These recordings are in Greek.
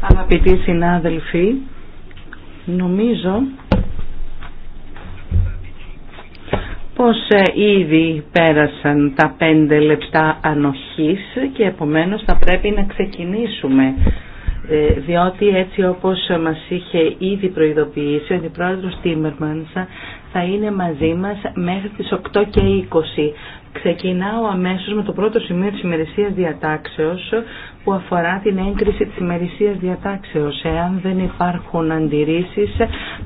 Αγαπητοί συνάδελφοι, νομίζω πως ε, ήδη πέρασαν τα πέντε λεπτά ανοχής και επομένως θα πρέπει να ξεκινήσουμε ε, διότι έτσι όπως μας είχε ήδη προειδοποιήσει ο Αντιπρόεδρος Τίμερμανς θα είναι μαζί μας μέχρι τις 8 και Ξεκινάω αμέσως με το πρώτο σημείο της ημερησίας διατάξεως που αφορά την έγκριση της ημερησίας διατάξεως. Εάν δεν υπάρχουν αντιρρήσεις,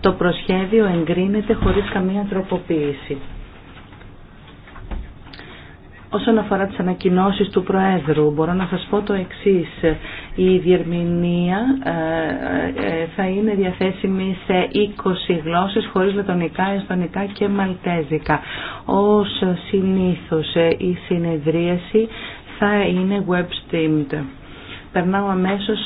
το προσχέδιο εγκρίνεται χωρίς καμία τροποποίηση. Όσον αφορά τις ανακοινώσεις του Προέδρου, μπορώ να σας πω το εξής. Η διερμηνία ε, ε, ε, θα είναι διαθέσιμη σε 20 γλώσσες, χωρίς λετωνικά, εστονικά και μαλτέζικα. Ως συνήθως η συνεδρίαση θα είναι web-streamed. Περνάω αμέσως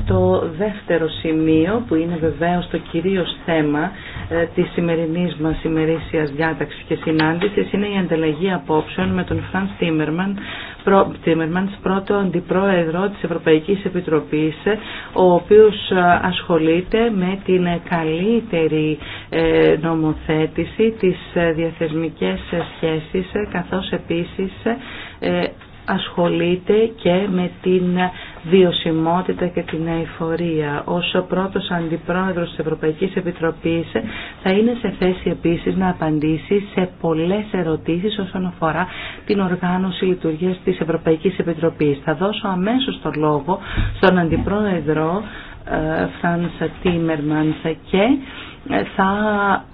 στο δεύτερο σημείο, που είναι βεβαίως το κυρίως θέμα ε, τη σημερινής μας ημερήσιας διάταξη και συνάντηση είναι η ανταλλαγή απόψεων με τον Φραν Τίμερμαν, Τίμερμαν πρώτο αντιπρόεδρο της Ευρωπαϊκής Επιτροπής, ε, ο οποίος ε, ασχολείται με την καλύτερη νομοθέτηση, της διαθεσμικές σχέσεις, καθώς επίσης ασχολείται και με την βιωσιμότητα και την αηφορία. Ως πρώτος αντιπρόεδρος της Ευρωπαϊκής Επιτροπής θα είναι σε θέση επίσης να απαντήσει σε πολλές ερωτήσεις όσον αφορά την οργάνωση λειτουργίας της Ευρωπαϊκής Επιτροπής. Θα δώσω αμέσως το λόγο στον αντιπρόεδρο ε, Φρανς Τίμερμανς και ε, θα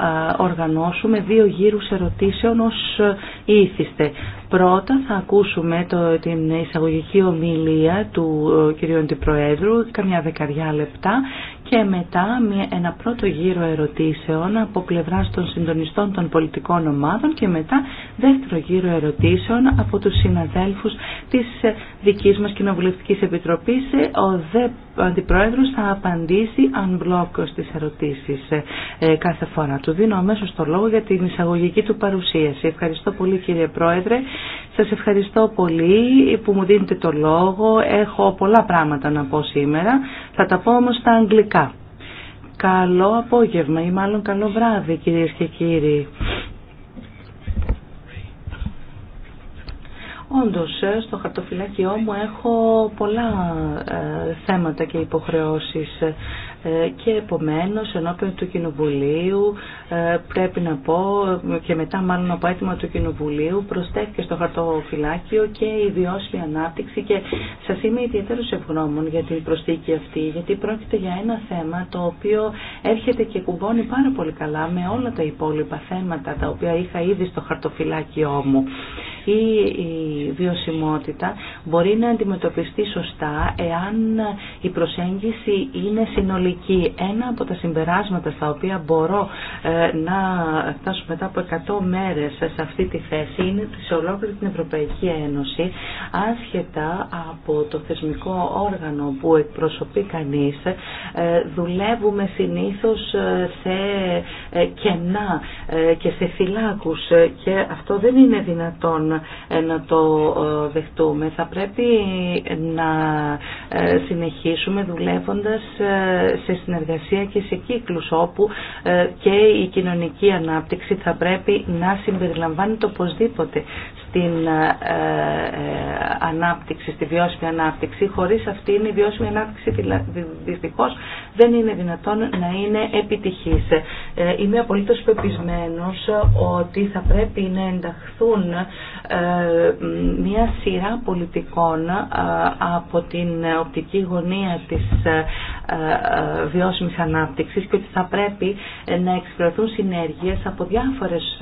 ε, οργανώσουμε δύο γύρους ερωτήσεων ως ήθιστε. Πρώτα θα ακούσουμε το, την εισαγωγική ομιλία του ε, κυρίου Αντιπροέδρου, καμιά δεκαριά λεπτά και μετά ένα πρώτο γύρο ερωτήσεων από πλευρά των συντονιστών των πολιτικών ομάδων και μετά δεύτερο γύρο ερωτήσεων από τους συναδέλφους της ε, δικής μας Κοινοβουλευτικής Επιτροπής. Ε, ο ΔΕ Αντιπρόεδρος θα απαντήσει αν μπλόκο στις ερωτήσεις ε, κάθε φορά. Του δίνω αμέσως το λόγο για την εισαγωγική του παρουσίαση. Ευχαριστώ πολύ κύριε Πρόεδρε. Σας ευχαριστώ πολύ που μου δίνετε το λόγο. Έχω πολλά πράγματα να πω σήμερα. Θα τα πω όμως στα αγγλικά. Καλό απόγευμα ή μάλλον καλό βράδυ κυρίες και κύριοι. Όντως, ε, στο χαρτοφυλάκιό μου έχω πολλά ε, θέματα και υποχρεώσεις. Ε, και επομένως ενώπιον του Κοινοβουλίου ε, πρέπει να πω και μετά μάλλον από αίτημα του Κοινοβουλίου προστέθηκε στο χαρτοφυλάκιο και η βιώσιμη ανάπτυξη και σας είμαι ιδιαίτερος ευγνώμων για την προσθήκη αυτή γιατί πρόκειται για ένα θέμα το οποίο έρχεται και κουμπώνει πάρα πολύ καλά με όλα τα υπόλοιπα θέματα τα οποία είχα ήδη στο χαρτοφυλάκιό μου. Η βιωσιμότητα μπορεί να αντιμετωπιστεί σωστά εάν η προσέγγιση είναι συνολική ένα από τα συμπεράσματα στα οποία μπορώ ε, να φτάσω μετά από 100 μέρες σε αυτή τη θέση είναι ότι σε ολόκληρη την Ευρωπαϊκή Ένωση άσχετα από το θεσμικό όργανο που εκπροσωπεί κανείς ε, δουλεύουμε συνήθως ε, σε κενά και σε φυλάκους και αυτό δεν είναι δυνατόν να το δεχτούμε. Θα πρέπει να συνεχίσουμε δουλεύοντας σε συνεργασία και σε κύκλους όπου ε, και η κοινωνική ανάπτυξη θα πρέπει να συμπεριλαμβάνεται οπωσδήποτε την ε, ε, ανάπτυξη, στη βιώσιμη ανάπτυξη. Χωρίς αυτήν η βιώσιμη ανάπτυξη δυστυχώς δεν είναι δυνατόν να είναι επιτυχής. Ε, είμαι απολύτως πεπισμένος ότι θα πρέπει να ενταχθούν μια σειρά πολιτικών από την οπτική γωνία της βιώσιμης ανάπτυξης και ότι θα πρέπει να εξυπηρεθούν συνέργειες από διάφορες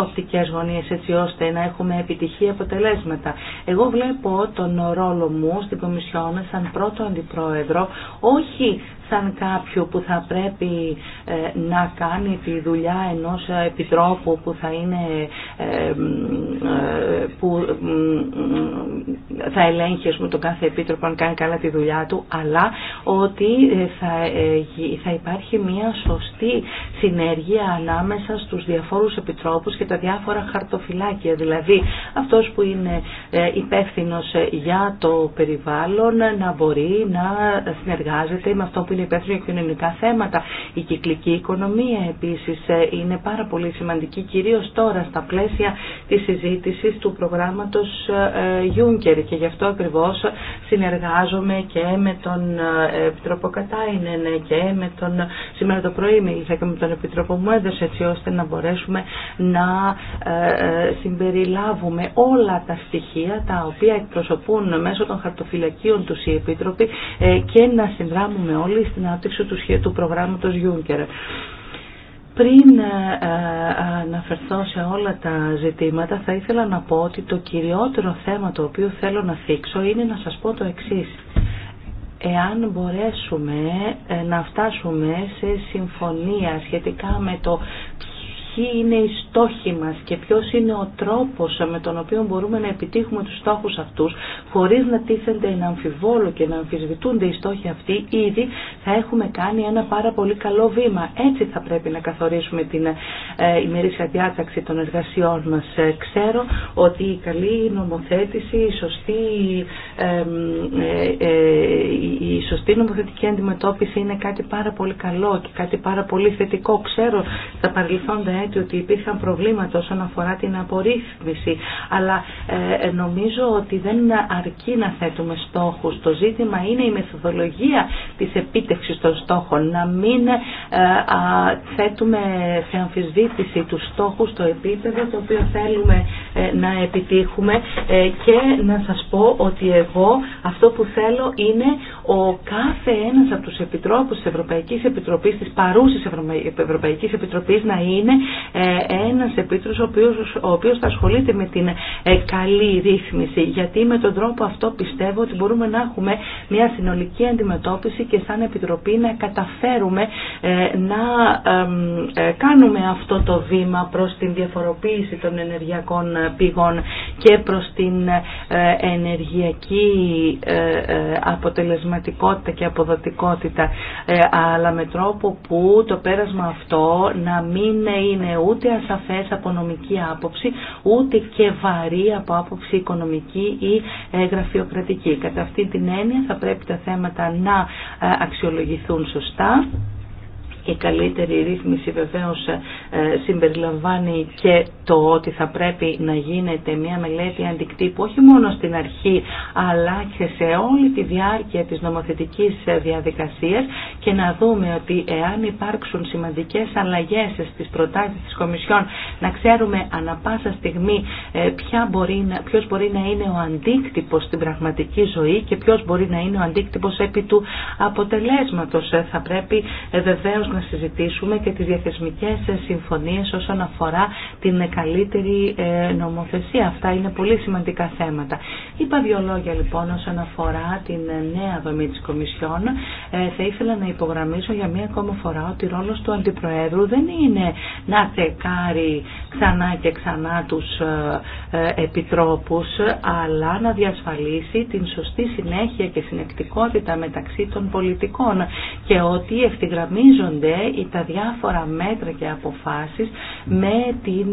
οπτικές γωνίες έτσι ώστε να έχουμε επιτυχή αποτελέσματα. Εγώ βλέπω τον ρόλο μου στην Κομισιόν σαν πρώτο αντιπρόεδρο όχι σαν κάποιο που θα πρέπει ε, να κάνει τη δουλειά ενός επιτρόπου που θα είναι ε, ε, που θα ελέγχει τον κάθε επίτροπο αν κάνει καλά τη δουλειά του αλλά ότι θα, θα υπάρχει μια σωστή συνέργεια ανάμεσα στους διαφόρους επιτρόπους και τα διάφορα χαρτοφυλάκια δηλαδή αυτός που είναι υπεύθυνο για το περιβάλλον να μπορεί να συνεργάζεται με αυτό που είναι υπεύθυνη για κοινωνικά θέματα. Η κυκλική οικονομία επίσης ε, είναι πάρα πολύ σημαντική, κυρίως τώρα στα πλαίσια της συζήτησης του προγράμματος ε, ε, Juncker και γι' αυτό ακριβώς συνεργάζομαι και με τον Επιτροπο Κατάινεν και με τον, σήμερα το πρωί μίλησα και με τον Επιτροπο Μουέντερ, έτσι ώστε να μπορέσουμε να συμπεριλάβουμε όλα τα στοιχεία τα οποία εκπροσωπούν μέσω των χαρτοφυλακίων του οι Επίτροποι και να συνδράμουμε όλοι στην άπτυξη του, του προγράμματος Juncker. Πριν ε, ε, αναφερθώ σε όλα τα ζητήματα, θα ήθελα να πω ότι το κυριότερο θέμα το οποίο θέλω να θίξω είναι να σας πω το εξής. Εάν μπορέσουμε ε, να φτάσουμε σε συμφωνία σχετικά με το ποιοι είναι οι στόχοι μας και ποιος είναι ο τρόπος με τον οποίο μπορούμε να επιτύχουμε τους στόχους αυτούς χωρίς να τίθενται να αμφιβόλο και να αμφισβητούνται οι στόχοι αυτοί ήδη θα έχουμε κάνει ένα πάρα πολύ καλό βήμα. Έτσι θα πρέπει να καθορίσουμε την ε, ημερήσια διάταξη των εργασιών μας. Ε, ξέρω ότι η καλή νομοθέτηση, η σωστή, ε, ε, η σωστή νομοθετική αντιμετώπιση είναι κάτι πάρα πολύ καλό και κάτι πάρα πολύ θετικό. Ξέρω στα παρελθόντα ότι υπήρχαν προβλήματα όσον αφορά την απορρίθμιση, αλλά ε, ε, νομίζω ότι δεν αρκεί να θέτουμε στόχους. Το ζήτημα είναι η μεθοδολογία της επίτευξης των στόχων, να μην ε, θέτουμε σε αμφισβήτηση τους στόχους στο επίπεδο το οποίο θέλουμε να επιτύχουμε και να σας πω ότι εγώ αυτό που θέλω είναι ο κάθε ένας από τους επιτρόπους της Ευρωπαϊκής Επιτροπής, της παρούσης Ευρωπαϊκής Επιτροπής να είναι ε, ένας σε ο οποίος, ο θα ασχολείται με την ε, καλή ρύθμιση γιατί με τον τρόπο αυτό πιστεύω ότι μπορούμε να έχουμε μια συνολική αντιμετώπιση και σαν Επιτροπή να καταφέρουμε ε, να κάνουμε αυτό το βήμα προς την διαφοροποίηση των ενεργειακών πηγών και προς την ενεργειακή αποτελεσματικότητα και αποδοτικότητα αλλά με τρόπο που το πέρασμα αυτό να μην είναι ούτε ασαφές από νομική άποψη, ούτε και βαρύ από άποψη οικονομική ή ε, γραφειοκρατική. Κατά αυτή την έννοια θα πρέπει τα θέματα να ε, αξιολογηθούν σωστά η καλύτερη ρύθμιση βεβαίως ε, συμπεριλαμβάνει και το ότι θα πρέπει να γίνεται μια μελέτη αντικτύπου όχι μόνο στην αρχή αλλά και σε όλη τη διάρκεια της νομοθετικής ε, διαδικασίας και να δούμε ότι εάν υπάρξουν σημαντικές αλλαγές στις προτάσεις της Κομισιόν να ξέρουμε ανα πάσα στιγμή ε, ποια μπορεί να, ποιος μπορεί να είναι ο αντίκτυπος στην πραγματική ζωή και ποιος μπορεί να είναι ο αντίκτυπος επί του αποτελέσματος. Θα πρέπει βεβαίως να να συζητήσουμε και τις διαθεσμικές συμφωνίες όσον αφορά την καλύτερη ε, νομοθεσία. Αυτά είναι πολύ σημαντικά θέματα. Είπα δύο λόγια λοιπόν όσον αφορά την ε, νέα δομή της Κομισιόν. Ε, θα ήθελα να υπογραμμίσω για μία ακόμα φορά ότι ρόλος του Αντιπροέδρου δεν είναι να τεκάρει ξανά και ξανά τους επιτρόπους, αλλά να διασφαλίσει την σωστή συνέχεια και συνεκτικότητα μεταξύ των πολιτικών και ότι ευθυγραμμίζονται η τα διάφορα μέτρα και αποφάσεις με, την,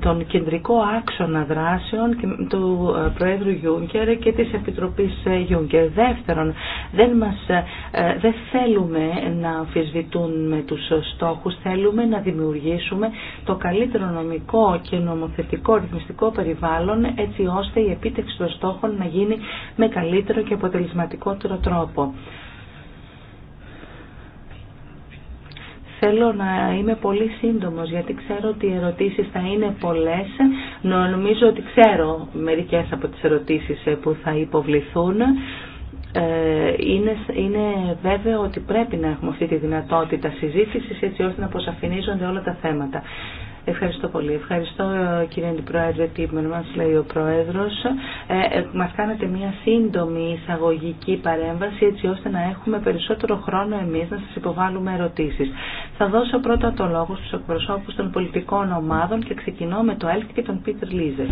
τον κεντρικό άξονα δράσεων του ε, Προέδρου Γιούγκερ και της Επιτροπής ε, Γιούγκερ. Δεύτερον, δεν, μας, ε, δεν θέλουμε να αμφισβητούν με τους στόχους, θέλουμε να δημιουργήσουμε το καλύτερο νομικό και νομοθετικό ρυθμιστικό περιβάλλον έτσι ώστε η επίτευξη των στόχων να γίνει με καλύτερο και αποτελεσματικότερο τρόπο. Θέλω να είμαι πολύ σύντομος γιατί ξέρω ότι οι ερωτήσεις θα είναι πολλές. Νομίζω ότι ξέρω μερικές από τις ερωτήσεις ε, που θα υποβληθούν. Ε, είναι, είναι βέβαιο ότι πρέπει να έχουμε αυτή τη δυνατότητα συζήτησης έτσι ώστε να αποσαφηνίζονται όλα τα θέματα. Ευχαριστώ πολύ. Ευχαριστώ κύριε Αντιπρόεδρε Τίμερ, μας λέει ο Πρόεδρος. Ε, ε μας κάνατε μια σύντομη εισαγωγική παρέμβαση έτσι ώστε να έχουμε περισσότερο χρόνο εμείς να σας υποβάλουμε ερωτήσεις. Θα δώσω πρώτα το λόγο στους εκπροσώπους των πολιτικών ομάδων και ξεκινώ με το ΕΛΚ και τον Πίτερ Λίζερ.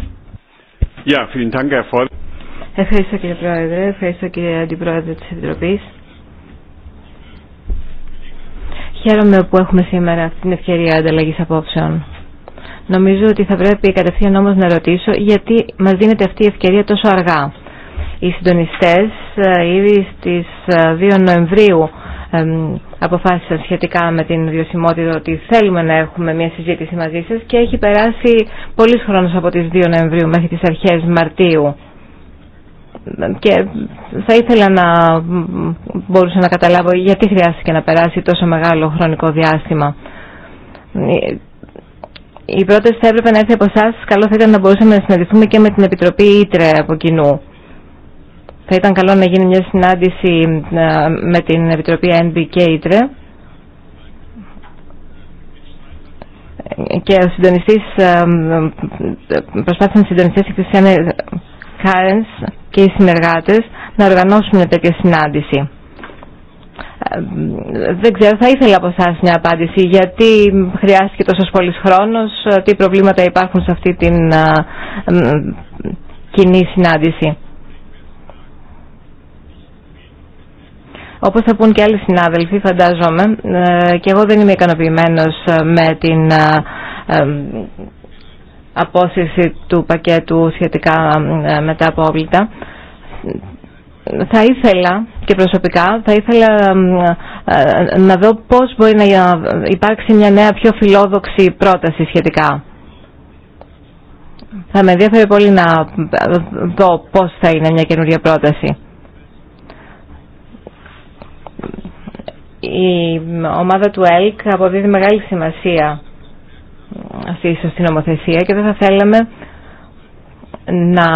Ευχαριστώ κύριε Πρόεδρε, ευχαριστώ κύριε Αντιπρόεδρε της Επιτροπής. Χαίρομαι που έχουμε σήμερα αυτή την ευκαιρία ανταλλαγής απόψεων. Νομίζω ότι θα πρέπει κατευθείαν όμως να ρωτήσω γιατί μας δίνεται αυτή η ευκαιρία τόσο αργά. Οι συντονιστές ε, ήδη στις 2 ε, Νοεμβρίου αποφάσισαν σχετικά με την βιωσιμότητα ότι θέλουμε να έχουμε μια συζήτηση μαζί σας και έχει περάσει πολλής χρόνος από τις 2 Νοεμβρίου μέχρι τις αρχές Μαρτίου και θα ήθελα να μπορούσα να καταλάβω γιατί χρειάστηκε να περάσει τόσο μεγάλο χρονικό διάστημα ε, η πρώτη θα έπρεπε να έρθει από εσά. Καλό θα ήταν να μπορούσαμε να συναντηθούμε και με την Επιτροπή Ήτρε από κοινού. Θα ήταν καλό να γίνει μια συνάντηση ε, με την Επιτροπή NB και Ήτρε. Και ο συντονιστή, ε, ε, προσπάθησαν οι συντονιστέ η Χριστιανή Κάρεν και οι συνεργάτε να οργανώσουν μια τέτοια συνάντηση. Ε, δεν ξέρω, θα ήθελα από εσά μια απάντηση. Γιατί χρειάστηκε τόσο πολύ χρόνο, ε, τι προβλήματα υπάρχουν σε αυτή την ε, κοινή συνάντηση. Όπως θα πούν και άλλοι συνάδελφοι, φαντάζομαι, και εγώ δεν είμαι ικανοποιημένος με την απόσυρση του πακέτου σχετικά με τα απόβλητα θα ήθελα και προσωπικά θα ήθελα ε, να δω πώς μπορεί να ε, υπάρξει μια νέα πιο φιλόδοξη πρόταση σχετικά. Θα με ενδιαφέρει πολύ να ε, δω πώς θα είναι μια καινούρια πρόταση. Η ομάδα του ΕΛΚ αποδίδει μεγάλη σημασία αυτή στην νομοθεσία και δεν θα θέλαμε να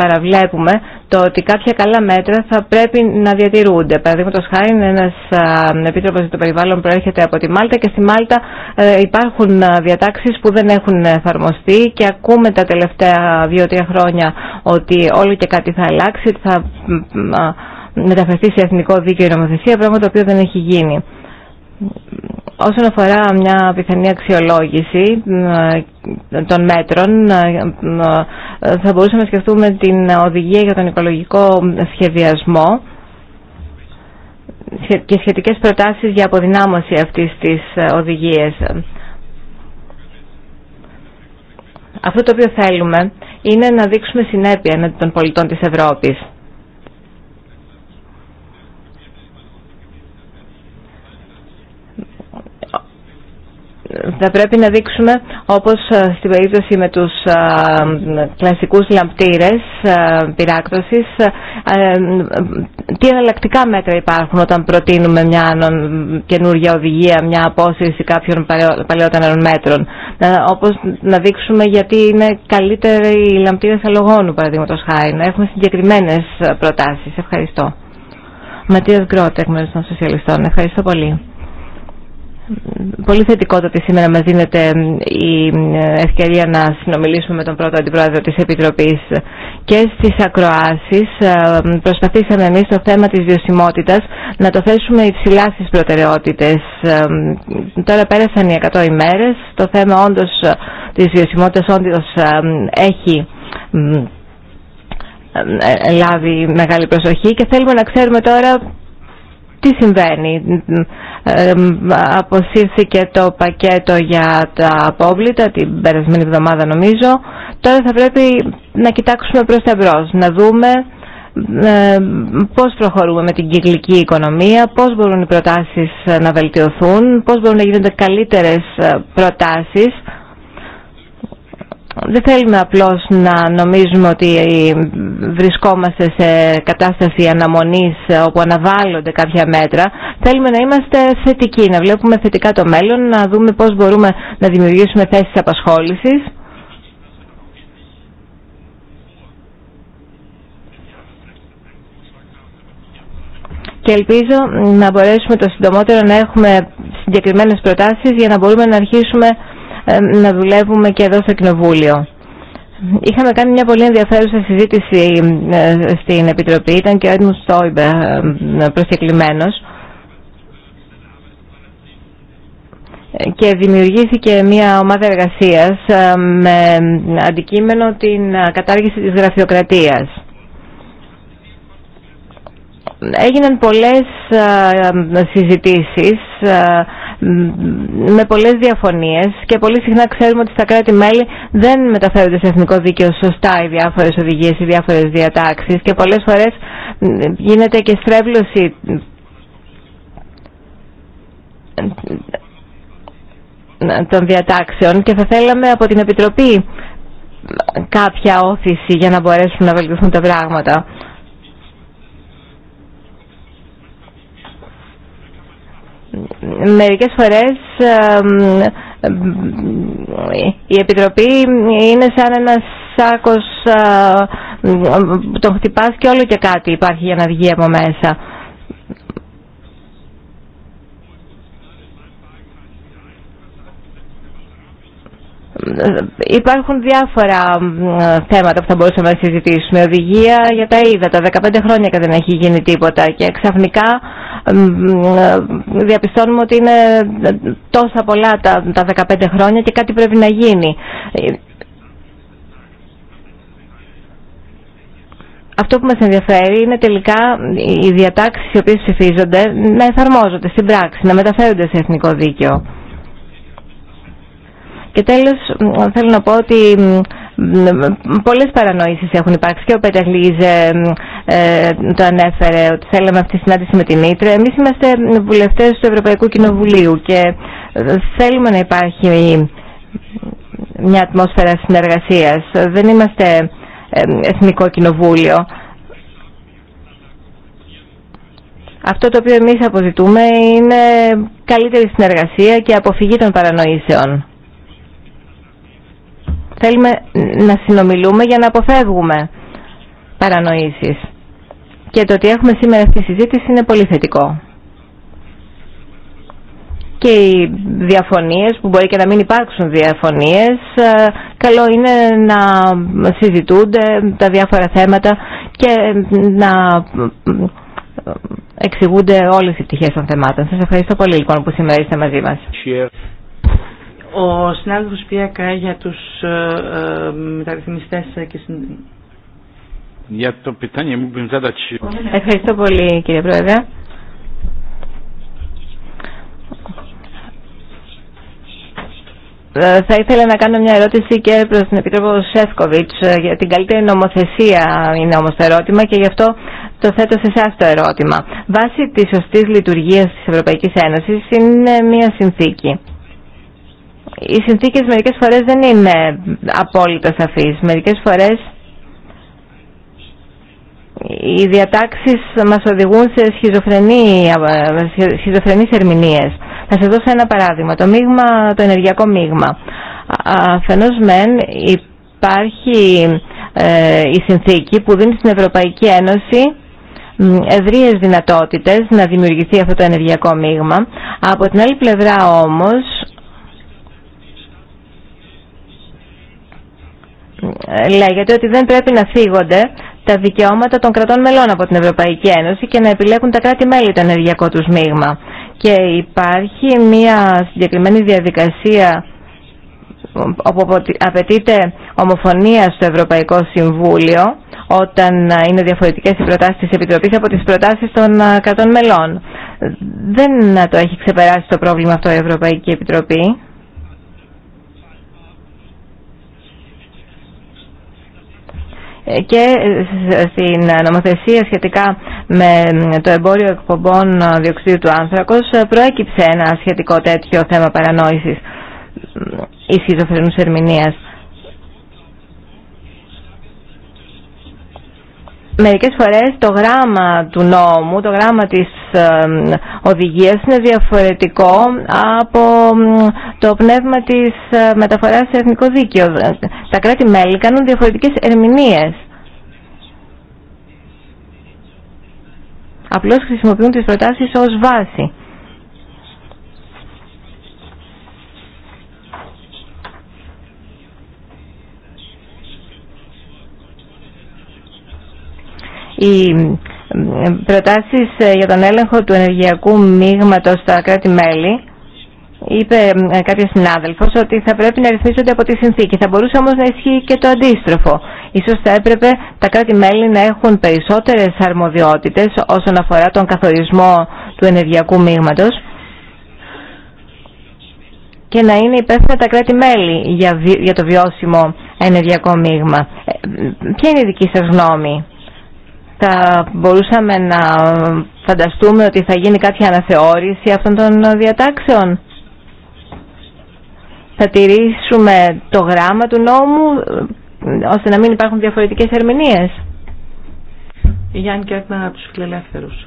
παραβλέπουμε το ότι κάποια καλά μέτρα θα πρέπει να διατηρούνται. Παραδείγματο χάρη, ένα επίτροπο για το περιβάλλον προέρχεται από τη Μάλτα και στη Μάλτα ε, υπάρχουν διατάξει που δεν έχουν εφαρμοστεί και ακούμε τα τελευταία δύο-τρία χρόνια ότι όλο και κάτι θα αλλάξει, θα μεταφερθεί σε εθνικό δίκαιο η νομοθεσία, πράγμα το οποίο δεν έχει γίνει. Όσον αφορά μια πιθανή αξιολόγηση των μέτρων, ε, θα μπορούσαμε να σκεφτούμε την οδηγία για τον οικολογικό σχεδιασμό και σχετικές προτάσεις για αποδυνάμωση αυτής της ε, οδηγίας. Αυτό το οποίο θέλουμε είναι να δείξουμε συνέπεια των πολιτών της Ευρώπης. θα πρέπει να δείξουμε όπως ε, στην περίπτωση με τους ε, κλασικούς λαμπτήρες ε, πυράκτωσης τι εναλλακτικά μέτρα υπάρχουν όταν προτείνουμε μια καινούργια οδηγία, μια απόσυρση κάποιων παλαιότερων μέτρων όπως να δείξουμε γιατί είναι καλύτεροι οι λαμπτήρες αλογόνου παραδείγματος χάρη να έχουμε συγκεκριμένες προτάσεις Ευχαριστώ Ματίας Γκρότερ, εκ των Σοσιαλιστών Ευχαριστώ πολύ Πολύ θετικό το ότι σήμερα μας δίνεται η ευκαιρία να συνομιλήσουμε με τον πρώτο αντιπρόεδρο της Επιτροπής και στις ακροάσεις ε, προσπαθήσαμε εμείς το θέμα της βιωσιμότητας να το θέσουμε υψηλά στις προτεραιότητες. Ε, τώρα πέρασαν οι 100 ημέρες, το θέμα όντως της βιωσιμότητας όντως ε, έχει λάβει μεγάλη προσοχή και θέλουμε να ξέρουμε τώρα τι συμβαίνει. Ε, αποσύρθηκε το πακέτο για τα απόβλητα την περασμένη εβδομάδα νομίζω. Τώρα θα πρέπει να κοιτάξουμε προς τα μπρος, να δούμε ε, πώς προχωρούμε με την κυκλική οικονομία, πώς μπορούν οι προτάσεις να βελτιωθούν, πώς μπορούν να γίνονται καλύτερες ε, προτάσεις δεν θέλουμε απλώς να νομίζουμε ότι βρισκόμαστε σε κατάσταση αναμονής όπου αναβάλλονται κάποια μέτρα. Θέλουμε να είμαστε θετικοί, να βλέπουμε θετικά το μέλλον, να δούμε πώς μπορούμε να δημιουργήσουμε θέσεις απασχόλησης. και ελπίζω να μπορέσουμε το συντομότερο να έχουμε συγκεκριμένες προτάσεις για να μπορούμε να αρχίσουμε ε, να δουλεύουμε και εδώ στο Κοινοβούλιο. Είχαμε κάνει μια πολύ ενδιαφέρουσα συζήτηση ε, στην Επιτροπή, ήταν και ο Έντμος Στόιμπε ε, προσκεκλημένος και δημιουργήθηκε μια ομάδα εργασίας με αντικείμενο την κατάργηση της γραφειοκρατίας. Έγιναν πολλές συζητήσεις με πολλές διαφωνίες και πολύ συχνά ξέρουμε ότι στα κράτη-μέλη δεν μεταφέρονται σε εθνικό δίκαιο σωστά οι διάφορες οδηγίες, οι διάφορες διατάξεις και πολλές φορές γίνεται και στρέβλωση των διατάξεων και θα θέλαμε από την Επιτροπή κάποια όθηση για να μπορέσουν να βελτιωθούν τα πράγματα. μερικές φορές η Επιτροπή είναι σαν ένα σάκος ε, τον χτυπάς και όλο και κάτι υπάρχει για να βγει από μέσα. Υπάρχουν διάφορα θέματα που θα μπορούσαμε να συζητήσουμε. Οδηγία για τα είδα, τα 15 χρόνια και δεν έχει γίνει τίποτα και ξαφνικά διαπιστώνουμε ότι είναι τόσα πολλά τα, τα 15 χρόνια και κάτι πρέπει να γίνει. Αυτό που μας ενδιαφέρει είναι τελικά οι διατάξεις οι οποίες ψηφίζονται να εφαρμόζονται στην πράξη, να μεταφέρονται σε εθνικό δίκαιο. Και τέλος θέλω να πω ότι Πολλές παρανοήσεις έχουν υπάρξει και ο Πέτερ ε, το ανέφερε ότι θέλαμε αυτή τη συνάντηση με την Ήτρε. Εμείς είμαστε βουλευτές του Ευρωπαϊκού Κοινοβουλίου και ε, θέλουμε να υπάρχει μια ατμόσφαιρα συνεργασίας. Δεν είμαστε ε, εθνικό κοινοβούλιο. Αυτό το οποίο εμείς αποζητούμε είναι καλύτερη συνεργασία και αποφυγή των παρανοήσεων. Θέλουμε να συνομιλούμε για να αποφεύγουμε παρανοήσεις. Και το ότι έχουμε σήμερα αυτή τη συζήτηση είναι πολύ θετικό. Και οι διαφωνίες, που μπορεί και να μην υπάρξουν διαφωνίες, ε, καλό είναι να συζητούνται τα διάφορα θέματα και να ε, εξηγούνται όλες οι πτυχές των θεμάτων. Σας ευχαριστώ πολύ λοιπόν που σήμερα είστε μαζί μας. Ο συνάδελφος Πιέκα για τους ε, ε μεταρρυθμιστές και για το Ευχαριστώ πολύ κύριε Πρόεδρε. Ε, θα ήθελα να κάνω μια ερώτηση και προ την Επιτρόπο Σεύκοβιτς ε, για την καλύτερη νομοθεσία είναι όμως το ερώτημα και γι' αυτό το θέτω σε εσά το ερώτημα. Βάση της σωστής λειτουργίας της Ευρωπαϊκής Ένωσης είναι μια συνθήκη οι συνθήκες μερικές φορές δεν είναι απόλυτα σαφείς. Μερικές φορές οι διατάξεις μας οδηγούν σε σχιζοφρενείς ερμηνείες. Θα σας δώσω ένα παράδειγμα. Το, μείγμα, το ενεργειακό μείγμα. Αφενός μεν υπάρχει ε, η συνθήκη που δίνει στην Ευρωπαϊκή Ένωση ευρείες δυνατότητες να δημιουργηθεί αυτό το ενεργειακό μείγμα. Από την άλλη πλευρά όμως λέγεται ότι δεν πρέπει να φύγονται τα δικαιώματα των κρατών μελών από την Ευρωπαϊκή Ένωση και να επιλέγουν τα κράτη-μέλη το ενεργειακό τους μείγμα. Και υπάρχει μια συγκεκριμένη διαδικασία όπου απαιτείται ομοφωνία στο Ευρωπαϊκό Συμβούλιο όταν είναι διαφορετικές οι προτάσεις της Επιτροπής από τις προτάσεις των κρατών μελών. Δεν το έχει ξεπεράσει το πρόβλημα αυτό η Ευρωπαϊκή Επιτροπή. και στην νομοθεσία σχετικά με το εμπόριο εκπομπών διοξιδίου του άνθρακος προέκυψε ένα σχετικό τέτοιο θέμα παρανόησης ή σχιζοφρενούς ερμηνείας. Μερικές φορές το γράμμα του νόμου, το γράμμα της οδηγίας είναι διαφορετικό από το πνεύμα της ε, μεταφοράς σε εθνικό δίκαιο. Τα κράτη-μέλη κάνουν διαφορετικές ερμηνείες. Απλώς χρησιμοποιούν τις προτάσεις ως βάση. οι ε, προτάσεις ε, για τον έλεγχο του ενεργειακού μείγματος στα κράτη-μέλη είπε ε, κάποιος συνάδελφος ότι θα πρέπει να ρυθμίζονται από τη συνθήκη. Θα μπορούσε όμως να ισχύει και το αντίστροφο. Ίσως θα έπρεπε τα κράτη-μέλη να έχουν περισσότερες αρμοδιότητες όσον αφορά τον καθορισμό του ενεργειακού μείγματος και να είναι υπεύθυνα τα κράτη-μέλη για, το βιώσιμο ενεργειακό μείγμα. Ποια είναι η δική σας γνώμη θα μπορούσαμε να φανταστούμε ότι θα γίνει κάποια αναθεώρηση αυτών των διατάξεων. Θα τηρήσουμε το γράμμα του νόμου ε, ώστε να μην υπάρχουν διαφορετικές ερμηνείες. Γιάννη Κέρτνα από τους φιλελεύθερους.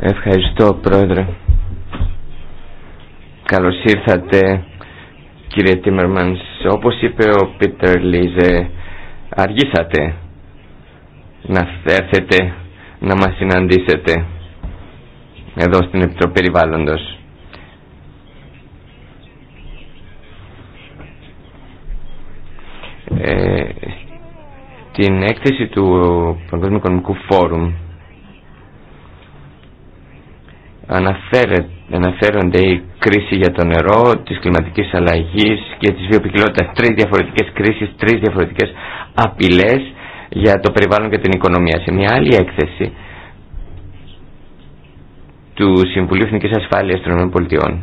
Ευχαριστώ πρόεδρε. Καλώς ήρθατε κύριε Τίμερμανς. Όπως είπε ο Πίτερ Λίζε, αργήσατε να έρθετε να μας συναντήσετε εδώ στην Επιτροπή Περιβάλλοντος. Ε, την έκθεση του Παγκόσμιου Οικονομικού Φόρουμ αναφέρεται αναφέρονται η κρίση για το νερό, της κλιματικής αλλαγής και της βιοποικιλότητας, Τρεις διαφορετικές κρίσεις, τρεις διαφορετικές απειλές για το περιβάλλον και την οικονομία. Σε μια άλλη έκθεση του Συμβουλίου Εθνικής Ασφάλειας των ΗΠΑ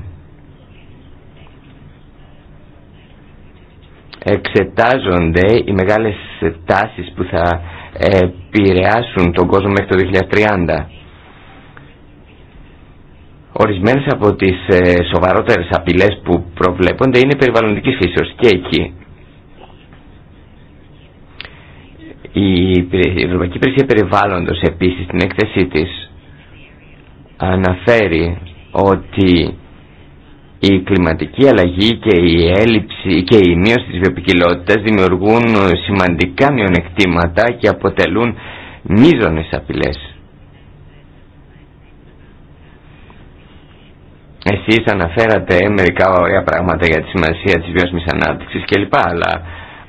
εξετάζονται οι μεγάλες τάσεις που θα επηρεάσουν τον κόσμο μέχρι το 2030 Ορισμένες από τις ε, σοβαρότερες απειλές που προβλέπονται είναι περιβαλλοντικής φύσεως και εκεί. Η Ευρωπαϊκή Υπηρεσία Περιβάλλοντος επίσης στην έκθεσή της αναφέρει ότι η κλιματική αλλαγή και η έλλειψη και η μείωση της βιοποικιλότητας δημιουργούν σημαντικά μειονεκτήματα και αποτελούν μείζονες απειλές Εσείς αναφέρατε μερικά ωραία πράγματα για τη σημασία της βιώσιμης ανάπτυξης κλπ. Αλλά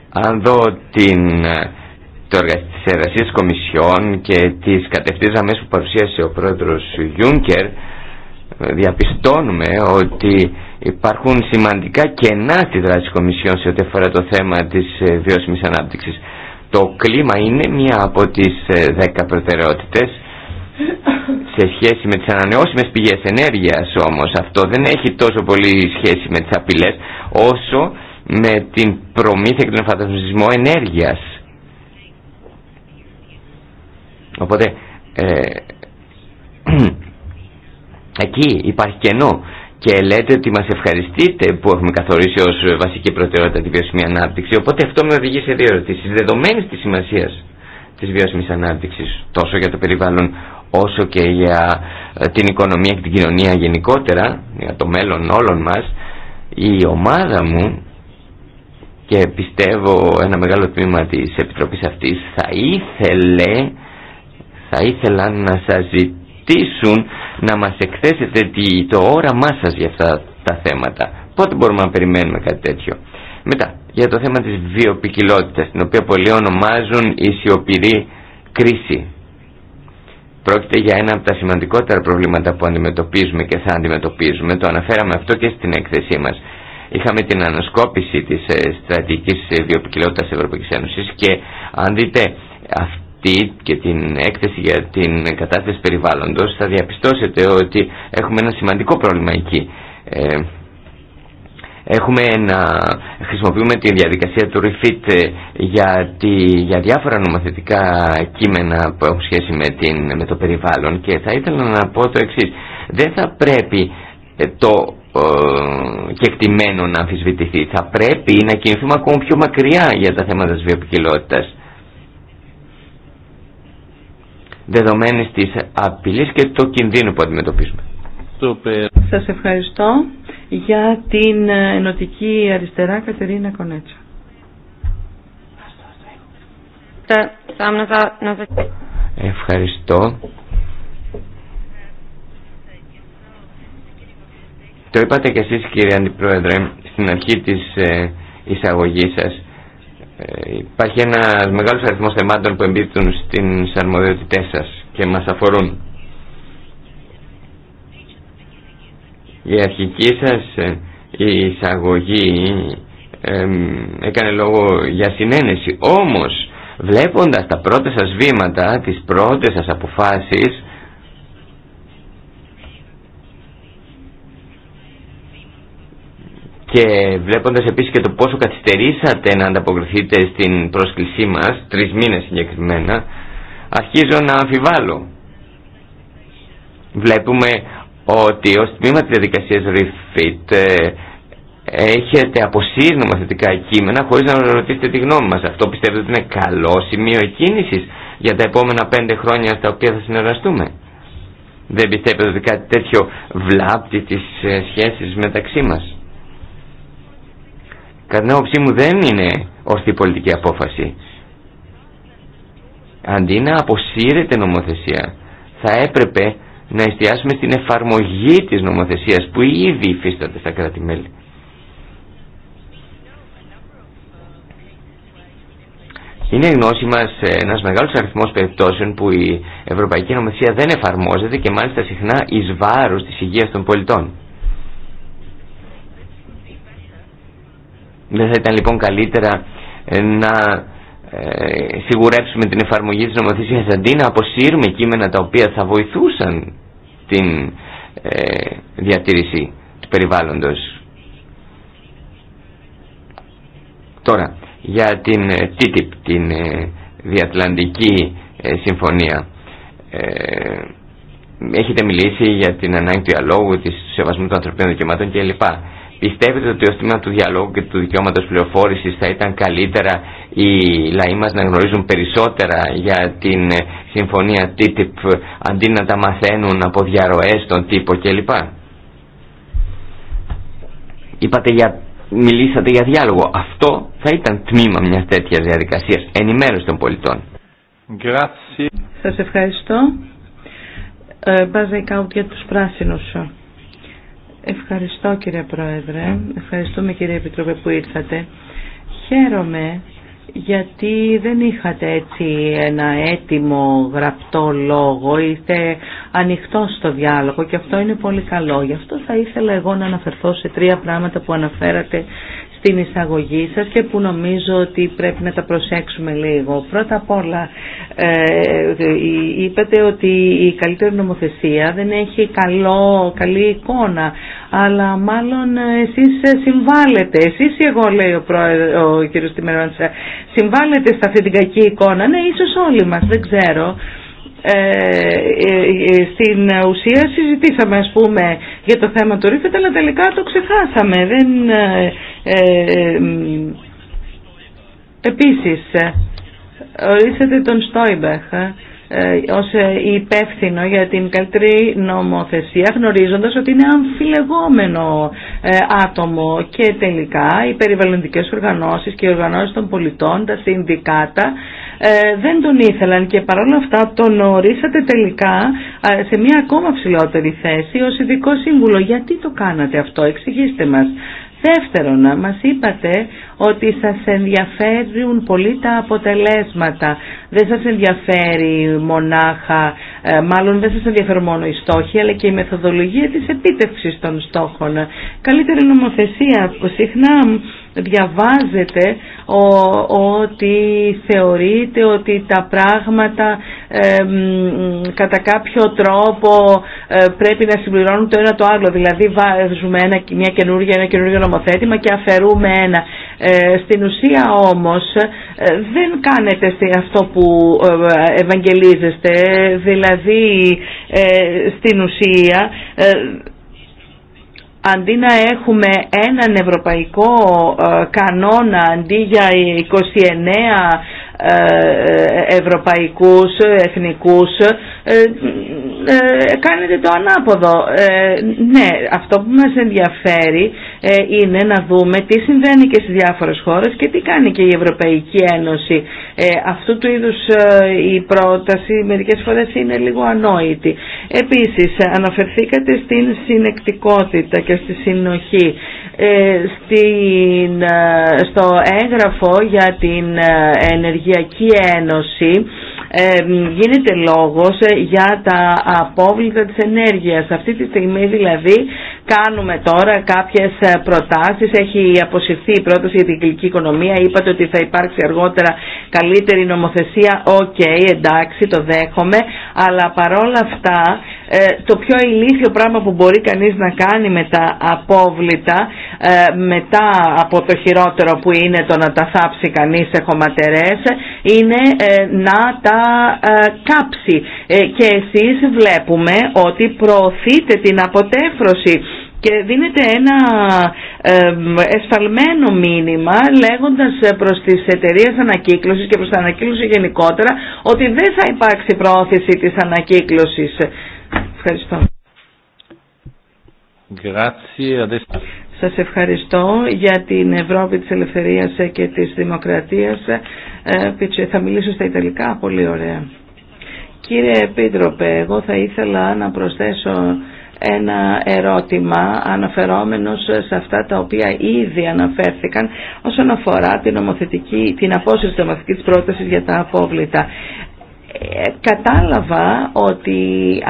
αν δω την, το εργασία εργασίες της Κομισιόν και τις κατευθύνσεις αμέσως που παρουσίασε ο πρόεδρος Γιούνκερ διαπιστώνουμε ότι υπάρχουν σημαντικά κενά στη δράση της Κομισιόν σε ό,τι αφορά το θέμα της ε, βιώσιμης ανάπτυξης. Το κλίμα είναι μία από τις ε, δέκα προτεραιότητες σε σχέση με τις ανανεώσιμες πηγές ενέργειας όμως αυτό δεν έχει τόσο πολύ σχέση με τις απειλές όσο με την προμήθεια και τον φαντασμισμό ενέργειας. Οπότε ε, εκεί υπάρχει κενό και λέτε ότι μας ευχαριστείτε που έχουμε καθορίσει ως βασική προτεραιότητα τη βιώσιμη ανάπτυξη. Οπότε αυτό με οδηγεί σε δύο ερωτήσεις. Δεδομένης της σημασίας της βιώσιμης ανάπτυξης τόσο για το περιβάλλον όσο και για ε, την οικονομία και την κοινωνία γενικότερα, για το μέλλον όλων μας, η ομάδα μου και πιστεύω ένα μεγάλο τμήμα της Επιτροπής αυτής θα ήθελε θα ήθελα να σας ζητήσουν να μας εκθέσετε το όραμά σας για αυτά τα θέματα. Πότε μπορούμε να περιμένουμε κάτι τέτοιο. Μετά, για το θέμα της βιοπικιλότητας, την οποία πολλοί ονομάζουν η σιωπηρή κρίση. Πρόκειται για ένα από τα σημαντικότερα προβλήματα που αντιμετωπίζουμε και θα αντιμετωπίζουμε. Το αναφέραμε αυτό και στην έκθεσή μας. Είχαμε την ανασκόπηση της ε, στρατηγικής ε, βιοπικιλότητας τη Ευρωπαϊκής Ένωσης και αν δείτε αυτή και την έκθεση για την κατάσταση περιβάλλοντος θα διαπιστώσετε ότι έχουμε ένα σημαντικό πρόβλημα εκεί. Ε, Έχουμε να χρησιμοποιούμε τη διαδικασία του REFIT ε, για, τη, για διάφορα νομοθετικά κείμενα που έχουν σχέση με, την, το περιβάλλον και θα ήθελα να πω το εξής. Δεν θα πρέπει ε, το ε, κεκτημένο να αμφισβητηθεί. Θα πρέπει να κινηθούμε ακόμα πιο μακριά για τα θέματα της βιοποικιλότητας. Δεδομένης της απειλής και το κινδύνου που αντιμετωπίζουμε. Σας ευχαριστώ για την ε, ενωτική αριστερά Κατερίνα Κονέτσα. Ευχαριστώ. Το είπατε κι εσείς κύριε Αντιπρόεδρε στην αρχή της ε, εισαγωγής σας. Ε, υπάρχει ένας μεγάλος αριθμός θεμάτων που εμπίπτουν στην αρμοδιότητές σας και μας αφορούν. Η αρχική σας ε, εισαγωγή έκανε λόγο για συνένεση. Όμως, βλέποντας τα πρώτα σας βήματα, τις πρώτες σας αποφάσεις, και βλέποντας επίσης και το πόσο καθυστερήσατε να ανταποκριθείτε στην πρόσκλησή μας, τρεις μήνες συγκεκριμένα, αρχίζω να αμφιβάλλω. Βλέπουμε ότι ως τμήμα της διαδικασίας REFIT ε, έχετε αποσύρει νομοθετικά κείμενα χωρίς να ρωτήσετε τη γνώμη μας. Αυτό πιστεύετε ότι είναι καλό σημείο εκκίνησης για τα επόμενα πέντε χρόνια στα οποία θα συνεργαστούμε. Δεν πιστεύετε ότι κάτι τέτοιο βλάπτει τις ε, σχέσεις μεταξύ μας. Κατά την άποψή μου δεν είναι ορθή πολιτική απόφαση. Αντί να αποσύρεται νομοθεσία θα έπρεπε να εστιάσουμε στην εφαρμογή της νομοθεσίας που ήδη υφίσταται στα κράτη-μέλη. Είναι γνώση μας ένας μεγάλος αριθμός περιπτώσεων που η Ευρωπαϊκή Νομοθεσία δεν εφαρμόζεται και μάλιστα συχνά εις βάρος της υγείας των πολιτών. Δεν θα ήταν λοιπόν καλύτερα ε, να ε, σιγουρέψουμε την εφαρμογή της νομοθεσίας αντί να αποσύρουμε κείμενα τα οποία θα βοηθούσαν την ε, διατήρηση του περιβάλλοντος. Τώρα, για την ε, TTIP, την ε, Διατλαντική ε, Συμφωνία. έχετε μιλήσει για την ανάγκη του διαλόγου, της σεβασμού των ανθρωπίνων δικαιωμάτων κλπ. Πιστεύετε ότι ως τμήμα του διαλόγου και του δικαιώματο πληροφόρηση θα ήταν καλύτερα οι λαοί μας να γνωρίζουν περισσότερα για την ε, συμφωνία TTIP αντί να τα μαθαίνουν από διαρροές στον τύπο κλπ. Είπατε για, μιλήσατε για διάλογο. Αυτό θα ήταν τμήμα μια τέτοια διαδικασίας. Ενημέρωση των πολιτών. Σας ευχαριστώ. Ε, για τους πράσινους. Ευχαριστώ κύριε Πρόεδρε. Ευχαριστούμε κύριε Επιτροπέ που ήρθατε. Χαίρομαι γιατί δεν είχατε έτσι ένα έτοιμο γραπτό λόγο, είστε ανοιχτό στο διάλογο και αυτό είναι πολύ καλό. Γι' αυτό θα ήθελα εγώ να αναφερθώ σε τρία πράγματα που αναφέρατε στην εισαγωγή σας και που νομίζω ότι πρέπει να τα προσέξουμε λίγο. Πρώτα απ' όλα ε, είπατε ότι η καλύτερη νομοθεσία δεν έχει καλό, καλή εικόνα αλλά μάλλον εσείς συμβάλλετε, εσείς ή εγώ λέει ο, πρόεδρο, ο συμβάλλετε σε αυτή την κακή εικόνα. Ναι, ίσως όλοι μας, δεν ξέρω. Ε, ε, ε, στην ουσία συζητήσαμε ας πούμε για το θέμα του ρίφετ αλλά τελικά το ξεχάσαμε δεν επίσης ορίσατε τον Στόιμπεχ ως υπεύθυνο για την καλύτερη νομοθεσία γνωρίζοντας ότι είναι αμφιλεγόμενο άτομο και τελικά οι περιβαλλοντικές οργανώσεις και οι οργανώσεις των πολιτών, τα συνδικάτα ε, δεν τον ήθελαν και παρόλα αυτά τον ορίσατε τελικά ε, σε μια ακόμα ψηλότερη θέση ως ειδικό σύμβουλο. Γιατί το κάνατε αυτό, εξηγήστε μας. Δεύτερον, μας είπατε ότι σας ενδιαφέρουν πολύ τα αποτελέσματα. Δεν σας ενδιαφέρει μονάχα, ε, μάλλον δεν σας ενδιαφέρουν μόνο οι στόχοι, αλλά και η μεθοδολογία της επίτευξης των στόχων. Καλύτερη νομοθεσία, συχνά διαβάζετε ότι θεωρείτε ότι τα πράγματα κατά κάποιο τρόπο ε, πρέπει να συμπληρώνουν το ένα το άλλο. Δηλαδή βάζουμε ένα, μια καινούργια, ένα καινούργιο νομοθέτημα και αφαιρούμε ένα. Ε, στην ουσία όμως ε, δεν κάνετε αυτό που ευαγγελίζεστε, δηλαδή στην ουσία αντί να έχουμε έναν ευρωπαϊκό ε, κανόνα αντί για 29 ε, ευρωπαϊκούς, εθνικούς, ε, κάνετε το ανάποδο. ναι, αυτό που μας ενδιαφέρει ε, είναι να δούμε τι συμβαίνει και στις διάφορες χώρες και τι κάνει και η Ευρωπαϊκή Ένωση. Ε, αυτού του είδους ε, η πρόταση μερικές φορές είναι λίγο ανόητη. Επίσης αναφερθήκατε στην συνεκτικότητα και στη συνοχή. Στην, στο έγγραφο για την Ενεργειακή Ένωση γίνεται λόγος ε, για τα απόβλητα της ενέργειας. Αυτή τη στιγμή δηλαδή κάνουμε τώρα κάποιες ε, προτάσεις. Έχει αποσυρθεί η πρόταση για την κλική οικονομία. Είπατε ότι θα υπάρξει αργότερα καλύτερη νομοθεσία. Οκ, εντάξει, το δέχομαι. Αλλά παρόλα αυτά ε, το πιο ηλίθιο πράγμα που μπορεί κανείς να κάνει με τα απόβλητα ε, μετά από το χειρότερο που είναι το να τα θάψει κανείς σε χωματερές είναι ε, να τα κάψει και εσείς βλέπουμε ότι προωθείτε την αποτέφρωση και δίνεται ένα εσφαλμένο μήνυμα λέγοντας προς τις εταιρείες ανακύκλωσης και προς την ανακύκλωση γενικότερα ότι δεν θα υπάρξει πρόθεση της ανακύκλωσης. Ευχαριστώ. Σας ευχαριστώ για την Ευρώπη της Ελευθερίας και της Δημοκρατίας. Ε, θα μιλήσω στα Ιταλικά, πολύ ωραία. Κύριε Επίτροπε, εγώ θα ήθελα να προσθέσω ένα ερώτημα αναφερόμενος σε αυτά τα οποία ήδη αναφέρθηκαν όσον αφορά την, την απόσυρση νομοθετικής πρότασης για τα απόβλητα. Ε, κατάλαβα ότι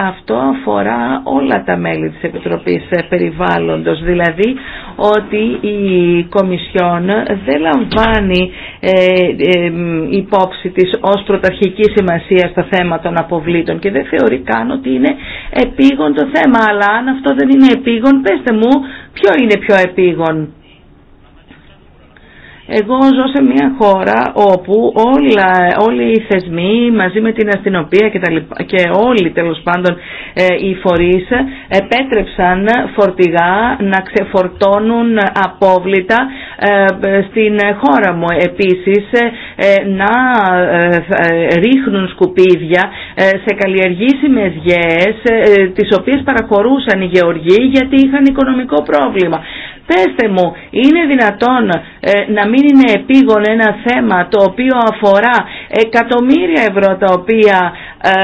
αυτό αφορά όλα τα μέλη της Επιτροπής ε, Περιβάλλοντος, δηλαδή ότι η Κομισιόν δεν λαμβάνει ε, υπόψη της ως πρωταρχική σημασία στο θέμα των αποβλήτων και δεν θεωρεί καν ότι είναι επίγον το θέμα, αλλά αν αυτό δεν είναι επίγον πέστε μου ποιο είναι πιο επίγον. Εγώ ζω σε μια χώρα όπου όλα, όλοι οι θεσμοί μαζί με την αστυνοπία και, τα και όλοι τέλος πάντων ε, οι φορείς επέτρεψαν φορτηγά να ξεφορτώνουν απόβλητα ε, στην χώρα μου. Επίσης ε, να ρίχνουν σκουπίδια σε καλλιεργήσιμες γέες τις οποίες παραχωρούσαν οι γεωργοί γιατί είχαν οικονομικό πρόβλημα. Πέστε μου, είναι δυνατόν ε, να μην είναι επίγον ένα θέμα το οποίο αφορά εκατομμύρια ευρώ τα οποία, ε,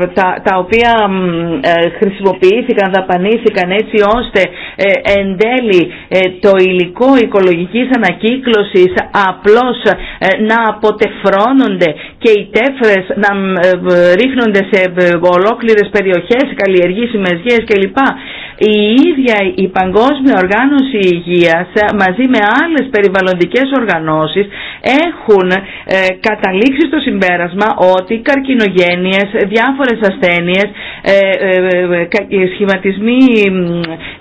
ε, τα, οποία χρησιμοποιήθηκαν, δαπανήθηκαν έτσι ώστε εν τέλει το υλικό οικολογικής ανακύκλωσης απλώς να αποτεφρώνονται και οι τέφρες να ρίχνονται σε ολόκληρες περιοχές, καλλιεργήσιμες γης κλπ η ίδια η Παγκόσμια Οργάνωση Υγείας μαζί με άλλες περιβαλλοντικές οργανώσεις έχουν ε, καταλήξει στο συμπέρασμα ότι καρκινογένειες, διάφορες ασθένειες, ε, ε, σχηματισμοί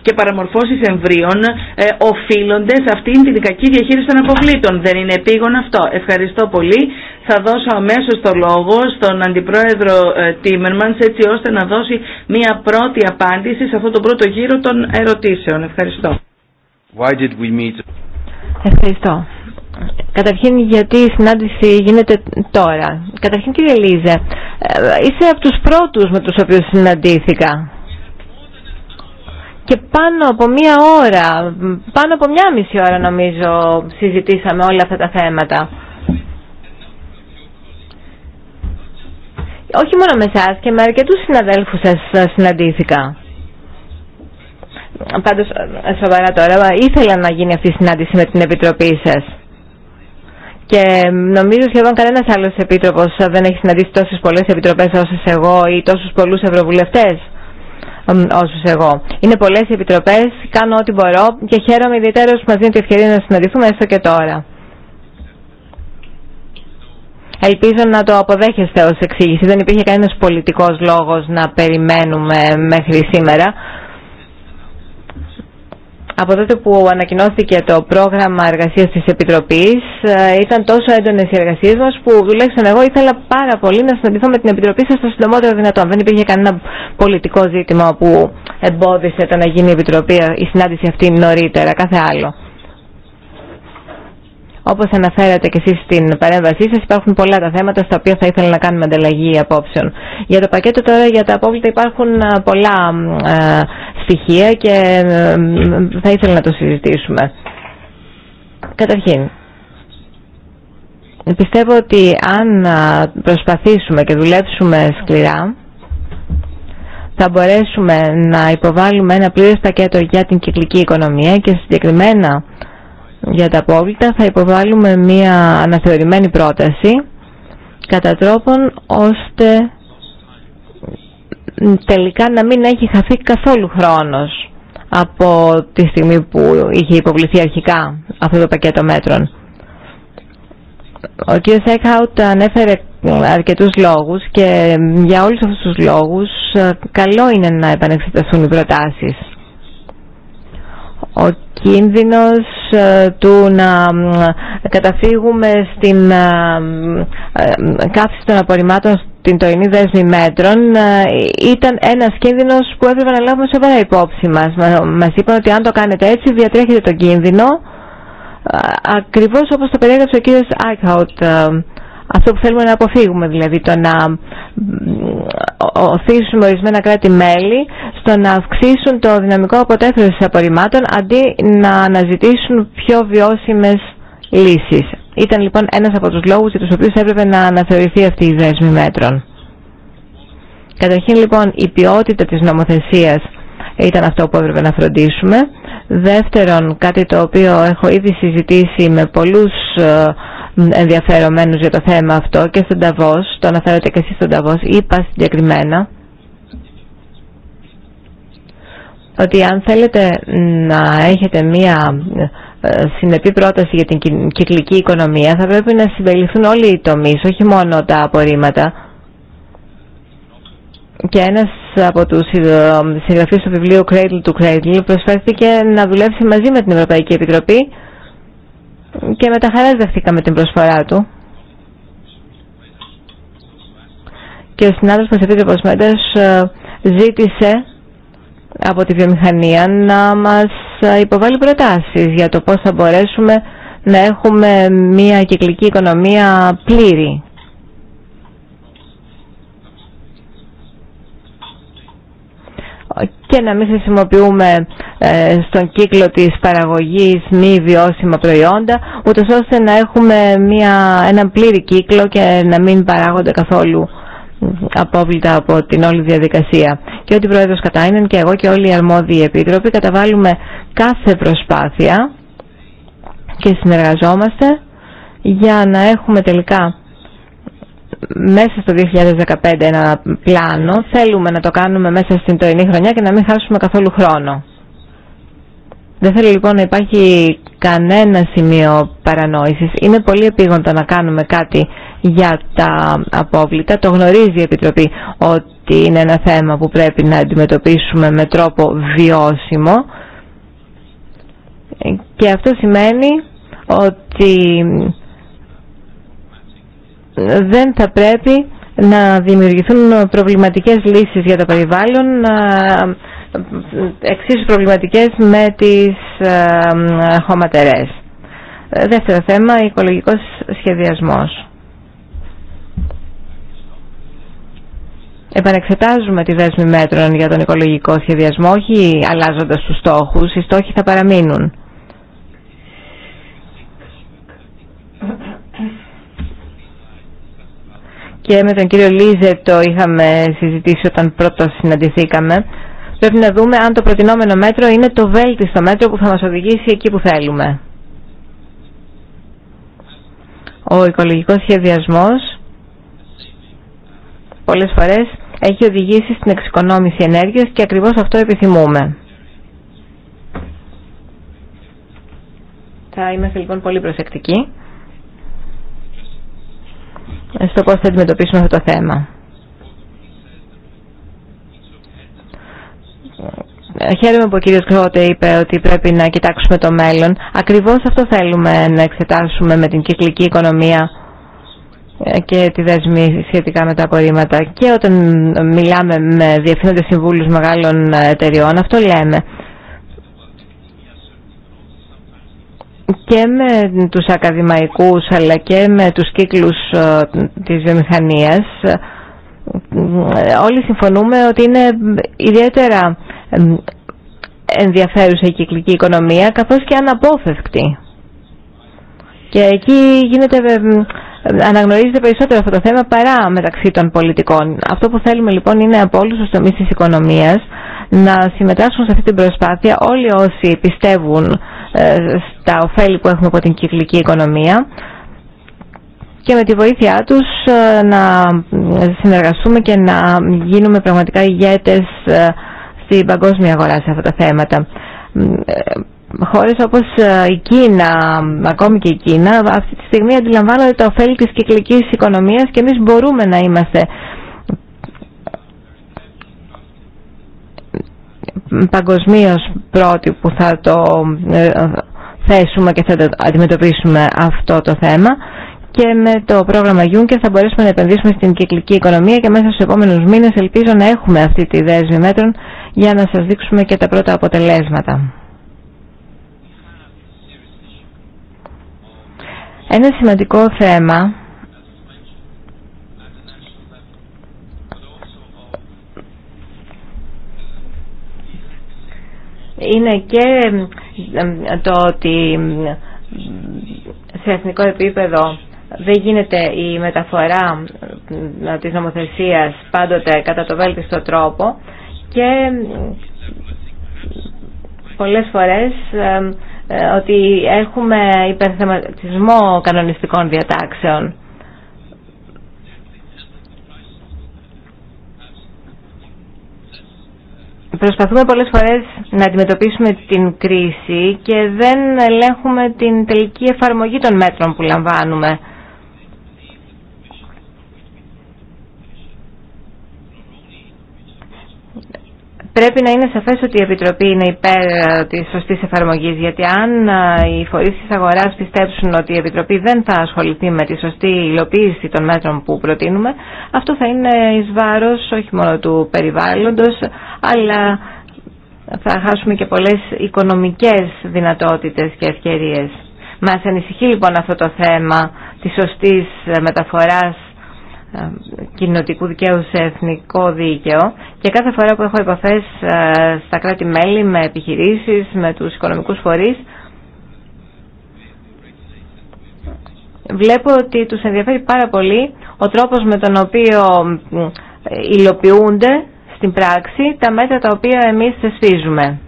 και παραμορφώσεις εμβρίων οφείλονται σε αυτήν την κακή διαχείριση των αποβλήτων. Δεν είναι επίγον αυτό. Ευχαριστώ πολύ θα δώσω αμέσω το λόγο στον Αντιπρόεδρο ε, Τίμερμαν, έτσι ώστε να δώσει μία πρώτη απάντηση σε αυτό το πρώτο γύρο των ερωτήσεων. Ευχαριστώ. Why did we meet? Ευχαριστώ. Καταρχήν γιατί η συνάντηση γίνεται τώρα. Καταρχήν κύριε Λίζε, ε, είσαι από τους πρώτους με τους οποίους συναντήθηκα. Και πάνω από μία ώρα, πάνω από μία μισή ώρα νομίζω συζητήσαμε όλα αυτά τα θέματα. όχι μόνο με εσάς και με αρκετούς συναδέλφους σας συναντήθηκα. Πάντως, σοβαρά τώρα, ήθελα να γίνει αυτή η συνάντηση με την Επιτροπή σας. Και νομίζω σχεδόν κανένας άλλος Επίτροπος δεν έχει συναντήσει τόσε πολλέ επιτροπέ όσε εγώ ή τόσους πολλούς Ευρωβουλευτές όσους εγώ. Είναι πολλές Επιτροπές, επιτροπέ, κάνω ό,τι μπορώ και χαίρομαι ιδιαίτερα που μα δίνει τη ευκαιρία να συναντηθούμε έστω και τώρα. Ελπίζω να το αποδέχεστε ως εξήγηση. Δεν υπήρχε κανένας πολιτικός λόγος να περιμένουμε μέχρι σήμερα. Από τότε που ανακοινώθηκε το πρόγραμμα εργασίας της Επιτροπής ε, ήταν τόσο έντονες οι εργασίες μας που τουλάχιστον εγώ ήθελα πάρα πολύ να συναντηθώ με την Επιτροπή σας το συντομότερο δυνατόν. Δεν υπήρχε κανένα πολιτικό ζήτημα που εμπόδισε το να γίνει η, Επιτροπή, η συνάντηση αυτή νωρίτερα, κάθε άλλο. Όπως αναφέρατε και εσείς στην παρέμβασή σας, υπάρχουν πολλά τα θέματα στα οποία θα ήθελα να κάνουμε ανταλλαγή απόψεων. Για το πακέτο τώρα για τα απόβλητα υπάρχουν ε, πολλά ε, στοιχεία και θα ήθελα να το συζητήσουμε. Καταρχήν, πιστεύω ότι αν ε, προσπαθήσουμε και δουλέψουμε σκληρά, θα μπορέσουμε να υποβάλουμε ένα πλήρες πακέτο για την κυκλική οικονομία και συγκεκριμένα για τα απόβλητα θα υποβάλουμε μία αναθεωρημένη πρόταση κατά τρόπον ώστε τελικά να μην έχει χαθεί καθόλου χρόνος από τη στιγμή που είχε υποβληθεί αρχικά αυτό το πακέτο μέτρων. Ο κ. Σέκχαουτ ανέφερε αρκετούς λόγους και για όλους αυτούς τους λόγους ε, καλό είναι να επανεξεταστούν οι προτάσεις ο κίνδυνος ε, του να καταφύγουμε στην ε, ε, κάθεση των απορριμμάτων στην τωρινή δέσμη μέτρων ήταν ένας κίνδυνος που έπρεπε να λάβουμε σοβαρά υπόψη μα. Μας είπαν ότι αν το κάνετε έτσι, διατρέχετε τον κίνδυνο. ακριβώς όπως το περιέγραψε ο κύριο Άικχαουτ αυτό που θέλουμε να αποφύγουμε, δηλαδή το να οθήσουμε ορισμένα κράτη-μέλη στο να αυξήσουν το δυναμικό αποτέφρωσης απορριμμάτων αντί να αναζητήσουν πιο βιώσιμες λύσεις. Ήταν λοιπόν ένας από τους λόγους για τους οποίους έπρεπε να αναθεωρηθεί αυτή η δέσμη μέτρων. Καταρχήν λοιπόν η ποιότητα της νομοθεσίας ήταν αυτό που έπρεπε να φροντίσουμε. Δεύτερον, κάτι το οποίο έχω ήδη συζητήσει με πολλούς ε, ενδιαφερομένους για το θέμα αυτό και στον Ταβός, το αναφέρατε και εσείς στον Ταβός, είπα συγκεκριμένα ότι αν θέλετε να έχετε μία ε, συνεπή πρόταση για την κυκλική οικονομία θα πρέπει να συμπεριληφθούν όλοι οι τομείς, όχι μόνο τα απορρίμματα. Και ένας από τους ε, συγγραφείς του βιβλίου Cradle to Cradle προσφέρθηκε να δουλέψει μαζί με την Ευρωπαϊκή Επιτροπή και με τα χαράς δεχτήκαμε την προσφορά του. Και ο συνάδελφος Επίτροπος Μέντες ε, ζήτησε από τη βιομηχανία να μας ε, υποβάλει προτάσεις για το πώς θα μπορέσουμε να έχουμε μια κυκλική οικονομία πλήρη. και να μην χρησιμοποιούμε ε, στον κύκλο της παραγωγής μη βιώσιμα προϊόντα, ούτω ώστε να έχουμε μια, έναν πλήρη κύκλο και να μην παράγονται καθόλου απόβλητα από την όλη διαδικασία. Και ότι ο Πρόεδρος Κατάινεν και εγώ και όλοι οι αρμόδιοι επίτροποι καταβάλουμε κάθε προσπάθεια και συνεργαζόμαστε για να έχουμε τελικά μέσα στο 2015 ένα πλάνο. Θέλουμε να το κάνουμε μέσα στην τωρινή χρονιά και να μην χάσουμε καθόλου χρόνο. Δεν θέλω λοιπόν να υπάρχει κανένα σημείο παρανόησης. Είναι πολύ επίγοντα να κάνουμε κάτι για τα απόβλητα. Το γνωρίζει η Επιτροπή ότι είναι ένα θέμα που πρέπει να αντιμετωπίσουμε με τρόπο βιώσιμο. Και αυτό σημαίνει ότι δεν θα πρέπει να δημιουργηθούν προβληματικές λύσεις για το περιβάλλον ε, εξίσου προβληματικές με τις ε, χωματερές. Ε, δεύτερο θέμα, οικολογικός σχεδιασμός. Επανεξετάζουμε τη δέσμη μέτρων για τον οικολογικό σχεδιασμό, όχι αλλάζοντας τους στόχους, οι στόχοι θα παραμείνουν. και με τον κύριο Λίζε το είχαμε συζητήσει όταν πρώτο συναντηθήκαμε. Πρέπει να δούμε αν το προτινόμενο μέτρο είναι το βέλτιστο μέτρο που θα μας οδηγήσει εκεί που θέλουμε. Ο οικολογικός σχεδιασμός πολλές φορές έχει οδηγήσει στην εξοικονόμηση ενέργειας και ακριβώς αυτό επιθυμούμε. Θα είμαστε λοιπόν πολύ προσεκτικοί στο πώς θα αντιμετωπίσουμε αυτό το θέμα. Ε, χαίρομαι που ο κύριος Κρότε είπε ότι πρέπει να κοιτάξουμε το μέλλον. Ακριβώς αυτό θέλουμε να εξετάσουμε με την κυκλική οικονομία ε, και τη δεσμή σχετικά με τα απορρίμματα. Και όταν μιλάμε με διευθύνοντες συμβούλους μεγάλων ε, εταιριών, αυτό λέμε. και με τους ακαδημαϊκούς αλλά και με τους κύκλους ε, της βιομηχανίας ε, όλοι συμφωνούμε ότι είναι ιδιαίτερα ε, ενδιαφέρουσα η κυκλική οικονομία καθώς και αναπόφευκτη. Και εκεί γίνεται, αναγνωρίζεται περισσότερο αυτό το θέμα παρά μεταξύ των πολιτικών. Αυτό που θέλουμε λοιπόν είναι από όλους τους τομείς της οικονομίας να συμμετάσχουν σε αυτή την προσπάθεια όλοι όσοι πιστεύουν ε, στα ωφέλη που έχουμε από την κυκλική οικονομία και με τη βοήθειά τους ε, να συνεργαστούμε και να γίνουμε πραγματικά ηγέτες ε, στην παγκόσμια αγορά σε αυτά τα θέματα. Χώρες όπως η Κίνα, ακόμη και η Κίνα, αυτή τη στιγμή αντιλαμβάνονται τα ωφέλη της κυκλικής οικονομίας και εμείς μπορούμε να είμαστε παγκοσμίω πρώτοι που θα το ε, θέσουμε και θα το αντιμετωπίσουμε αυτό το θέμα και με το πρόγραμμα Juncker θα μπορέσουμε να επενδύσουμε στην κυκλική οικονομία και μέσα στους επόμενους μήνες ελπίζω να έχουμε αυτή τη δέσμη μέτρων για να σας δείξουμε και τα πρώτα αποτελέσματα. Ένα σημαντικό θέμα είναι και το ότι σε εθνικό επίπεδο δεν γίνεται η μεταφορά της νομοθεσίας πάντοτε κατά το βέλτιστο τρόπο και πολλές φορές ε, ότι έχουμε υπερθεματισμό κανονιστικών διατάξεων. Προσπαθούμε πολλές φορές να αντιμετωπίσουμε την κρίση και δεν ελέγχουμε την τελική εφαρμογή των μέτρων που λαμβάνουμε. Πρέπει να είναι σαφές ότι η Επιτροπή είναι υπέρ ε, της σωστής εφαρμογής, γιατί αν ε, οι φορείς της αγοράς πιστέψουν ότι η Επιτροπή δεν θα ασχοληθεί με τη σωστή υλοποίηση των μέτρων που προτείνουμε, αυτό θα είναι εις βάρος όχι μόνο του περιβάλλοντος, αλλά θα χάσουμε και πολλές οικονομικές δυνατότητες και ευκαιρίες. Μας ανησυχεί λοιπόν αυτό το θέμα της σωστής ε, μεταφοράς κοινοτικού δικαίου σε εθνικό δίκαιο και κάθε φορά που έχω επαφές ε, στα κράτη-μέλη με επιχειρήσεις, με τους οικονομικούς φορείς βλέπω ότι τους ενδιαφέρει πάρα πολύ ο τρόπος με τον οποίο ε, υλοποιούνται στην πράξη τα μέτρα τα οποία εμείς θεσπίζουμε.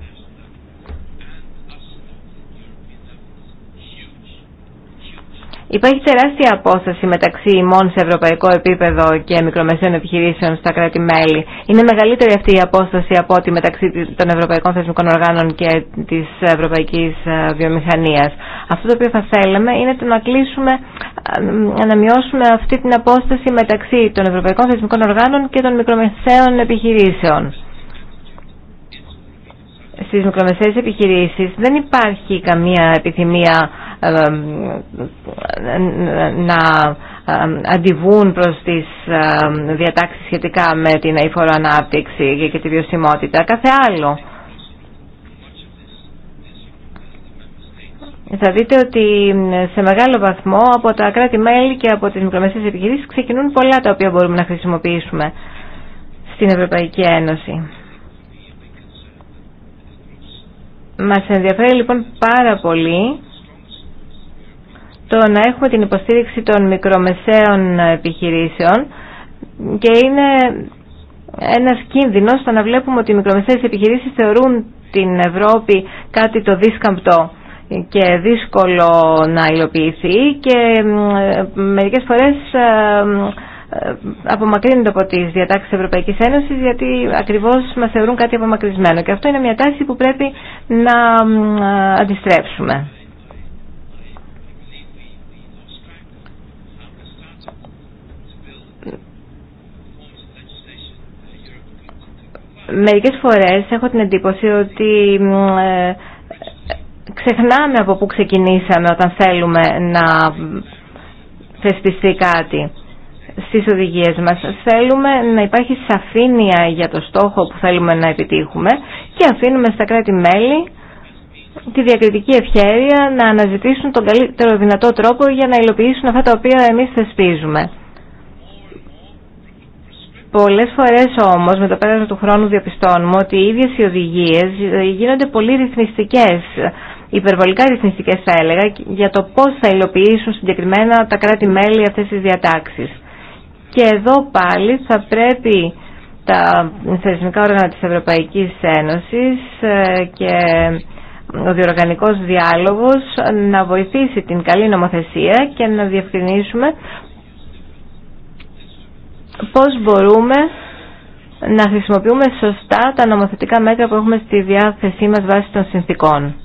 Υπάρχει τεράστια απόσταση μεταξύ ημών σε ευρωπαϊκό επίπεδο και μικρομεσαίων επιχειρήσεων στα κράτη-μέλη. Είναι μεγαλύτερη αυτή η απόσταση από ό,τι μεταξύ των ευρωπαϊκών θεσμικών οργάνων και της ευρωπαϊκής ε, βιομηχανίας. Αυτό το οποίο θα θέλαμε είναι το να κλείσουμε, ε, να μειώσουμε αυτή την απόσταση μεταξύ των ευρωπαϊκών θεσμικών οργάνων και των μικρομεσαίων επιχειρήσεων στις μικρομεσαίες επιχειρήσεις δεν υπάρχει καμία επιθυμία να αντιβούν προς τις διατάξεις σχετικά με την αηφόρο ανάπτυξη και τη βιωσιμότητα. Κάθε άλλο. Θα δείτε ότι σε μεγάλο βαθμό από τα κράτη-μέλη και από τις μικρομεσαίες επιχειρήσεις ξεκινούν πολλά τα οποία μπορούμε να χρησιμοποιήσουμε στην Ευρωπαϊκή Ένωση. Μας ενδιαφέρει λοιπόν πάρα πολύ το να έχουμε την υποστήριξη των μικρομεσαίων επιχειρήσεων και είναι ένας κίνδυνος το να βλέπουμε ότι οι μικρομεσαίες επιχειρήσεις θεωρούν την Ευρώπη κάτι το δίσκαμπτό και δύσκολο να υλοποιηθεί και μερικές φορές ε, ε, απομακρύνονται από τις διατάξεις της Ευρωπαϊκής Ένωσης γιατί ακριβώς μας θεωρούν κάτι απομακρυσμένο και αυτό είναι μια τάση που πρέπει να ε, αντιστρέψουμε. Μερικές φορές έχω την εντύπωση ότι ε, ξεχνάμε από πού ξεκινήσαμε όταν θέλουμε να θεσπιστεί κάτι στις οδηγίες μας. Θέλουμε να υπάρχει σαφήνεια για το στόχο που θέλουμε να επιτύχουμε και αφήνουμε στα κράτη-μέλη τη διακριτική ευχέρεια να αναζητήσουν τον καλύτερο δυνατό τρόπο για να υλοποιήσουν αυτά τα οποία εμείς θεσπίζουμε. Πολλές φορές όμως με το πέρασμα του χρόνου διαπιστώνουμε ότι οι ίδιες οι οδηγίες ε, γίνονται πολύ ρυθμιστικές, υπερβολικά ρυθμιστικές θα έλεγα, για το πώς θα υλοποιήσουν συγκεκριμένα τα κράτη-μέλη αυτές τις διατάξεις. Και εδώ πάλι θα πρέπει τα θεσμικά όργανα της Ευρωπαϊκής Ένωσης ε, και ο διοργανικός διάλογος να βοηθήσει την καλή νομοθεσία και να διευκρινίσουμε πώς μπορούμε να χρησιμοποιούμε σωστά τα νομοθετικά μέτρα που έχουμε στη διάθεσή μας βάσει των συνθήκων.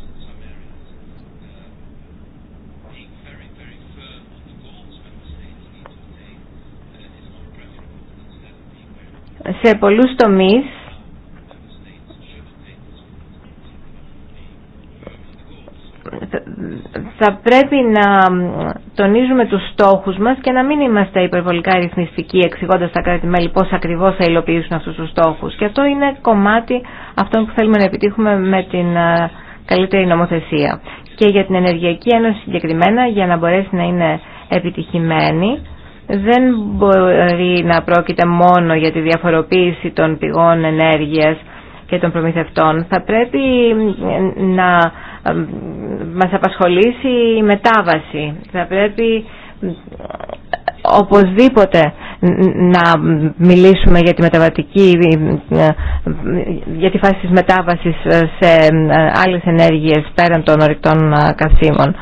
Σε πολλούς τομείς θα πρέπει να τονίζουμε τους στόχους μας και να μην είμαστε υπερβολικά ρυθμιστικοί εξηγώντα τα κράτη-μέλη πώς ακριβώς θα υλοποιήσουν αυτούς τους στόχους. Και αυτό είναι κομμάτι αυτό που θέλουμε να επιτύχουμε με την ε, καλύτερη νομοθεσία. Και για την Ενεργειακή Ένωση συγκεκριμένα, για να μπορέσει να είναι επιτυχημένη, δεν μπορεί να πρόκειται μόνο για τη διαφοροποίηση των πηγών ενέργειας και των προμηθευτών. Θα πρέπει να ε, μας απασχολήσει η μετάβαση. Θα πρέπει ε, οπωσδήποτε να μιλήσουμε για τη μεταβατική, ε, για τη φάση της μετάβασης σε άλλες ενέργειες πέραν των ορεικτών καθήμων.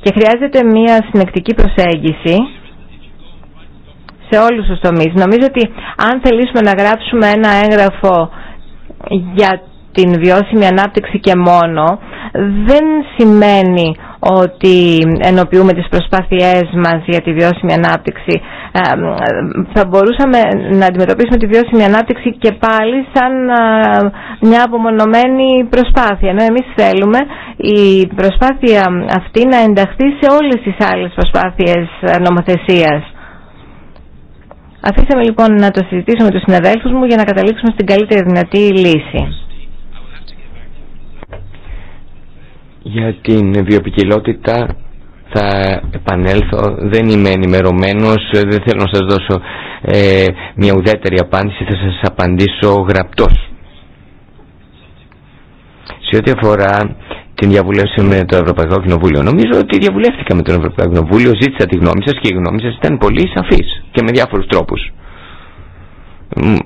Και χρειάζεται μια συνεκτική προσέγγιση σε όλους τους τομείς. Νομίζω ότι αν θελήσουμε να γράψουμε ένα έγγραφο για την βιώσιμη ανάπτυξη και μόνο δεν σημαίνει ότι ενοποιούμε τις προσπάθειές μας για τη βιώσιμη ανάπτυξη. Ε, θα μπορούσαμε να αντιμετωπίσουμε τη βιώσιμη ανάπτυξη και πάλι σαν ε, μια απομονωμένη προσπάθεια. Ενώ εμείς θέλουμε η προσπάθεια αυτή να ενταχθεί σε όλες τις άλλες προσπάθειες ε, νομοθεσίας. Αφήσαμε λοιπόν να το συζητήσουμε με τους συναδέλφους μου για να καταλήξουμε στην καλύτερη δυνατή λύση. Για την βιοπικιλότητα θα επανέλθω, δεν είμαι ενημερωμένο, δεν θέλω να σας δώσω ε, μια ουδέτερη απάντηση, θα σας απαντήσω γραπτός. Σε ό,τι αφορά την διαβούλευση με το Ευρωπαϊκό Κοινοβούλιο. Νομίζω ότι διαβουλεύτηκα με το Ευρωπαϊκό Κοινοβούλιο, ζήτησα τη γνώμη σα και η γνώμη σα ήταν πολύ σαφή και με διάφορου τρόπου.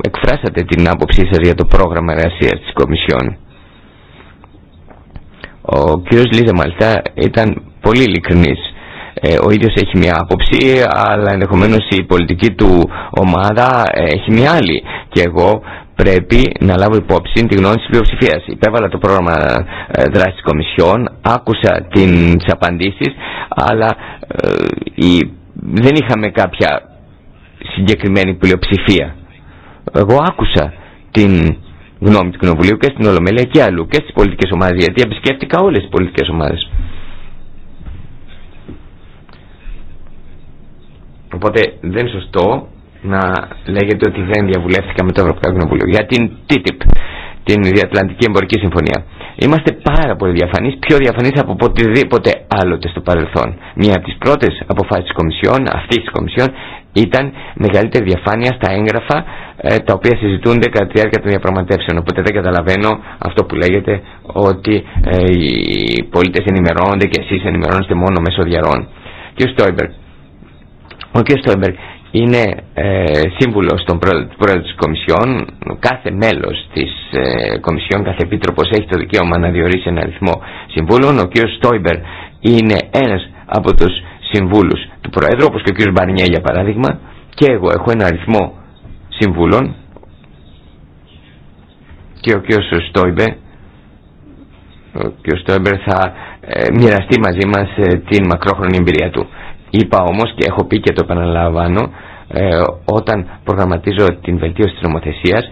Εκφράσατε την άποψή σα για το πρόγραμμα εργασία τη Κομισιόν. Ο κ. Λίζα μάλιστα ήταν πολύ ειλικρινή. Ε, ο ίδιος έχει μια άποψη, αλλά ενδεχομένως η πολιτική του ομάδα έχει μια άλλη. Και εγώ πρέπει να λάβω υπόψη τη γνώμη της πλειοψηφίας. Υπέβαλα το πρόγραμμα ε, δράσης κομισιών, άκουσα την, τις απαντήσεις, αλλά ε, δεν είχαμε κάποια συγκεκριμένη πλειοψηφία. Εγώ άκουσα την γνώμη του Κοινοβουλίου και στην Ολομέλεια και αλλού και στις πολιτικές ομάδες, γιατί επισκέφτηκα όλες τις πολιτικές ομάδες. Οπότε δεν είναι σωστό να λέγεται ότι δεν διαβουλεύτηκα με το Ευρωπαϊκό Κοινοβούλιο για την TTIP, την Διατλαντική Εμπορική Συμφωνία. Είμαστε πάρα πολύ διαφανείς, πιο διαφανείς από οτιδήποτε άλλοτε στο παρελθόν. Μία από τις πρώτες αποφάσεις της Κομισιόν, αυτή της Κομισιόν, ήταν μεγαλύτερη διαφάνεια στα έγγραφα ε, τα οποία συζητούνται κατά τη διάρκεια των διαπραγματεύσεων. Οπότε δεν καταλαβαίνω αυτό που λέγεται ότι ε, οι πολίτες ενημερώνονται και εσείς ενημερώνεστε μόνο μέσω διαρών. Κύριε Στόιμπερ, ο κ. Στόιμπερ είναι ε, σύμβουλος των πρόεδρων της Κομισιόν. Κάθε μέλος της ε, Κομισιόν, κάθε επίτροπος έχει το δικαίωμα να διορίσει ένα αριθμό συμβούλων. Ο κ. Στόιμπερ είναι ένας από τους συμβούλους του Προέδρου, όπως και ο κ. Μπαρνιέ για παράδειγμα. Και εγώ έχω ένα αριθμό συμβούλων και ο κ. Στόιμπερ ο κ. Στόιμπερ θα ε, μοιραστεί μαζί μας ε, την μακρόχρονη εμπειρία του. Είπα όμως και έχω πει και το επαναλαμβάνω ε, όταν προγραμματίζω την βελτίωση της νομοθεσίας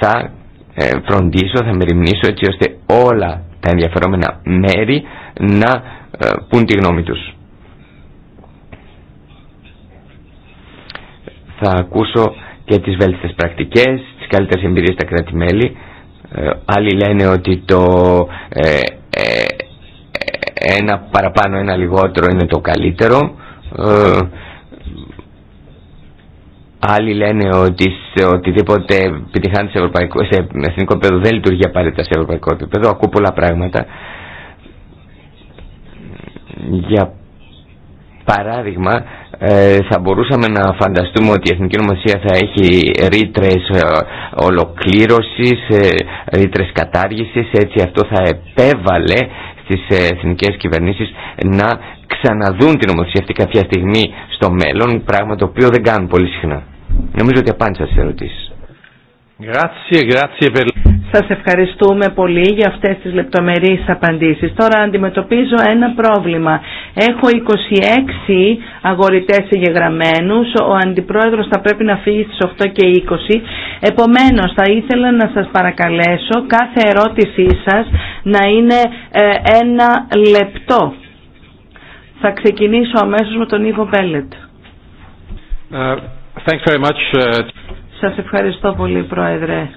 θα ε, φροντίσω, θα μεριμνήσω έτσι ώστε όλα τα ενδιαφερόμενα μέρη να ε, πούν τη γνώμη τους. Θα ακούσω και τις βέλτιστες πρακτικές, τις καλύτερες εμπειρίες στα κράτη-μέλη. Ε, άλλοι λένε ότι το ένα παραπάνω, ένα λιγότερο είναι το καλύτερο. Ε, άλλοι λένε ότι σε οτιδήποτε επιτυχάνει σε, ευρωπαϊκό, σε εθνικό επίπεδο δεν λειτουργεί απαραίτητα σε ευρωπαϊκό επίπεδο. Ακούω πολλά πράγματα. Για παράδειγμα, ε, θα μπορούσαμε να φανταστούμε ότι η Εθνική Νομοθεσία θα έχει ρήτρε ε, ολοκλήρωσης, ρήτρε κατάργησης, έτσι αυτό θα επέβαλε στις εθνικές κυβερνήσεις να ξαναδούν την ομοθεσία αυτή κάποια στιγμή στο μέλλον, πράγμα το οποίο δεν κάνουν πολύ συχνά. Νομίζω ότι απάντησα στις ερωτήσεις. Σας ευχαριστούμε πολύ για αυτές τις λεπτομερείς απαντήσεις. Τώρα αντιμετωπίζω ένα πρόβλημα. Έχω 26 αγορητές εγγεγραμμένους, ο αντιπρόεδρος θα πρέπει να φύγει στις 8 και 20. Επομένως θα ήθελα να σας παρακαλέσω κάθε ερώτησή σας να είναι ε, ένα λεπτό. Θα ξεκινήσω αμέσως με τον Ιβο Μπέλετ. Uh, Σας ευχαριστώ πολύ, Πρόεδρε.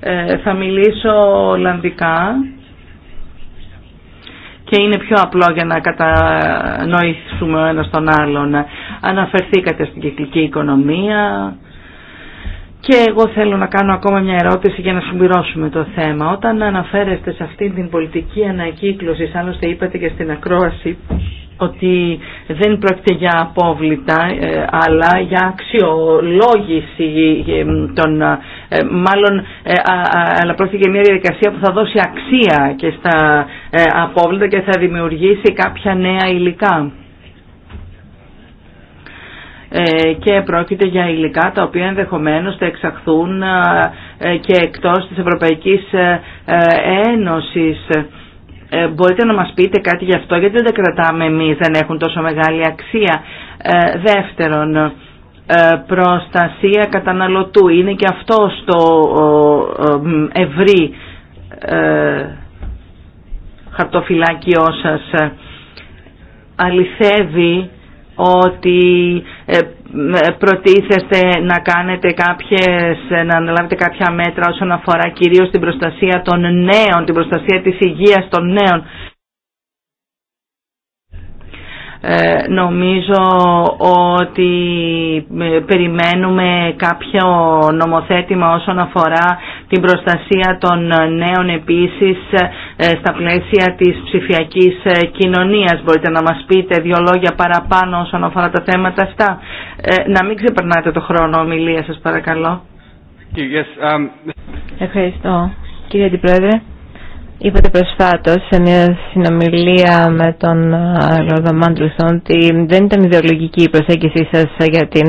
Ε, θα μιλήσω Ολλανδικά και είναι πιο απλό για να κατανοήσουμε ο ένας τον άλλον. Αναφερθήκατε στην κυκλική οικονομία, και εγώ θέλω να κάνω ακόμα μια ερώτηση για να συμπληρώσουμε το θέμα. Όταν αναφέρεστε σε αυτή την πολιτική ανακύκλωση, άλλωστε είπατε και στην ακρόαση ότι δεν πρόκειται για απόβλητα ε, αλλά για αξιολόγηση ε, των ε, μάλλον αλλά πρόκειται για μια διαδικασία που θα δώσει αξία και στα απόβλητα και θα δημιουργήσει κάποια νέα υλικά. Ε, και πρόκειται για υλικά τα οποία ενδεχομένως θα εξαχθούν ε, ε, και εκτός της Ευρωπαϊκής Ένωσης. Μπορείτε να μας πείτε κάτι γι' αυτό, γιατί δεν τα κρατάμε εμείς, δεν έχουν τόσο μεγάλη αξία. Δεύτερον, προστασία καταναλωτού. Είναι και αυτό στο ευρύ χαρτοφυλάκιό σας. Αληθεύει ότι ε, ε, προτίθεστε να κάνετε κάποιες, να αναλάβετε κάποια μέτρα όσον αφορά κυρίως την προστασία των νέων, την προστασία της υγείας των νέων. Ε, νομίζω ότι ε, περιμένουμε κάποιο νομοθέτημα όσον αφορά την προστασία των νέων επίσης ε, στα πλαίσια της ψηφιακής κοινωνίας. Μπορείτε να μας πείτε δύο λόγια παραπάνω όσον αφορά τα θέματα αυτά. Να μην ξεπερνάτε το χρόνο ομιλία σας παρακαλώ. Um, Ευχαριστώ κύριε Αντιπρόεδρε. Είπατε προσφάτως σε μια συνομιλία με τον Ρόδο ότι δεν ήταν ιδεολογική η προσέγγιση σας για την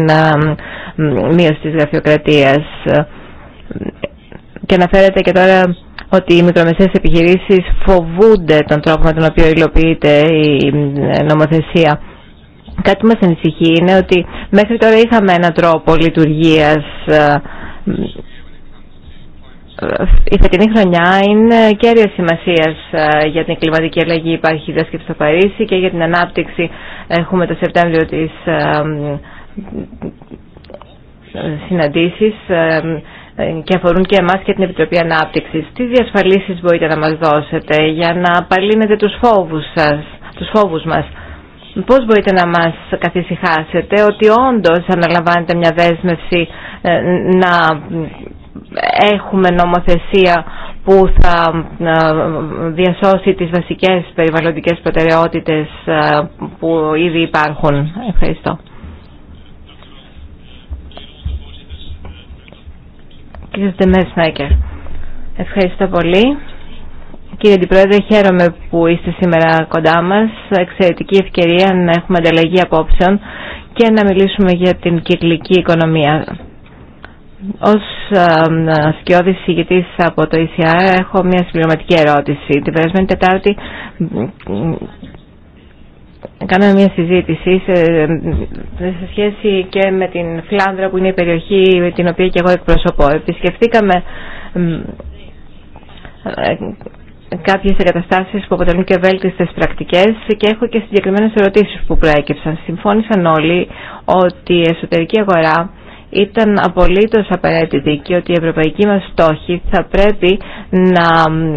μείωση της γραφειοκρατίας. Και αναφέρετε και τώρα ότι οι μικρομεσαίες επιχειρήσεις φοβούνται τον τρόπο με τον οποίο υλοποιείται η νομοθεσία. Κάτι που μας ανησυχεί είναι ότι μέχρι τώρα είχαμε έναν τρόπο λειτουργίας ε, η φετινή χρονιά είναι κέρια σημασία ε, για την κλιματική αλλαγή. Υπάρχει δέσκεψη στο Παρίσι και για την ανάπτυξη έχουμε το Σεπτέμβριο της ε, συναντήσεις και αφορούν και εμάς και την Επιτροπή Ανάπτυξης. Τι διασφαλίσεις μπορείτε να μας δώσετε για να απαλύνετε τους φόβους σας, τους φόβους μας. Πώς μπορείτε να μας καθησυχάσετε ότι όντως αναλαμβάνετε μια δέσμευση να έχουμε νομοθεσία που θα ε, διασώσει τις βασικές περιβαλλοντικές προτεραιότητες ε, που ήδη υπάρχουν. Ευχαριστώ. Κύριε Σνέκερ, ευχαριστώ πολύ. Κύριε Αντιπρόεδρε, χαίρομαι που είστε σήμερα κοντά μας. Εξαιρετική ευκαιρία να έχουμε ανταλλαγή απόψεων και να μιλήσουμε για την κυκλική οικονομία. Ως σκιώδης ηγητής από το ECR έχω μια συμπληρωματική ερώτηση. Την περασμένη Τετάρτη κάναμε μια συζήτηση σε, σε, σχέση και με την Φλάνδρα που είναι η περιοχή την οποία και εγώ εκπροσωπώ. Επισκεφτήκαμε ε, κάποιες εγκαταστάσεις που αποτελούν και βέλτιστες πρακτικές και έχω και συγκεκριμένες ερωτήσεις που προέκυψαν. Συμφώνησαν όλοι ότι η εσωτερική αγορά ήταν απολύτως απαραίτητη και ότι οι ευρωπαϊκοί μας στόχοι θα πρέπει να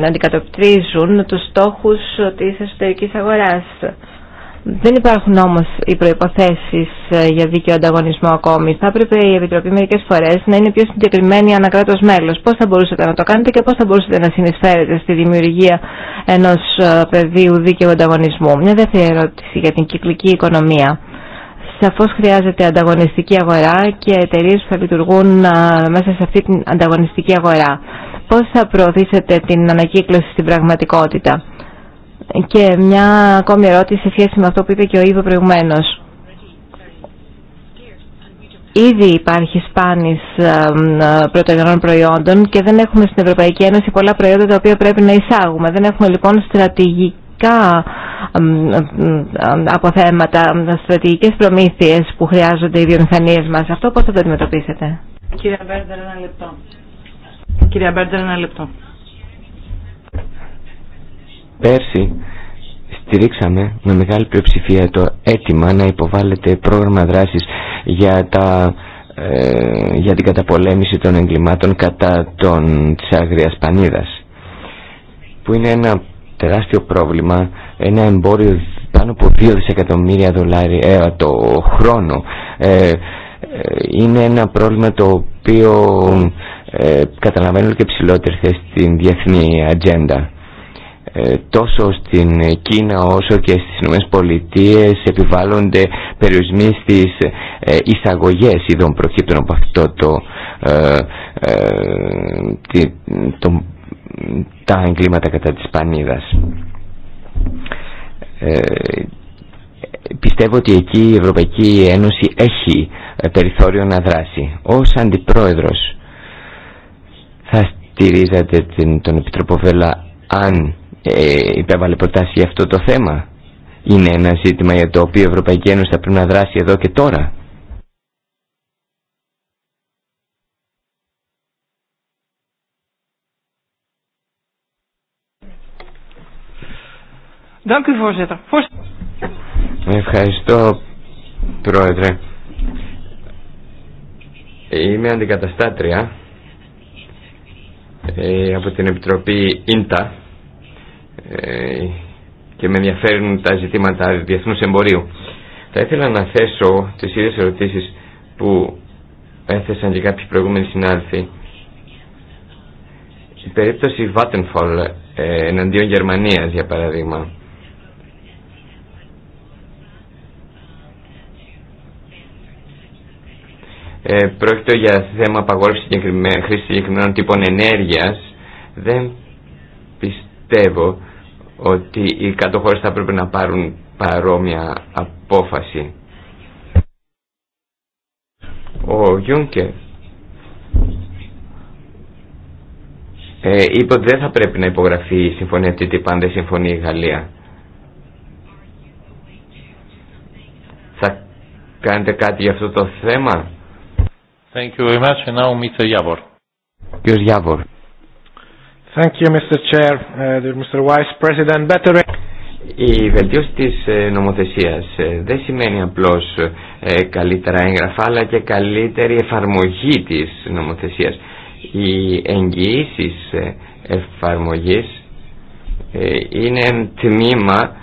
αντικατοπτρίζουν τους στόχους της εσωτερικής αγοράς. Δεν υπάρχουν όμως οι προϋποθέσεις ε, για δίκαιο ανταγωνισμό ακόμη. Θα έπρεπε η Επιτροπή μερικές φορές να είναι πιο συγκεκριμένη ανακράτως μέλος. Πώς θα μπορούσατε να το κάνετε και πώς θα μπορούσατε να συνεισφέρετε στη δημιουργία ενός ε, πεδίου δίκαιου ανταγωνισμού. Μια δεύτερη ερώτηση για την κυκλική οικονομία. Σαφώς χρειάζεται ανταγωνιστική αγορά και εταιρείε που θα λειτουργούν μέσα σε αυτή την ανταγωνιστική αγορά. Πώς θα προωθήσετε την ανακύκλωση στην πραγματικότητα. Και μια ακόμη ερώτηση σε σχέση με αυτό που είπε και ο Ήβο προηγουμένως. Ήδη υπάρχει σπάνης πρωτογενών προϊόντων και δεν έχουμε στην Ευρωπαϊκή Ένωση πολλά προϊόντα τα οποία πρέπει να εισάγουμε. Δεν έχουμε λοιπόν στρατηγικά από θέματα στρατηγικές προμήθειες που χρειάζονται οι βιομηχανίες μας. Αυτό πώς θα το αντιμετωπίσετε. Κυρία Μπέρντερ, ένα λεπτό. Κυρία Μπέρντερ, ένα λεπτό. Πέρσι στηρίξαμε με μεγάλη πλειοψηφία το αίτημα να υποβάλλεται πρόγραμμα δράσης για, τα, ε, για την καταπολέμηση των εγκλημάτων κατά των, της Άγριας Πανίδας που είναι ένα τεράστιο πρόβλημα, ένα εμπόριο πάνω από 2 δισεκατομμύρια δολάρια ε, το χρόνο. Ε, είναι ένα πρόβλημα το οποίο ε, καταλαβαίνω και ψηλότερη στην διεθνή ατζέντα. Ε, τόσο στην Κίνα όσο και στις νομές Πολιτείες επιβάλλονται περιορισμοί στις ε, εισαγωγές είδων προκύπτων από αυτό το, ε, το, τα εγκλήματα κατά της Πανίδας. Ε, πιστεύω ότι εκεί η Ευρωπαϊκή Ένωση έχει ε, περιθώριο να δράσει. Ως αντιπρόεδρος θα στηρίζατε την, τον Επιτροπό αν ε, υπέβαλε προτάσει για αυτό το θέμα. Είναι ένα ζήτημα για το οποίο η Ευρωπαϊκή Ένωση θα πρέπει να δράσει εδώ και τώρα. Ευχαριστώ, Πρόεδρε. Είμαι αντικαταστάτρια ε, από την Επιτροπή Ίντα ε, και με ενδιαφέρουν τα ζητήματα διεθνούς εμπορίου. Θα ήθελα να θέσω τις ίδιες ερωτήσεις που έθεσαν και κάποιοι προηγούμενοι συνάδελφοι. Η περίπτωση Vattenfall ε, εναντίον Γερμανίας, για παράδειγμα, ε, πρόκειται για θέμα απαγόρευση χρήση συγκεκριμένων τύπων ενέργειας δεν πιστεύω ότι οι κάτω θα πρέπει να πάρουν παρόμοια απόφαση. Ο Γιούνκερ ε, είπε ότι δεν θα πρέπει να υπογραφεί η συμφωνία TTIP αν δεν συμφωνεί η Γαλλία. Θα κάνετε κάτι για αυτό το θέμα. Thank you very much. And now Η βελτίωση της ε, νομοθεσίας ε, δεν σημαίνει απλώς ε, καλύτερα έγγραφα, αλλά και καλύτερη εφαρμογή της νομοθεσίας. Οι εγγυήσει εφαρμογής είναι τμήμα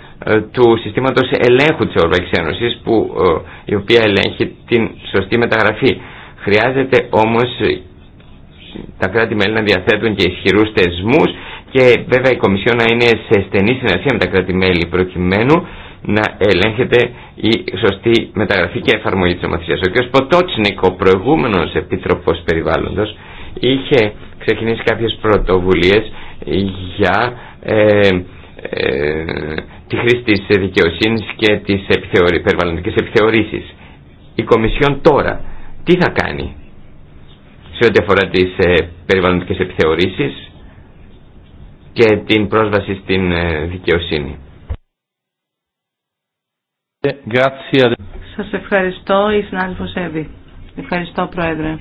του συστήματος ελέγχου της Ευρωπαϊκής Ένωσης, που, η οποία ελέγχει την σωστή μεταγραφή Χρειάζεται όμως ε, τα κράτη-μέλη να διαθέτουν και ισχυρούς θεσμού και βέβαια η Κομισιόν να είναι σε στενή συνεργασία με τα κράτη-μέλη προκειμένου να ελέγχεται η σωστή μεταγραφή και εφαρμογή της νομοθεσίας. Ο κ. Ποτότσνικ, ο προηγούμενος Επίτροπος Περιβάλλοντος, είχε ξεκινήσει κάποιες πρωτοβουλίες για ε, ε, τη χρήση τη δικαιοσύνη και της επιθεωρη, περιβαλλοντικής Η Κομισιόν τώρα τι θα κάνει σε ό,τι αφορά τις ε, περιβαλλοντικές επιθεωρήσεις και την πρόσβαση στην ε, δικαιοσύνη. Ε, Σας ευχαριστώ, η συνάδελφος Εύη. Ευχαριστώ, Πρόεδρε.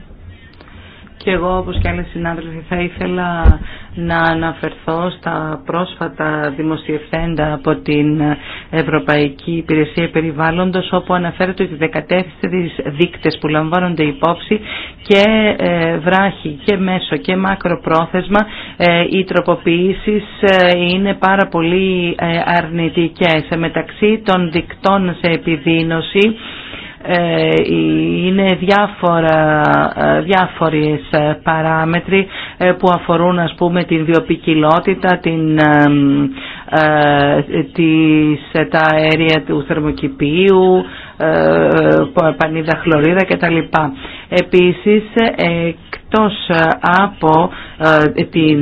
Και εγώ, όπως και άλλοι συνάδελφοι, θα ήθελα να αναφερθώ στα πρόσφατα δημοσιευθέντα από την Ευρωπαϊκή Υπηρεσία Περιβάλλοντος, όπου αναφέρεται ότι 14 δείκτες που λαμβάνονται υπόψη και ε, βράχη και μέσο και μακροπρόθεσμα ε, οι τροποποιήσεις ε, είναι πάρα πολύ αρνητικές. Μεταξύ των δικτών σε επιδείνωση, ε, είναι διάφορα, ε, διάφορες ε, παράμετροι που αφορούν ας πούμε την βιοπικιλότητα, την, ε, τα αέρια του θερμοκηπίου, ε, πανίδα χλωρίδα κτλ. Επίσης, εκτός από ε, την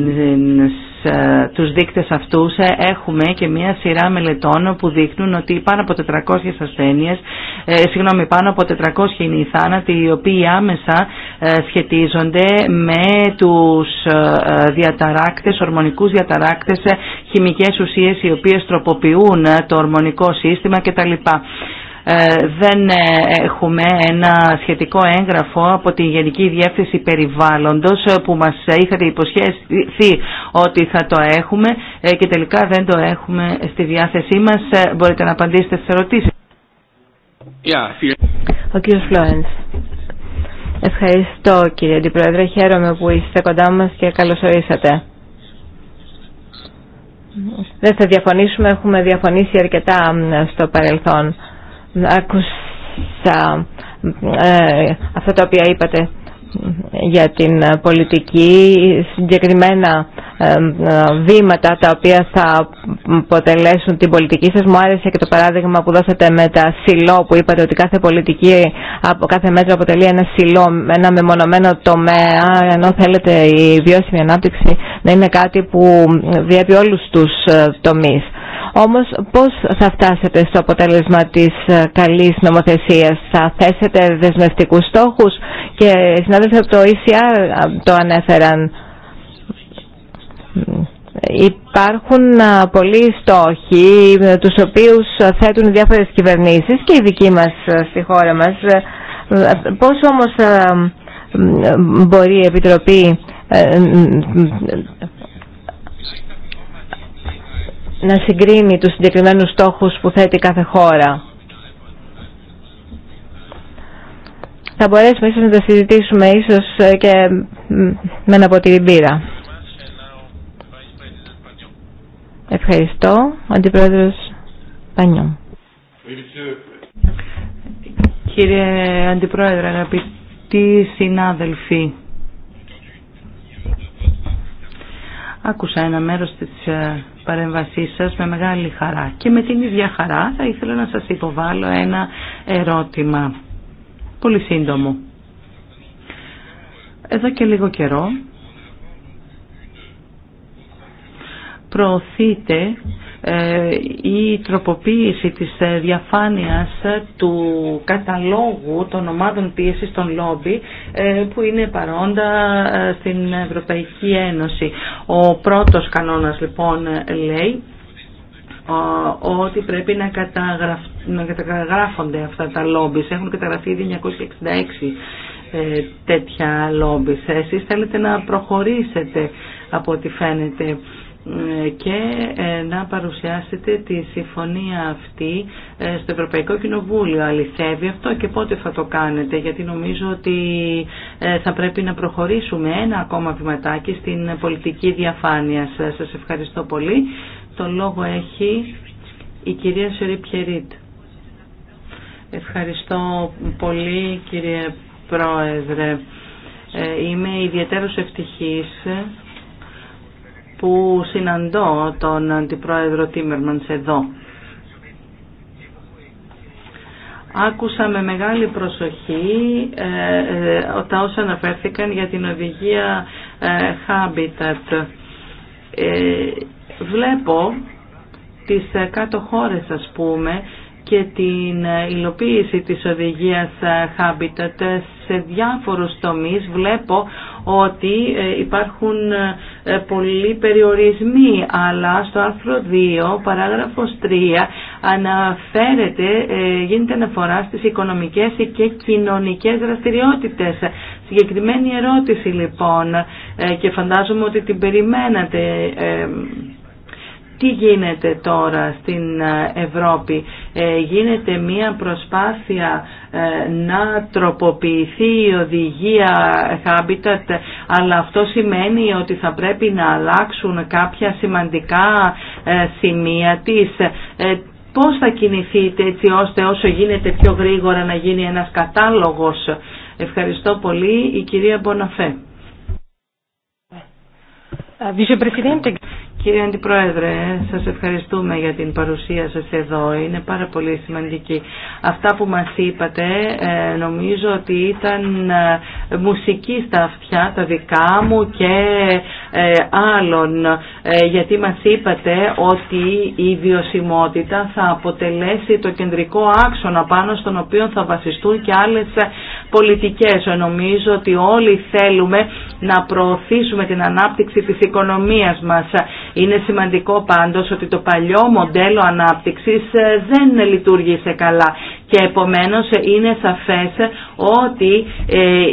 ε, τους δείκτες αυτούς ε, έχουμε και μία σειρά μελετών που δείχνουν ότι πάνω από 400 ασθένειες, ε, συγγνώμη, πάνω από 400 είναι οι θάνατοι οι οποίοι άμεσα σχετίζονται με τους διαταράκτες, ορμονικούς διαταράκτες, χημικές ουσίες οι οποίες τροποποιούν το ορμονικό σύστημα κτλ. Ε, δεν ε, έχουμε ένα σχετικό έγγραφο από τη Γενική Διεύθυνση Περιβάλλοντος ε, που μας είχατε υποσχέσει ότι θα το έχουμε και τελικά δεν το έχουμε στη διάθεσή μας. Μπορείτε να απαντήσετε στις ερωτήσεις. Ο κύριος Φλόενς. Ευχαριστώ κύριε Αντιπρόεδρε. Χαίρομαι που είστε κοντά μας και καλωσορίσατε. Δεν θα διαφωνήσουμε, έχουμε διαφωνήσει αρκετά στο παρελθόν. Άκουσα ε, αυτά τα οποία είπατε για την πολιτική, συγκεκριμένα ε, βήματα τα οποία θα αποτελέσουν την πολιτική σας. Μου άρεσε και το παράδειγμα που δώσατε με τα σιλό που είπατε ότι κάθε πολιτική από κάθε μέτρο αποτελεί ένα σιλό, ένα μεμονωμένο τομέα ενώ θέλετε η βιώσιμη ανάπτυξη να είναι κάτι που διέπει όλους τους ε, τομείς. Όμως πώς θα φτάσετε στο αποτέλεσμα της ε, καλής νομοθεσίας. Θα θέσετε δεσμευτικούς στόχους και συνάδελφοι από το ECR ε, το ανέφεραν. Υπάρχουν ε, πολλοί στόχοι τους οποίους θέτουν διάφορες κυβερνήσεις και η δική μας στη χώρα μας. Πώς όμως μπορεί η Επιτροπή να συγκρίνει τους συγκεκριμένους στόχους που θέτει κάθε χώρα. Θα μπορέσουμε ίσως να τα συζητήσουμε ίσως ε, και με ένα ποτήρι μπύρα. Ευχαριστώ. Αντιπρόεδρος Πανιό. Κύριε Αντιπρόεδρε, αγαπητοί συνάδελφοι, άκουσα ένα μέρος της ε, παρέμβασή σας με μεγάλη χαρά. Και με την ίδια χαρά θα ήθελα να σας υποβάλω ένα ερώτημα. Πολύ σύντομο. Εδώ και λίγο καιρό προωθείται ε, η τροποποίηση της ε, διαφάνειας ε, του καταλόγου των ομάδων πίεσης των λόμπι που είναι παρόντα στην Ευρωπαϊκή Ένωση. Ο πρώτος κανόνας λοιπόν λέει ότι πρέπει να, καταγράφονται αυτά τα λόμπι. Έχουν καταγραφεί ήδη 966 τέτοια λόμπι Εσείς θέλετε να προχωρήσετε από ό,τι φαίνεται. Ε, και ε, να παρουσιάσετε τη συμφωνία αυτή ε, στο Ευρωπαϊκό Κοινοβούλιο. Αληθεύει αυτό και πότε θα το κάνετε γιατί νομίζω ότι θα πρέπει να προχωρήσουμε ένα ακόμα βηματάκι στην πολιτική διαφάνεια. Σας ευχαριστώ πολύ. Το λόγο έχει η κυρία Σερή Πιερίτ. Ευχαριστώ πολύ κύριε Πρόεδρε. Είμαι ιδιαίτερος ευτυχής που συναντώ τον Αντιπρόεδρο Τίμερμανς εδώ. Άκουσα με μεγάλη προσοχή ε, ε, τα όσα αναφέρθηκαν για την οδηγία ε, Habitat. Βλέπω τις κάτω χώρες ας πούμε και την υλοποίηση της οδηγίας Habitat σε διάφορους τομείς βλέπω ότι ε, υπάρχουν ε, πολλοί περιορισμοί, αλλά στο άρθρο 2, παράγραφος 3, αναφέρεται, ε, γίνεται αναφορά στις οικονομικές και κοινωνικές δραστηριότητες. Συγκεκριμένη ερώτηση λοιπόν και φαντάζομαι ότι την περιμένατε τι γίνεται τώρα στην ε, Ευρώπη. Ε, γίνεται μία προσπάθεια ε, να τροποποιηθεί η οδηγία Habitat, αλλά αυτό σημαίνει ότι θα πρέπει να αλλάξουν κάποια σημαντικά σημεία της πώς θα κινηθείτε έτσι ώστε όσο γίνεται πιο γρήγορα να γίνει ένας κατάλογος. Ευχαριστώ πολύ η κυρία Μποναφέ. Κύριε Αντιπρόεδρε, σας ευχαριστούμε για την παρουσία σας εδώ. Είναι πάρα πολύ σημαντική. Αυτά που μας είπατε ε, νομίζω ότι ήταν ε, μουσική στα αυτιά, τα δικά μου και ε, άλλων. Γιατί μας είπατε ότι η βιωσιμότητα θα αποτελέσει το κεντρικό άξονα πάνω στον οποίο θα βασιστούν και άλλες πολιτικές. Νομίζω ότι όλοι θέλουμε να προωθήσουμε την ανάπτυξη της οικονομίας μας. Είναι σημαντικό πάντως ότι το παλιό μοντέλο ανάπτυξης ε, δεν λειτουργήσε καλά και επομένως ε, είναι σαφές ότι ε,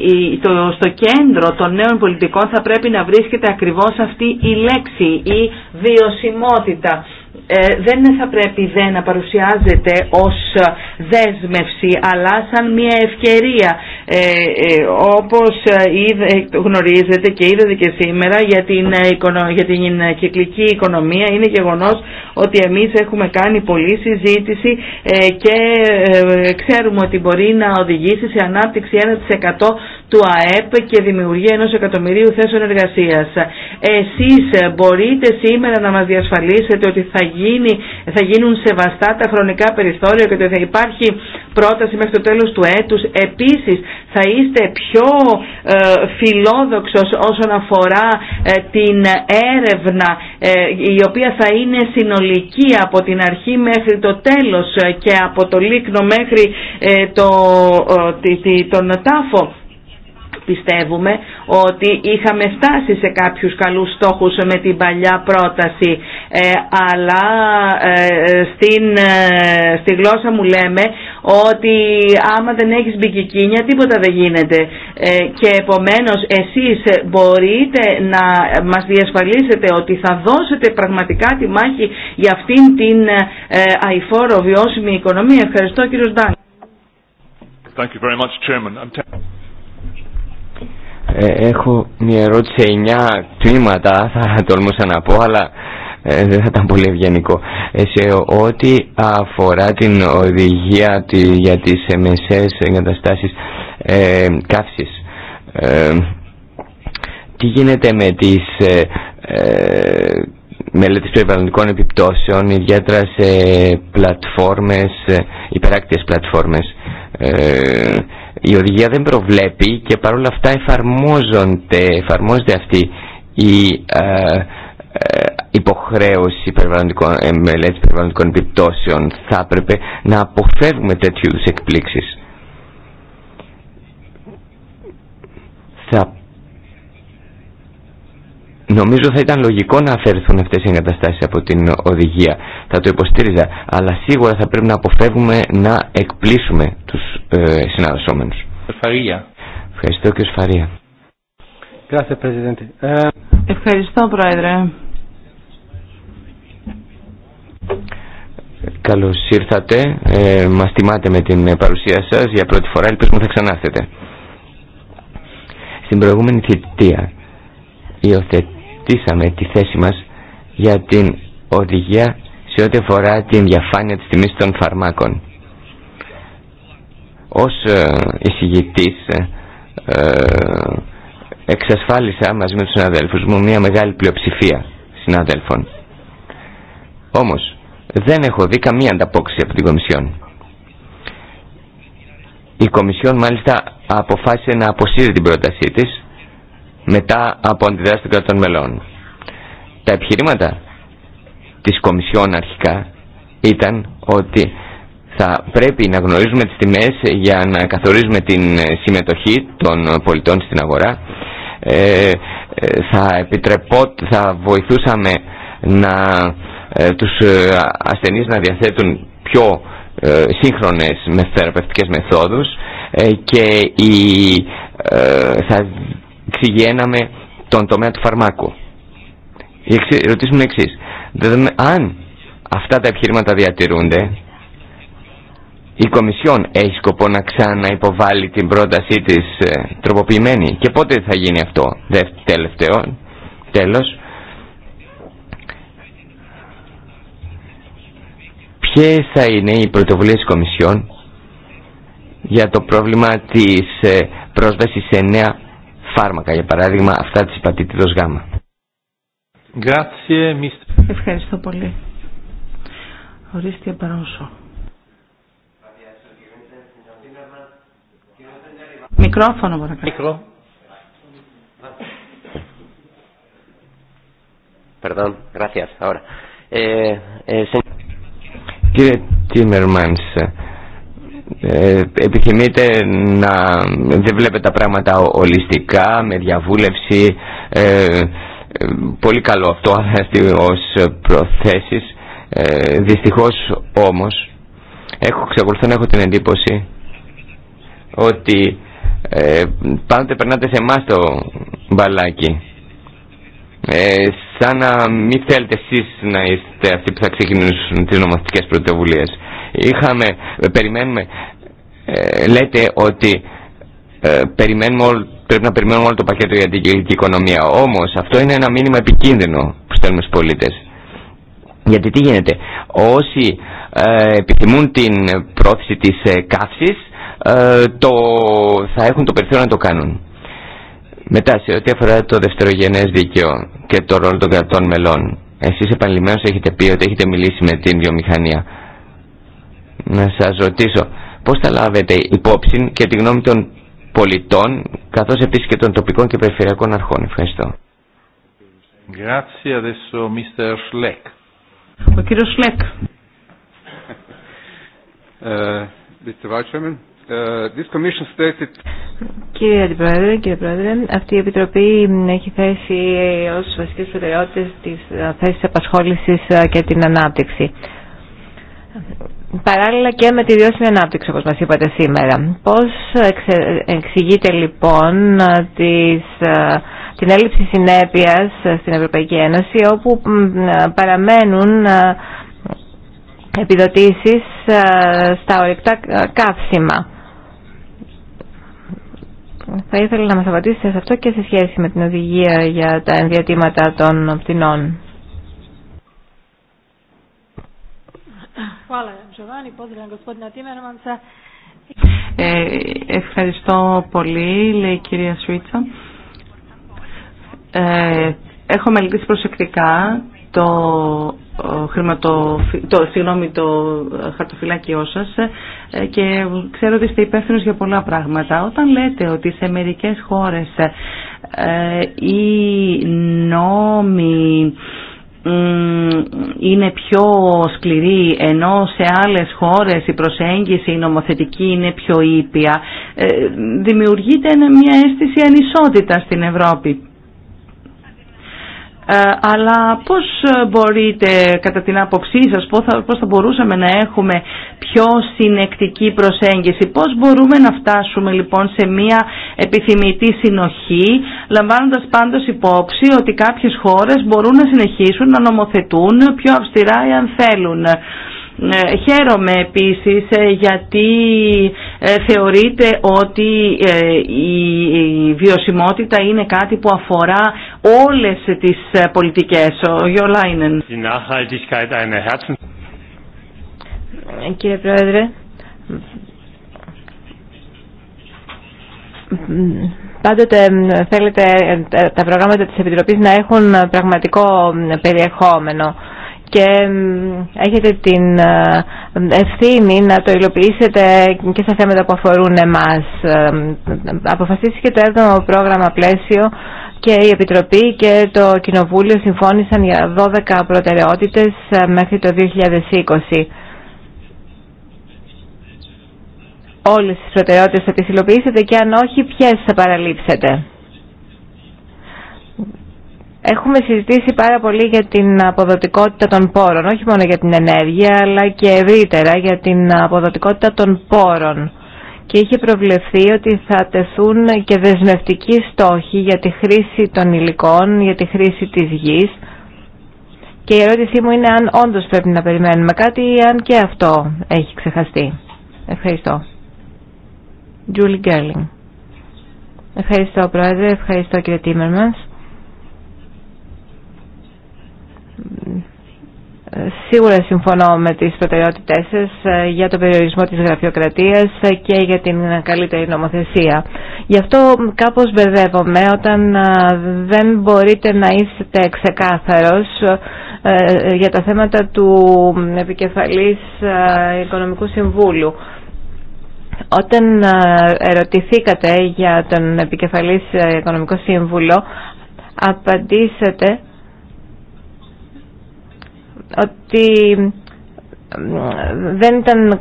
στο κέντρο των νέων πολιτικών θα πρέπει να βρίσκεται ακριβώς αυτή η λέξη, η βιωσιμότητα. Ε, δεν θα πρέπει δε να παρουσιάζεται ως ε, δέσμευση αλλά σαν μια ευκαιρία ε, όπως γνωρίζετε και είδατε και σήμερα για την, για την κυκλική οικονομία είναι γεγονός ότι εμείς έχουμε κάνει πολλή συζήτηση και ξέρουμε ότι μπορεί να οδηγήσει σε ανάπτυξη 1% του ΑΕΠ και δημιουργία ενός εκατομμυρίου θέσεων εργασίας. Εσείς μπορείτε σήμερα να μας διασφαλίσετε ότι θα, γίνει, θα γίνουν σεβαστά τα χρονικά περιθώρια και ότι θα υπάρχει πρόταση μέχρι το τέλος του έτους. Επίσης θα είστε πιο ε, φιλόδοξος όσον αφορά ε, την έρευνα ε, η οποία θα είναι συνολική από την αρχή μέχρι το τέλος και από το λίκνο μέχρι ε, το, τον τάφο πιστεύουμε ότι είχαμε φτάσει σε κάποιους καλούς στόχους με την παλιά πρόταση ε, αλλά ε, στην, ε, στη γλώσσα μου λέμε ότι άμα δεν έχεις μπικικίνια τίποτα δεν γίνεται και επομένως εσείς μπορείτε να μας διασφαλίσετε ότι θα δώσετε πραγματικά τη μάχη για αυτήν την αηφόρο βιώσιμη οικονομία. Ευχαριστώ κύριο ε, έχω μια ερώτηση σε 9 τμήματα, θα τολμούσα να πω, αλλά ε, δεν θα ήταν πολύ ευγενικό. Ε, σε ό,τι αφορά την οδηγία τη, για τις μεσέ εγκαταστάσεις ε, καύσης, τι γίνεται με τις μελέτες περιβαλλοντικών επιπτώσεων, ιδιαίτερα σε πλατφόρμες, υπεράκτιες πλατφόρμες, η οδηγία δεν προβλέπει και παρόλα αυτά εφαρμόζονται, εφαρμόζεται αυτή η ε, ε, υποχρέωση περιβαλλοντικών, ε, περιβαλλοντικών επιπτώσεων. Θα έπρεπε να αποφεύγουμε τέτοιου είδους εκπλήξεις. Θα Νομίζω θα ήταν λογικό να αφαιρεθούν αυτέ οι εγκαταστάσει από την οδηγία. Θα το υποστήριζα. Αλλά σίγουρα θα πρέπει να αποφεύγουμε να εκπλήσουμε του ε, συναλλασσόμενου. Ευχαριστώ και Σφαρία. Ευχαριστώ ε, πρόεδρε. Καλώ ήρθατε. Ε, Μα τιμάτε με την παρουσία σα για πρώτη φορά. ελπίζω να ξανάρθετε. Στην προηγούμενη θητεία στήσαμε τη θέση μας για την οδηγία σε ό,τι αφορά την διαφάνεια της τιμής των φαρμάκων. Ως ε, εισηγητής ε, ε, εξασφάλισα μαζί με τους συναδέλφους μου μια μεγάλη πλειοψηφία συναδέλφων. Όμως δεν έχω δει καμία ανταπόκριση από την Κομισιόν. Η Κομισιόν μάλιστα αποφάσισε να αποσύρει την πρότασή της μετά από αντιδράσεις των κρατών μελών. Τα επιχειρήματα της Κομισιόν αρχικά ήταν ότι θα πρέπει να γνωρίζουμε τις τιμές για να καθορίζουμε την συμμετοχή των πολιτών στην αγορά. Ε, ε, θα, επιτρεπώ, θα βοηθούσαμε να, ε, τους ασθενείς να διαθέτουν πιο ε, σύγχρονες με θεραπευτικές μεθόδους και η, θα εξηγέναμε τον τομέα του φαρμάκου. Ρωτήσουμε εξή. Αν αυτά τα επιχειρήματα διατηρούνται, η Κομισιόν έχει σκοπό να ξαναυποβάλει την πρότασή της ε, τροποποιημένη. Και πότε θα γίνει αυτό, Δε, τελευταίο, τέλος. Ποιες θα είναι οι πρωτοβουλίες της Κομισιόν για το πρόβλημα της ε, πρόσβασης σε νέα φάρμακα, για παράδειγμα αυτά της υπατήτητος γάμα. Ευχαριστώ πολύ. Ορίστε παρόσο. Μικρόφωνο παρακαλώ. Μικρό. Perdón, gracias. Ahora. Eh, eh, Κύριε Τίμερμανς, ε, επιθυμείτε να δεν βλέπετε τα πράγματα ολιστικά, με διαβούλευση, ε, πολύ καλό αυτό ως προθέσεις. Ε, δυστυχώς όμως έχω ξεκολουθώ να έχω την εντύπωση ότι ε, πάντοτε περνάτε σε εμά το μπαλάκι. Ε, σαν να μην θέλετε εσείς να είστε αυτοί που θα ξεκινήσουν τις νομοθετικές πρωτοβουλίες είχαμε, περιμένουμε, ε, λέτε ότι ε, περιμένουμε πρέπει να περιμένουμε όλο το πακέτο για την κοινωνική οικονομία. Όμως αυτό είναι ένα μήνυμα επικίνδυνο που στέλνουμε στους πολίτες. Γιατί τι γίνεται, όσοι ε, επιθυμούν την πρόθεση της ε, καύσης, ε, το, θα έχουν το περιθώριο να το κάνουν. Μετά, σε ό,τι αφορά το δευτερογενές δίκαιο και το ρόλο των κρατών μελών, εσείς επανειλημμένως έχετε πει ότι έχετε μιλήσει με την βιομηχανία να σας ρωτήσω πώς θα λάβετε υπόψη και τη γνώμη των πολιτών καθώς επίσης και των τοπικών και περιφερειακών αρχών. Ευχαριστώ. Ο κύριος ε, ε, Κύριε Αντιπρόεδρε, κύριε Πρόεδρε, αυτή η Επιτροπή έχει θέσει ως βασικές προτεραιότητες τις ε, θέσεις απασχόλησης και την ανάπτυξη. Παράλληλα και με τη βιώσιμη ανάπτυξη, όπως μας είπατε σήμερα. Πώς εξηγείτε λοιπόν τις, ε, την έλλειψη συνέπειας στην Ευρωπαϊκή Ένωση, όπου ε, παραμένουν ε, επιδοτήσεις στα ορυκτά καύσιμα. Θα ήθελα να μας απαντήσετε σε αυτό και σε σχέση με την οδηγία για τα ενδιατήματα των πτηνών. Ε, ευχαριστώ πολύ, λέει η κυρία Σουίτσα. Ε, έχω μελετήσει προσεκτικά το, το, συγγνώμη, το χαρτοφυλάκιό σας ε, και ξέρω ότι είστε υπεύθυνο για πολλά πράγματα. Όταν λέτε ότι σε μερικές χώρες οι νόμοι είναι πιο σκληρή ενώ σε άλλες χώρες η προσέγγιση η νομοθετική είναι πιο ήπια ε, δημιουργείται μια αίσθηση ανισότητα στην Ευρώπη. Ε, αλλά πώς ε, μπορείτε κατά την άποψή σας, πώς θα, πώς θα μπορούσαμε να έχουμε πιο συνεκτική προσέγγιση, πώς μπορούμε να φτάσουμε λοιπόν σε μια επιθυμητή συνοχή, λαμβάνοντας πάντως υπόψη ότι κάποιες χώρες μπορούν να συνεχίσουν να νομοθετούν πιο αυστηρά εάν θέλουν. Ε, χαίρομαι επίσης γιατί θεωρείτε ότι η βιωσιμότητα είναι κάτι που αφορά όλες τις ε, πολιτικές. Ο Γιολάινεν. Κύριε Πρόεδρε, Πάντοτε ε, θέλετε ε, τα προγράμματα της Επιτροπής να έχουν πραγματικό περιεχόμενο και έχετε την ευθύνη να το υλοποιήσετε και στα θέματα που αφορούν εμάς. Αποφασίστηκε το έβδομο πρόγραμμα πλαίσιο και η Επιτροπή και το Κοινοβούλιο συμφώνησαν για 12 προτεραιότητες ε, μέχρι το 2020. Όλες τις προτεραιότητες θα τις υλοποιήσετε και αν όχι ποιες θα παραλείψετε. Έχουμε συζητήσει πάρα πολύ για την αποδοτικότητα των πόρων, όχι μόνο για την ενέργεια, αλλά και ευρύτερα για την αποδοτικότητα των πόρων και είχε προβλεφθεί ότι θα τεθούν και δεσμευτικοί στόχοι για τη χρήση των υλικών, για τη χρήση της γης και η ερώτησή μου είναι αν όντως πρέπει να περιμένουμε κάτι ή αν και αυτό έχει ξεχαστεί. Ευχαριστώ. Julie Gerling. Ευχαριστώ Πρόεδρε, ευχαριστώ κύριε Τίμερμανς. Σίγουρα συμφωνώ με τις προτεραιότητές σας ε, για το περιορισμό της γραφειοκρατίας ε, και για την καλύτερη νομοθεσία. Γι' αυτό κάπως μπερδεύομαι όταν ε, δεν μπορείτε να είστε ξεκάθαρος για τα θέματα του επικεφαλής Οικονομικού Συμβούλου. Όταν ερωτηθήκατε για τον επικεφαλής Οικονομικό Σύμβουλο, απαντήσατε ότι δεν ήταν,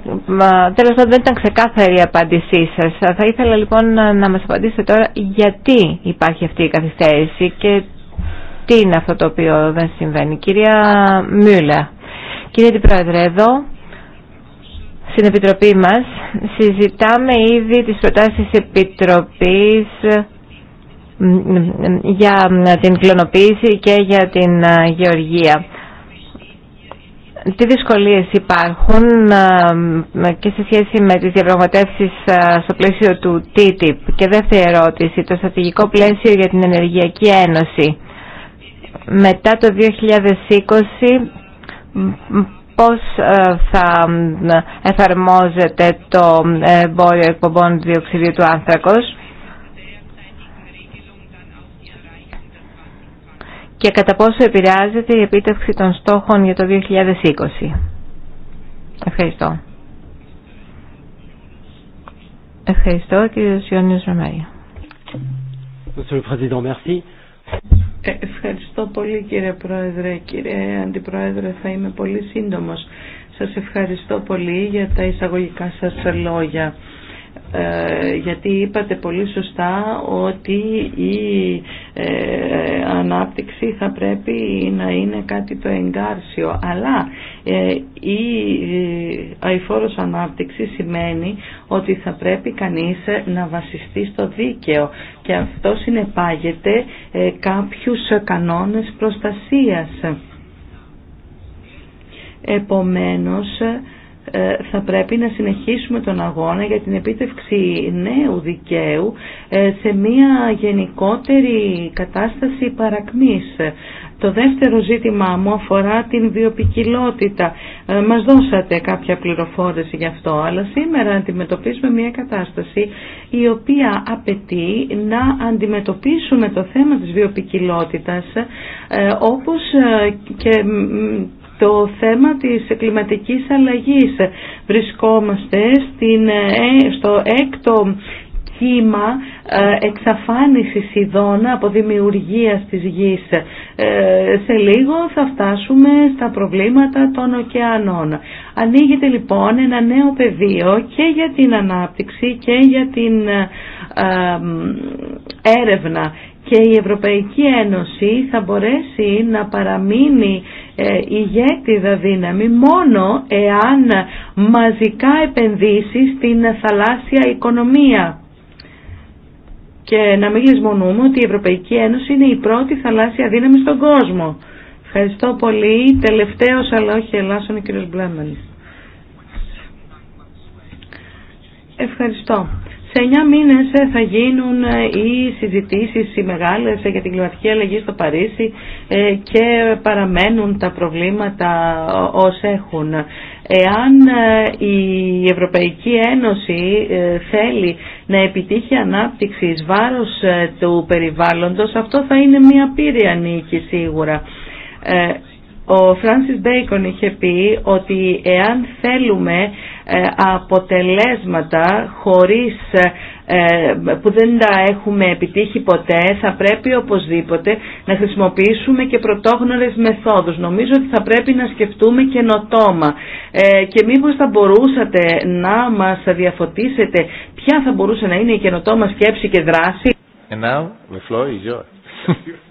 τέλος δεν ήταν ξεκάθαρη η απάντησή σας. Θα ήθελα λοιπόν να μας απαντήσετε τώρα γιατί υπάρχει αυτή η καθυστέρηση και τι είναι αυτό το οποίο δεν συμβαίνει. Κυρία Μιούλα, κύριε την Πρόεδρε, εδώ στην Επιτροπή μας συζητάμε ήδη τις προτάσεις Επιτροπής για την κλωνοποίηση και για την ε, γεωργία τι δυσκολίες υπάρχουν ε, ε, και σε σχέση με τις διαπραγματεύσεις ε, στο πλαίσιο του TTIP. Και δεύτερη ερώτηση, το στρατηγικό πλαίσιο για την Ενεργειακή Ένωση. Μετά το 2020 πώς θα εφαρμόζεται το εμπόριο εκπομπών διοξιδίου του άνθρακος και κατά πόσο επηρεάζεται η επίτευξη των στόχων για το 2020. Ευχαριστώ. Ευχαριστώ κύριε Président, merci. Ε, ευχαριστώ πολύ κύριε Πρόεδρε. Κύριε Αντιπρόεδρε θα είμαι πολύ σύντομος. Σας ευχαριστώ πολύ για τα εισαγωγικά σας λόγια. Ε, γιατί είπατε πολύ σωστά ότι η ε, ανάπτυξη θα πρέπει να είναι κάτι το εγκάρσιο αλλά ε, η αηφόρος ανάπτυξη σημαίνει ότι θα πρέπει κανείς να βασιστεί στο δίκαιο και αυτό συνεπάγεται κάποιους κανόνες προστασίας. Επομένως ε, θα πρέπει να συνεχίσουμε τον αγώνα για την επίτευξη νέου δικαίου ε, σε μια γενικότερη κατάσταση παρακμής. Το δεύτερο ζήτημα μου αφορά την βιοπικιλότητα. Ε, μας δώσατε κάποια πληροφόρηση γι' αυτό, αλλά σήμερα αντιμετωπίζουμε μια κατάσταση η οποία απαιτεί να αντιμετωπίσουμε το θέμα της βιοπικιλότητας όπως και το θέμα της κλιματικής αλλαγής. Βρισκόμαστε στην, ε, στο έκτο κύμα ε, εξαφάνισης ειδών από δημιουργία της γης. Ε, σε λίγο θα φτάσουμε στα προβλήματα των ωκεανών. Ανοίγεται λοιπόν ένα νέο πεδίο και για την ανάπτυξη και για την έρευνα και η Ευρωπαϊκή Ένωση θα μπορέσει να παραμείνει ε, ηγέτιδα δύναμη μόνο εάν μαζικά επενδύσει στην θαλάσσια οικονομία. Και να μην λησμονούμε ότι η Ευρωπαϊκή Ένωση είναι η πρώτη θαλάσσια δύναμη στον κόσμο. Ευχαριστώ πολύ. Τελευταίος αλλά όχι Ελλάσσον ο κύριος Μπλέμελης. Ευχαριστώ. Σε 9 μήνε ε, θα γίνουν ε, οι συζητήσεις οι μεγάλε ε, για την κλιματική αλλαγή στο Παρίσι και παραμένουν τα προβλήματα όσοι έχουν. Εάν η Ευρωπαϊκή Ένωση θέλει να επιτύχει ανάπτυξη εις βάρος του περιβάλλοντος, αυτό θα είναι μια πύρια νίκη σίγουρα. Ο Φράνσις Μπέικον είχε πει ότι εάν θέλουμε ε, αποτελέσματα χωρίς ε, που δεν τα έχουμε επιτύχει ποτέ θα πρέπει οπωσδήποτε να χρησιμοποιήσουμε και πρωτόγνωρες μεθόδους. Νομίζω ότι θα πρέπει να σκεφτούμε καινοτόμα ε, και μήπως θα μπορούσατε να μας διαφωτίσετε ποια θα μπορούσε να είναι η καινοτόμα σκέψη και δράση.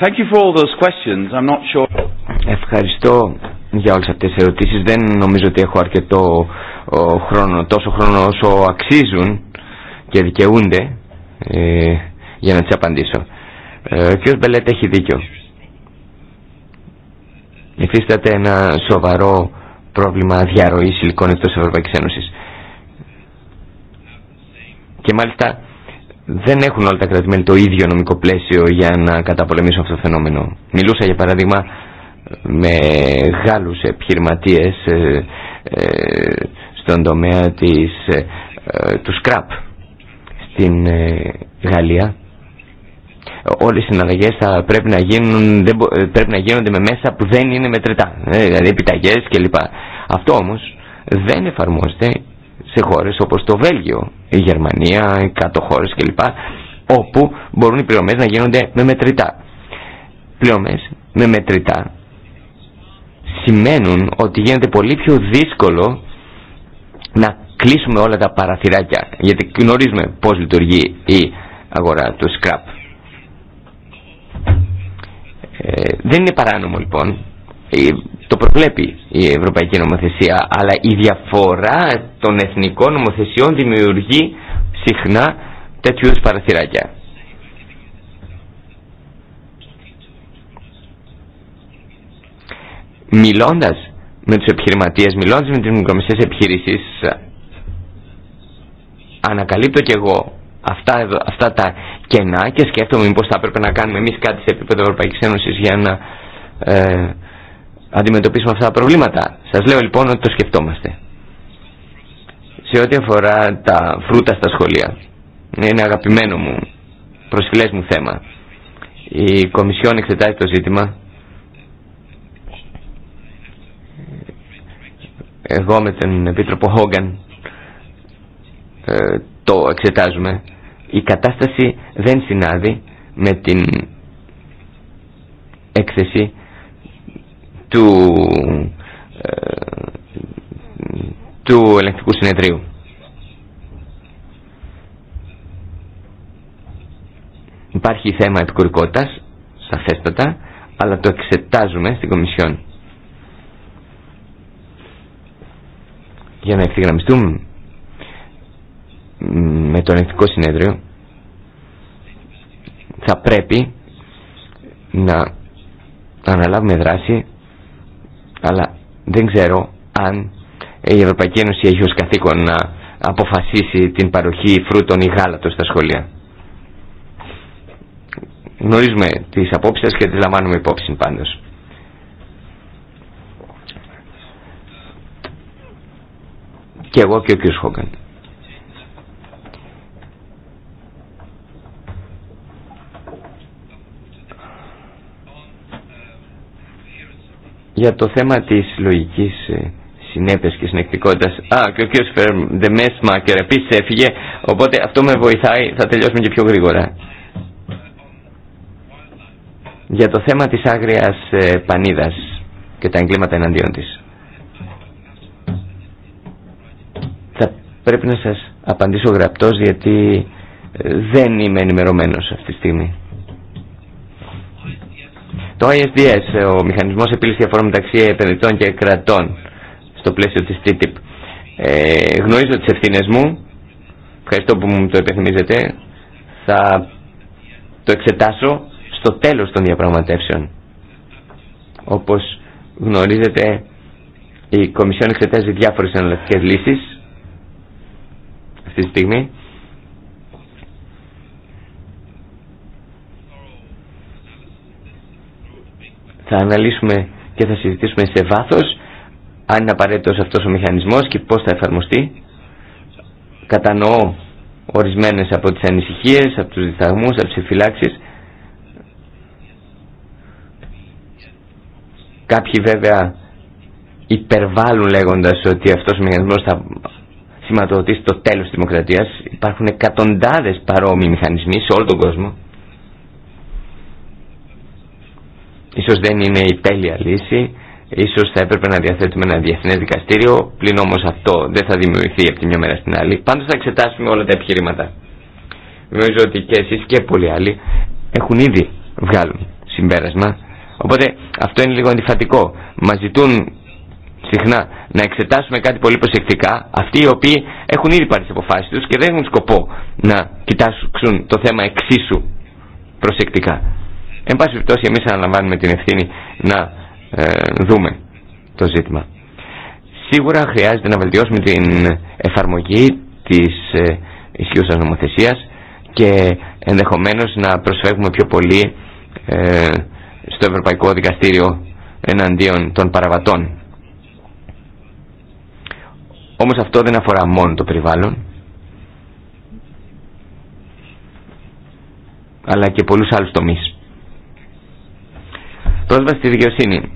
thank you for all those questions. I'm not sure. Ευχαριστώ για όλες αυτές τις ερωτήσεις. Δεν νομίζω ότι έχω αρκετό χρόνο, τόσο χρόνο όσο αξίζουν και δικαιούνται ε, για να τις απαντήσω. Ε, ο κ. Μπελέτ έχει δίκιο. Υφίσταται ένα σοβαρό πρόβλημα διαρροής υλικών εκτός Ευρωπαϊκής Ένωσης. Και μάλιστα δεν έχουν όλα τα κρατημένη το ίδιο νομικό πλαίσιο για να καταπολεμήσουν αυτό το φαινόμενο. Μιλούσα για παράδειγμα με Γάλλους επιχειρηματίες ε, ε, στον τομέα της, ε, του σκραπ στην Γαλλία. Όλες οι συναλλαγές θα πρέπει να, γίνουν, πρέπει να γίνονται με μέσα που δεν είναι μετρητά, δηλαδή επιταγές κλπ. Αυτό όμως δεν εφαρμόζεται σε χώρες όπως το Βέλγιο, η Γερμανία, οι κάτω χώρες κλπ. Όπου μπορούν οι πληρωμές να γίνονται με μετρητά. Πληρωμές με μετρητά σημαίνουν ότι γίνεται πολύ πιο δύσκολο να κλείσουμε όλα τα παραθυράκια. Γιατί γνωρίζουμε πώς λειτουργεί η αγορά του σκραπ. Ε, δεν είναι παράνομο λοιπόν. Το προβλέπει η Ευρωπαϊκή Νομοθεσία, αλλά η διαφορά των εθνικών νομοθεσιών δημιουργεί συχνά τέτοιου παραθυράκια. Μιλώντας με τους επιχειρηματίες, μιλώντας με τις μικρομεσαίες επιχειρήσεις, ανακαλύπτω και εγώ αυτά, αυτά τα κενά και σκέφτομαι μήπως θα έπρεπε να κάνουμε εμείς κάτι σε επίπεδο Ευρωπαϊκής Ένωσης για να ε, αντιμετωπίσουμε αυτά τα προβλήματα. Σας λέω λοιπόν ότι το σκεφτόμαστε. Σε ό,τι αφορά τα φρούτα στα σχολεία, είναι αγαπημένο μου, προσφυλές μου θέμα. Η Κομισιόν εξετάζει το ζήτημα. Εγώ με τον Επίτροπο Χόγκαν ε, το εξετάζουμε. Η κατάσταση δεν συνάδει με την έκθεση του, ε, του συνεδρίου. Υπάρχει θέμα επικουρικότητας, σαφέστατα, αλλά το εξετάζουμε στην Κομισιόν. Για να ευθυγραμμιστούμε με το ελεκτικό συνέδριο, θα πρέπει να αναλάβουμε δράση αλλά δεν ξέρω αν η Ευρωπαϊκή Ένωση έχει ως καθήκον να αποφασίσει την παροχή φρούτων ή γάλατος στα σχολεία. Γνωρίζουμε τις απόψεις και τις λαμβάνουμε υπόψη πάντως. Και εγώ και ο κ. Χόγκαν. Για το θέμα της λογικής ε, συνέπειας και συνεκτικότητας, α, και ο κ. και επίσης έφυγε, οπότε αυτό με βοηθάει, θα τελειώσουμε και πιο γρήγορα. Για το θέμα της άγριας ε, πανίδας και τα εγκλήματα εναντίον της. Θα πρέπει να σας απαντήσω γραπτός γιατί ε, δεν είμαι ενημερωμένος αυτή τη στιγμή. Το ISDS, ο Μηχανισμός Επίλυσης Διαφορών μεταξύ επενδυτών και κρατών στο πλαίσιο της TTIP. Ε, γνωρίζω τις ευθύνες μου, ευχαριστώ που μου το επιθυμίζετε, θα το εξετάσω στο τέλος των διαπραγματεύσεων. Όπως γνωρίζετε, η Κομισιόν εξετάζει διάφορες εναλλακτικές λύσεις αυτή τη στιγμή Θα αναλύσουμε και θα συζητήσουμε σε βάθος αν είναι απαραίτητο αυτός ο μηχανισμός και πώς θα εφαρμοστεί. Κατανοώ ορισμένες από τις ανησυχίες, από τους διθαγμούς, από τις εφυλάξεις. Κάποιοι βέβαια υπερβάλλουν λέγοντας ότι αυτός ο μηχανισμός θα σηματοδοτήσει το τέλος της δημοκρατίας. Υπάρχουν εκατοντάδες παρόμοιοι μηχανισμοί σε όλο τον κόσμο. Ίσως δεν είναι η τέλεια λύση, ίσως θα έπρεπε να διαθέτουμε ένα διεθνέ δικαστήριο, πλην όμως αυτό δεν θα δημιουργηθεί από τη μια μέρα στην άλλη. Πάντως θα εξετάσουμε όλα τα επιχειρήματα. Νομίζω ότι και εσείς και πολλοί άλλοι έχουν ήδη βγάλουν συμπέρασμα. Οπότε αυτό είναι λίγο αντιφατικό. Μα ζητούν συχνά να εξετάσουμε κάτι πολύ προσεκτικά αυτοί οι οποίοι έχουν ήδη πάρει τι αποφάσει του και δεν έχουν σκοπό να κοιτάξουν το θέμα εξίσου προσεκτικά. Εν πάση περιπτώσει εμείς αναλαμβάνουμε την ευθύνη να ε, δούμε το ζήτημα. Σίγουρα χρειάζεται να βελτιώσουμε την εφαρμογή της ε, νομοθεσία νομοθεσίας και ενδεχομένως να προσφέρουμε πιο πολύ ε, στο Ευρωπαϊκό Δικαστήριο εναντίον των παραβατών. Όμως αυτό δεν αφορά μόνο το περιβάλλον, αλλά και πολλούς άλλους τομείς. Πρόσβαση στη δικαιοσύνη.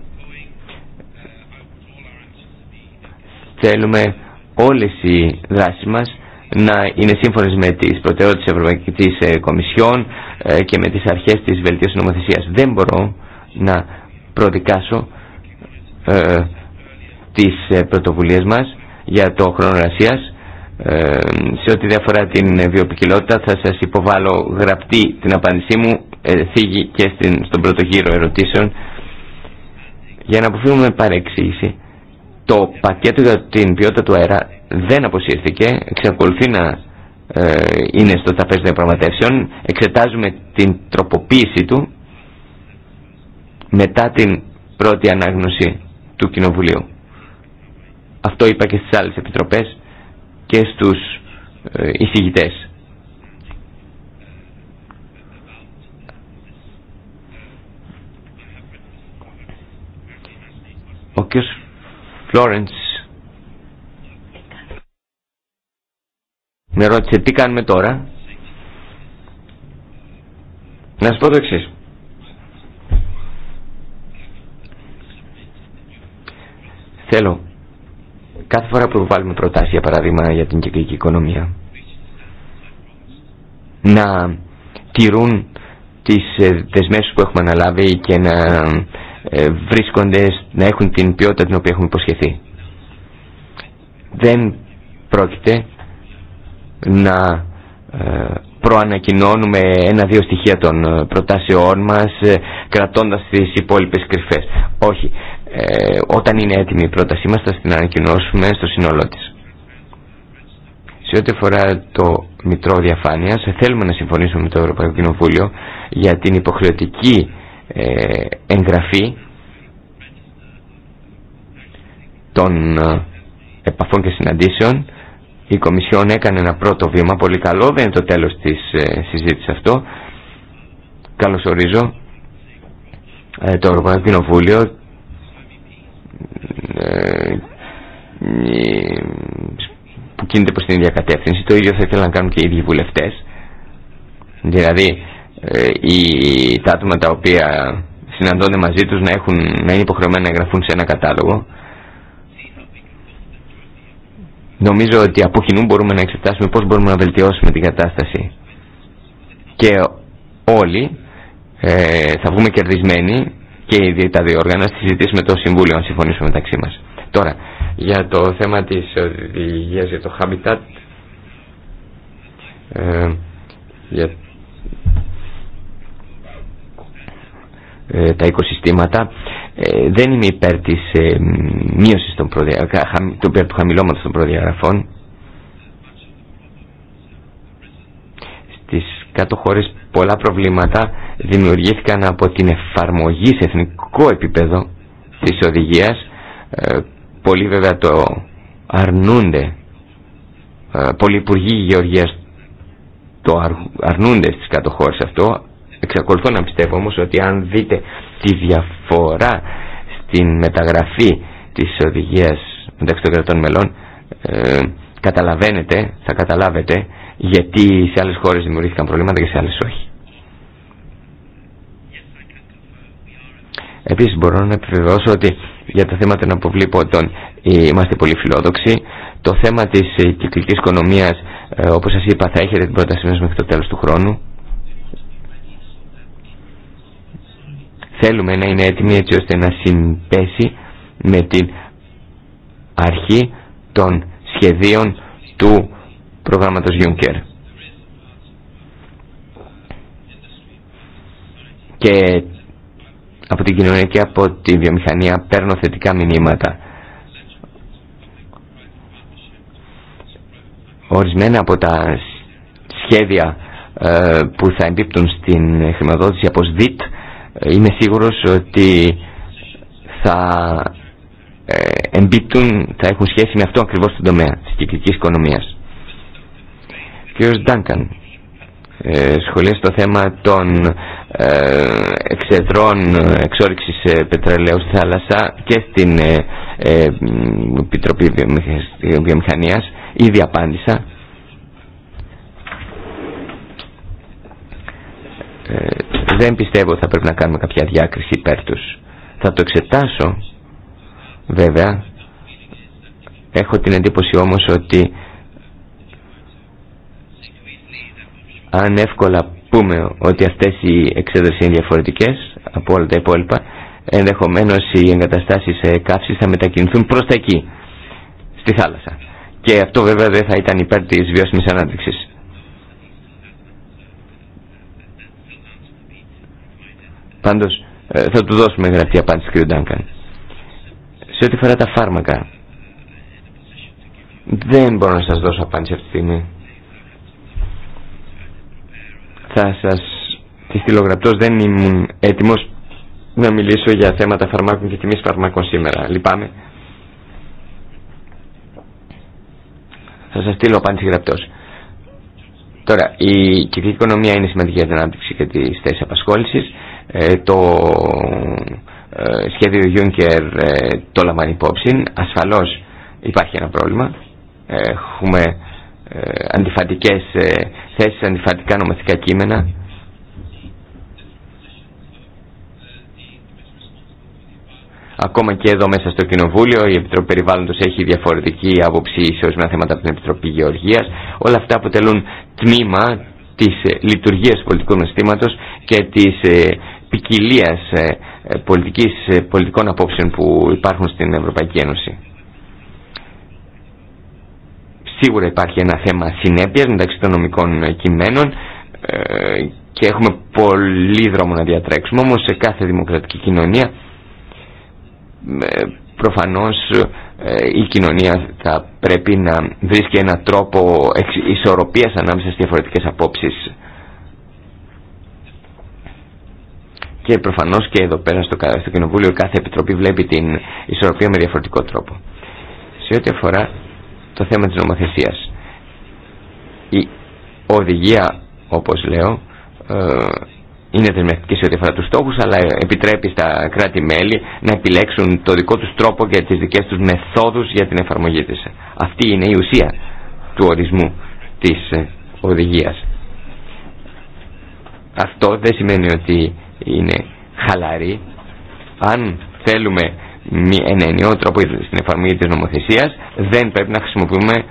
Θέλουμε όλες οι δράσεις μας να είναι σύμφωνες με τις προτεραιότητες της Ευρωπαϊκής ε, Κομισιόν ε, και με τις αρχές της βελτίωσης νομοθεσίας. Δεν μπορώ να προδικάσω ε, τις ε, πρωτοβουλίες μας για το χρόνο εργασίας. σε ό,τι διαφορά την βιοποικιλότητα θα σας υποβάλω γραπτή την απάντησή μου ε, θίγει και στον πρώτο γύρο ερωτήσεων για να αποφύγουμε παρεξήγηση το πακέτο για την ποιότητα του αέρα δεν αποσύρθηκε εξακολουθεί να ε, είναι στο τραπέζι των διαπραγματεύσεων εξετάζουμε την τροποποίηση του μετά την πρώτη ανάγνωση του Κοινοβουλίου αυτό είπα και στις άλλες επιτροπές και στους ε, εισηγητές Ο κ. Φλόρεντς με ρώτησε τι κάνουμε τώρα. Να σας πω το εξής. Θέλω κάθε φορά που βάλουμε προτάσεις για παράδειγμα για την κυκλική οικονομία να τηρούν τις ε, δεσμεύσεις που έχουμε αναλάβει και να ε, βρίσκονται να έχουν την ποιότητα την οποία έχουμε υποσχεθεί. Δεν πρόκειται να ε, προανακοινώνουμε ένα-δύο στοιχεία των ε, προτάσεών μας κρατώντας τις υπόλοιπες κρυφές. Όχι. όταν είναι έτοιμη η πρότασή μας θα την ανακοινώσουμε στο σύνολό της. Σε ό,τι αφορά το Μητρό Διαφάνειας θέλουμε να συμφωνήσουμε με το Ευρωπαϊκό Κοινοβούλιο για την υποχρεωτική ε, εγγραφή των ε, επαφών και συναντήσεων η Κομισιόν έκανε ένα πρώτο βήμα πολύ καλό δεν είναι το τέλος της ε, συζήτησης αυτό καλώς ορίζω το Ευρωπαϊκό Κοινοβούλιο που κινείται προς την ίδια κατεύθυνση το ίδιο θα ήθελα να κάνουν και οι ίδιοι βουλευτές δηλαδή ή ε, τα άτομα τα οποία συναντώνται μαζί τους να, έχουν, να είναι υποχρεωμένα να εγγραφούν σε ένα κατάλογο. Νομίζω ότι από κοινού μπορούμε να εξετάσουμε πώς μπορούμε να βελτιώσουμε την κατάσταση. Και όλοι ε, θα βγούμε κερδισμένοι και οι τα δύο όργανα στη συζητήση με το Συμβούλιο να συμφωνήσουμε μεταξύ μας. Τώρα, για το θέμα της οδηγίας για το Habitat, ε, για Ε, τα οικοσυστήματα ε, δεν είμαι υπέρ της ε, μείωσης των του χαμηλώματος των προδιαγραφών στις κάτω χώρες πολλά προβλήματα δημιουργήθηκαν από την εφαρμογή σε εθνικό επίπεδο της οδηγίας πολλοί βέβαια το αρνούνται πολλοί υπουργοί γεωργίας το αρνούνται στις κάτω χώρες αυτό Εξακολουθώ να πιστεύω όμως ότι αν δείτε τη διαφορά στην μεταγραφή της οδηγίας μεταξύ των κρατών μελών ε, καταλαβαίνετε, θα καταλάβετε γιατί σε άλλες χώρες δημιουργήθηκαν προβλήματα και σε άλλες όχι. Επίσης μπορώ να επιβεβαιώσω ότι για τα θέματα των αποβλήποντων ε, είμαστε πολύ φιλόδοξοι. Το θέμα της ε, κυκλικής οικονομίας, όπως σας είπα, θα έχετε την πρότασή μέχρι το τέλος του χρόνου. θέλουμε να είναι έτοιμη έτσι ώστε να συμπέσει με την αρχή των σχεδίων του προγράμματος Juncker. Και από την κοινωνία και από τη βιομηχανία παίρνω θετικά μηνύματα. Ορισμένα από τα σχέδια ε, που θα εμπίπτουν στην χρηματοδότηση από ΣΔΙΤ είμαι σίγουρος ότι θα ε, εμπίπτουν, θα έχουν σχέση με αυτό ακριβώς στον τομέα της κυκλικής οικονομίας. Κύριος Ντάνκαν, ε, Σχολεί στο θέμα των εξετρών εξεδρών εξόριξης πετρελαίου στη θάλασσα και στην ε, Επιτροπή Βιομηχανίας ήδη απάντησα δεν πιστεύω ότι θα πρέπει να κάνουμε κάποια διάκριση υπέρ τους. Θα το εξετάσω, βέβαια. Έχω την εντύπωση όμως ότι αν εύκολα πούμε ότι αυτές οι εξέδρες είναι διαφορετικές από όλα τα υπόλοιπα, ενδεχομένως οι εγκαταστάσεις καύσης θα μετακινηθούν προς τα εκεί, στη θάλασσα. Και αυτό βέβαια δεν θα ήταν υπέρ της βιώσιμης ανάπτυξης. Πάντως ε, θα του δώσουμε γραπτή απάντηση κ. Ντάνκαν. Σε ό,τι φορά τα φάρμακα, δεν μπορώ να σας δώσω απάντηση αυτή τη στιγμή. Θα σας τη στείλω γραπτός, δεν ήμουν έτοιμος να μιλήσω για θέματα φαρμάκων και τιμής φαρμάκων σήμερα. Λυπάμαι. Θα σας στείλω απάντηση γραπτός. Τώρα, η κυκλική οικονομία είναι σημαντική για την ανάπτυξη και τις θέσεις απασχόλησης. Ε, το ε, σχέδιο Juncker ε, το λαμβάνει υπόψη. Ασφαλώς υπάρχει ένα πρόβλημα. Έχουμε αντιφατικές θέσεις, αντιφατικά νομοθετικά κείμενα. Ακόμα και εδώ μέσα στο Κοινοβούλιο η Επιτροπή Περιβάλλοντος έχει διαφορετική άποψη σε ορισμένα θέματα από την Επιτροπή Γεωργίας. Όλα αυτά αποτελούν τμήμα της λειτουργίας του πολιτικού συστήματος και της ποικιλία ε, ε, ε, πολιτικών απόψεων που υπάρχουν στην Ευρωπαϊκή Ένωση. Σίγουρα υπάρχει ένα θέμα συνέπειας μεταξύ των νομικών κειμένων και έχουμε πολύ δρόμο να διατρέξουμε, όμως σε κάθε δημοκρατική κοινωνία προφανώς η κοινωνία θα πρέπει να βρίσκει ένα τρόπο ισορροπίας ανάμεσα στις διαφορετικές απόψεις Και προφανώς και εδώ πέρα στο, στο Κοινοβούλιο κάθε επιτροπή βλέπει την ισορροπία με διαφορετικό τρόπο. Σε ό,τι αφορά το θέμα της νομοθεσίας. Η οδηγία, όπως λέω, ε, είναι δεσμευτική σε ό,τι αφορά τους στόχους, αλλά επιτρέπει στα κράτη-μέλη να επιλέξουν το δικό τους τρόπο και τις δικές τους μεθόδους για την εφαρμογή της. Αυτή είναι η ουσία του ορισμού της ε, οδηγίας. Αυτό δεν σημαίνει ότι είναι χαλαρή. Αν θέλουμε ένα ενιαίο τρόπο στην εφαρμογή της νομοθεσίας, δεν πρέπει να χρησιμοποιούμε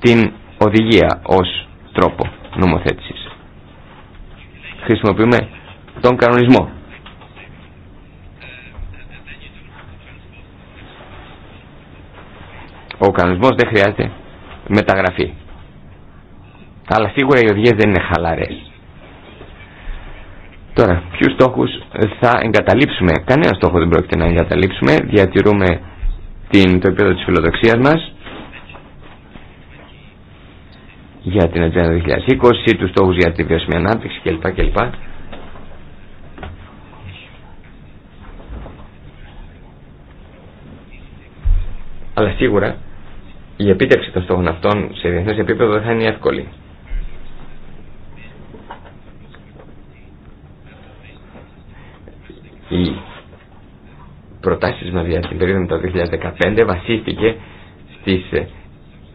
την οδηγία ως τρόπο νομοθέτησης. Χρησιμοποιούμε τον κανονισμό. Ο κανονισμός δεν χρειάζεται μεταγραφή. Αλλά σίγουρα οι οδηγίες δεν είναι χαλαρές. Τώρα, ποιου στόχου θα εγκαταλείψουμε. Κανένα στόχο δεν πρόκειται να εγκαταλείψουμε. Διατηρούμε την, το επίπεδο τη φιλοδοξία μα για την Ατζέντα 2020, του στόχου για τη βιώσιμη ανάπτυξη κλπ. κλπ. Αλλά σίγουρα η επίτευξη των στόχων αυτών σε διεθνέ επίπεδο δεν θα είναι εύκολη. Οι προτάσεις μα για την περίοδο μετά το 2015 βασίστηκε στις ε,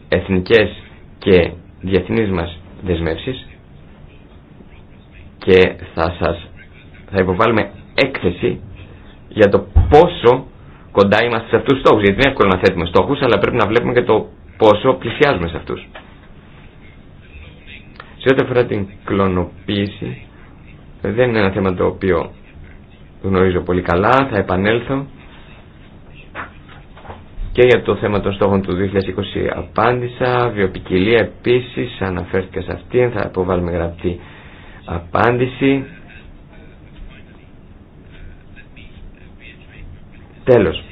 εθνικές και διεθνεί μα δεσμεύσεις και θα σας θα υποβάλουμε έκθεση για το πόσο κοντά είμαστε σε αυτού του στόχου. Γιατί είναι εύκολο να θέτουμε στόχους, αλλά πρέπει να βλέπουμε και το πόσο πλησιάζουμε σε αυτούς. Σε ό,τι αφορά την κλωνοποίηση, δεν είναι ένα θέμα το οποίο γνωρίζω πολύ καλά, θα επανέλθω και για το θέμα των στόχων του 2020 απάντησα, βιοπικιλία επίσης αναφέρθηκα σε αυτήν, θα υποβάλουμε γραπτή απάντηση. Τέλος,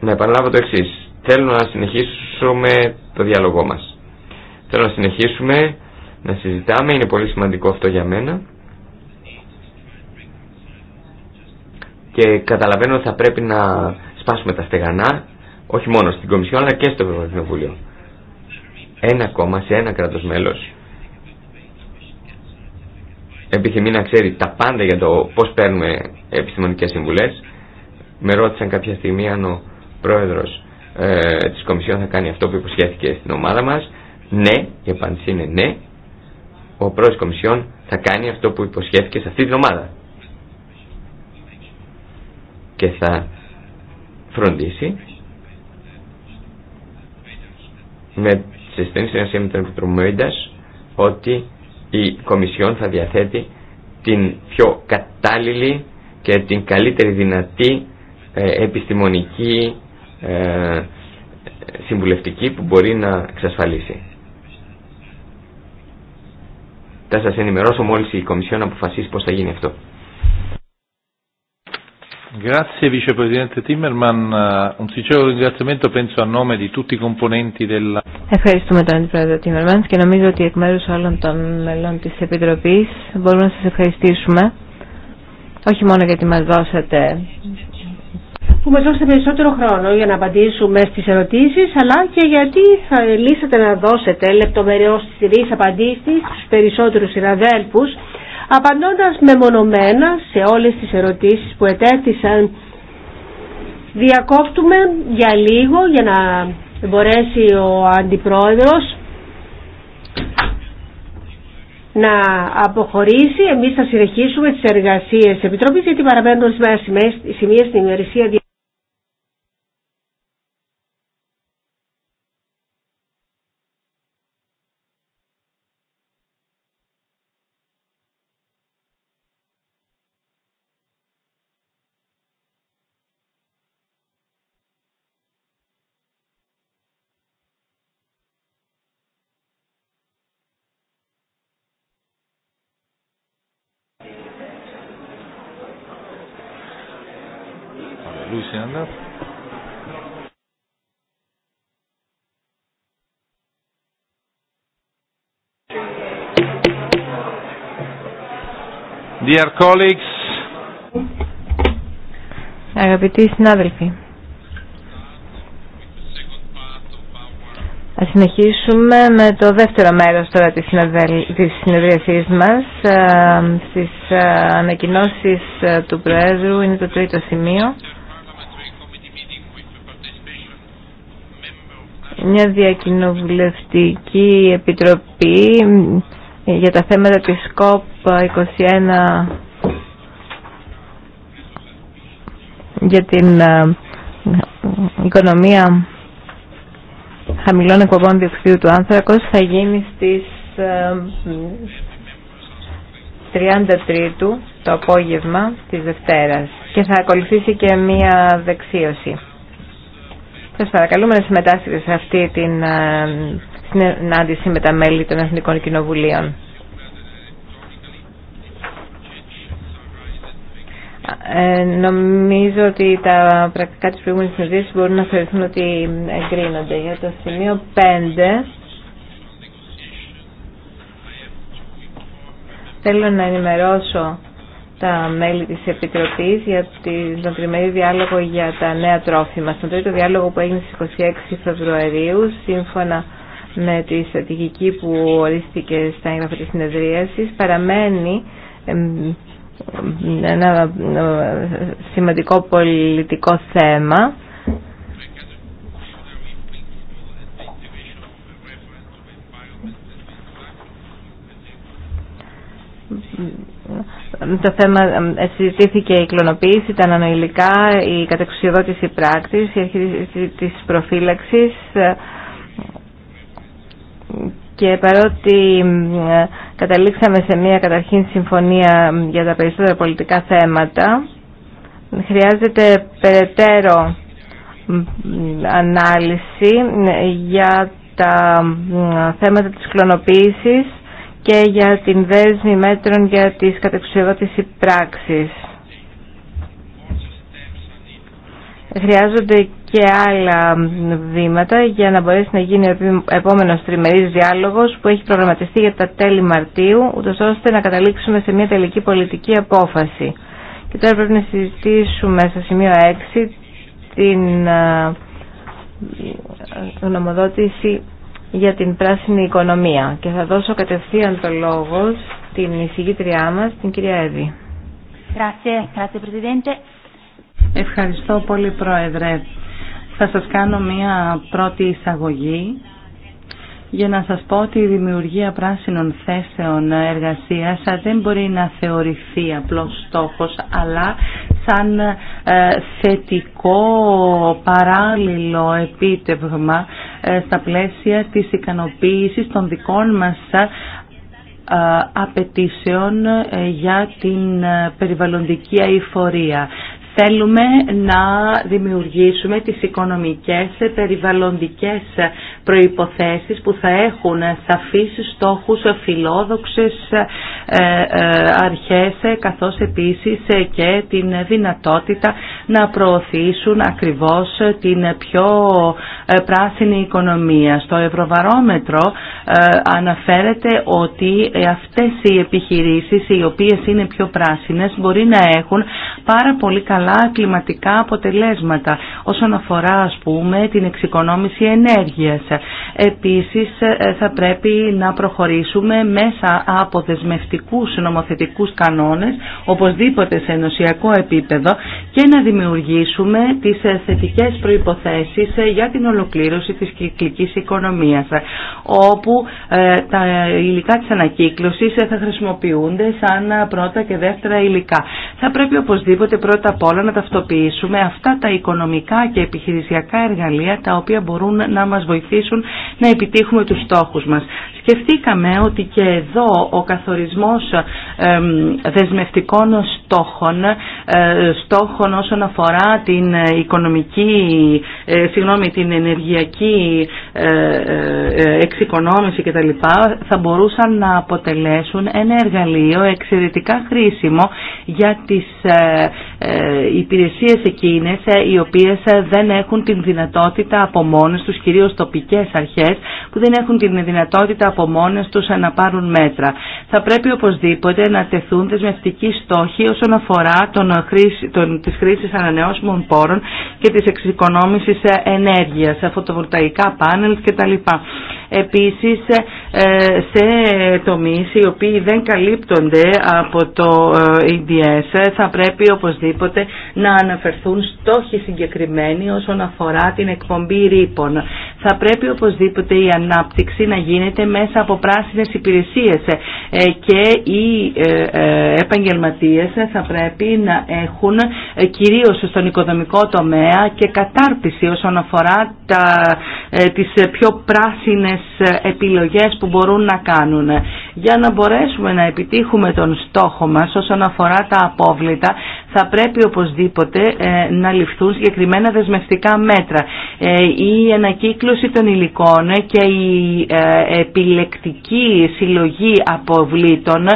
να επαναλάβω το εξής, θέλω να συνεχίσουμε το διάλογό μας. Θέλω να συνεχίσουμε να συζητάμε, είναι πολύ σημαντικό αυτό για μένα. και καταλαβαίνω ότι θα πρέπει να σπάσουμε τα στεγανά όχι μόνο στην Κομισιόν αλλά και στο Ευρωπαϊκό Ένα κόμμα σε ένα κράτος μέλος επιθυμεί να ξέρει τα πάντα για το πώς παίρνουμε επιστημονικές συμβουλές. Με ρώτησαν κάποια στιγμή αν ο πρόεδρος ε, της Κομισιόν θα κάνει αυτό που υποσχέθηκε στην ομάδα μας. Ναι, η απάντηση είναι ναι. Ο πρόεδρος της Κομισιόν θα κάνει αυτό που υποσχέθηκε σε αυτή την ομάδα και θα φροντίσει με σε στενή συνεργασία με τον ότι η Κομισιόν θα διαθέτει την πιο κατάλληλη και την καλύτερη δυνατή ε, επιστημονική ε, συμβουλευτική που μπορεί να εξασφαλίσει. Θα σας ενημερώσω μόλις η Κομισιόν αποφασίσει πώς θα γίνει αυτό. Grazie Vicepresidente Timmerman, eh, un sincero ringraziamento penso a nome di tutti i componenti della... Ευχαριστούμε τον Πρόεδρο Τίμερμαντ και νομίζω ότι εκ μέρους όλων των μελών της Επιτροπής μπορούμε να σας ευχαριστήσουμε όχι μόνο γιατί μας δώσατε που μας περισσότερο χρόνο για να απαντήσουμε στις ερωτήσεις αλλά και γιατί θα λύσατε να δώσετε λεπτομεριώς τις απαντήσεις στους περισσότερους συναδέλφους απαντώντας μεμονωμένα σε όλες τις ερωτήσεις που ετέθησαν. Διακόπτουμε για λίγο για να μπορέσει ο Αντιπρόεδρος να αποχωρήσει. Εμείς θα συνεχίσουμε τις εργασίες της Επιτροπής γιατί παραμένουν σημεία στην ημερησία Dear colleagues. Αγαπητοί συνάδελφοι, θα συνεχίσουμε με το δεύτερο μέρος τώρα της, της συνεδρίασής μας. Ε, στις ε, ανακοινώσεις ε, του Προέδρου είναι το τρίτο σημείο. Μια διακοινοβουλευτική επιτροπή για τα θέματα της COP 21 για την ε, οικονομία χαμηλών εκπομπών διοξιδίου του άνθρακος θα γίνει στις 33 ε, το απόγευμα της Δευτέρας και θα ακολουθήσει και μία δεξίωση. Σας παρακαλούμε να συμμετάσχετε σε αυτή την ε, συνάντηση με τα μέλη των Εθνικών Κοινοβουλίων. Ε, νομίζω ότι τα πρακτικά της προηγούμενης συνεδρίας μπορούν να θεωρηθούν ότι εγκρίνονται. Για το σημείο 5 θέλω να ενημερώσω τα μέλη της Επιτροπής για τον τριμερή διάλογο για τα νέα τρόφιμα. Στον τρίτο διάλογο που έγινε στις 26 Φεβρουαρίου, σύμφωνα με τη στρατηγική που ορίστηκε στα έγγραφα της συνεδρίασης, παραμένει ένα ε, σημαντικό πολιτικό θέμα το θέμα ε, συζητήθηκε η κλωνοποίηση, τα ανανοηλικά, η κατεξουσιοδότηση πράκτης, η αρχή της προφύλαξης ε, και παρότι ε, καταλήξαμε σε μια καταρχήν συμφωνία για τα περισσότερα πολιτικά θέματα, χρειάζεται περαιτέρω ανάλυση για τα θέματα της κλωνοποίησης και για την δέσμη μέτρων για τις κατεξουσιοδότηση πράξεις. Χρειάζονται και άλλα βήματα για να μπορέσει να γίνει ο επόμενος τριμερής διάλογος που έχει προγραμματιστεί για τα τέλη Μαρτίου, ούτως ώστε να καταλήξουμε σε μια τελική πολιτική απόφαση. Και τώρα πρέπει να συζητήσουμε στο σημείο 6 την γνωμοδότηση για την πράσινη οικονομία και θα δώσω κατευθείαν το λόγο στην εισηγήτριά μας, την κυρία Εύη. Ευχαριστώ πολύ Πρόεδρε. Θα σας κάνω μία πρώτη εισαγωγή για να σας πω ότι η δημιουργία πράσινων θέσεων εργασίας δεν μπορεί να θεωρηθεί απλώς στόχος αλλά σαν ε, θετικό παράλληλο επίτευγμα ε, στα πλαίσια της ικανοποίησης των δικών μας ε, απαιτήσεων για την περιβαλλοντική αηφορία θέλουμε να δημιουργήσουμε τις οικονομικές περιβαλλοντικές προϋποθέσεις που θα έχουν σαφείς στόχους, φιλόδοξες ε, ε, αρχές καθώς επίσης και την δυνατότητα να προωθήσουν ακριβώς την πιο ε, πράσινη οικονομία. Στο Ευρωβαρόμετρο ε, αναφέρεται ότι αυτές οι επιχειρήσεις οι οποίες είναι πιο πράσινες μπορεί να έχουν πάρα πολύ καλά κλιματικά αποτελέσματα όσον αφορά ας πούμε την εξοικονόμηση ενέργειας. Επίσης ε, θα πρέπει να προχωρήσουμε μέσα από δεσμευτικούς νομοθετικούς κανόνες οπωσδήποτε σε ενωσιακό επίπεδο και να δημιουργήσουμε δημιουργήσουμε τις ε, θετικές προϋποθέσεις ε, για την ολοκλήρωση της κυκλικής οικονομίας ε, όπου τα υλικά της ανακύκλωσης θα χρησιμοποιούνται σαν πρώτα και δεύτερα υλικά. Θα πρέπει οπωσδήποτε πρώτα απ' όλα να ταυτοποιήσουμε αυτά τα οικονομικά και επιχειρησιακά εργαλεία τα οποία μπορούν να μας βοηθήσουν να επιτύχουμε τους στόχους μας. Σκεφτήκαμε ότι και εδώ ο καθορισμός δεσμευτικών στόχων, στόχων αφορά την ε, οικονομική, ε, συγγνώμη, την ενεργειακή ε, εξοικονόμηση κτλ. θα μπορούσαν να αποτελέσουν ένα εργαλείο εξαιρετικά χρήσιμο για τις υπηρεσίες εκείνες οι οποίες δεν έχουν την δυνατότητα από μόνες τους, κυρίως τοπικές αρχές που δεν έχουν την δυνατότητα από μόνες τους να πάρουν μέτρα. Θα πρέπει οπωσδήποτε να τεθούν δεσμευτικοί στόχοι όσον αφορά τον χρήση, τον, τις χρήσεις ανανεώσιμων πόρων και της εξοικονόμησης ενέργειας, φωτοβολταϊκά πάνελ κτλ. Επίσης ε, σε τομείς οι οποίοι δεν καλύπτονται από το EDS ε, θα πρέπει οπωσδήποτε να αναφερθούν στόχοι συγκεκριμένοι όσον αφορά την εκπομπή ρήπων. Θα πρέπει οπωσδήποτε η ανάπτυξη να γίνεται μέσα από πράσινες υπηρεσίες ε, και οι επαγγελματίες θα πρέπει να έχουν κυρίως στον οικοδομικό τομέα και κατάρτιση όσον αφορά τα, ε, τις ε, πιο πράσινες ε, επιλογές που μπορούν να κάνουν. Για να μπορέσουμε να επιτύχουμε τον στόχο μας όσον αφορά τα απόβλητα θα πρέπει οπωσδήποτε ε, να ληφθούν συγκεκριμένα δεσμευτικά μέτρα. Ε, η ανακύκλωση των υλικών και η ε, επιλεκτική συλλογή αποβλήτων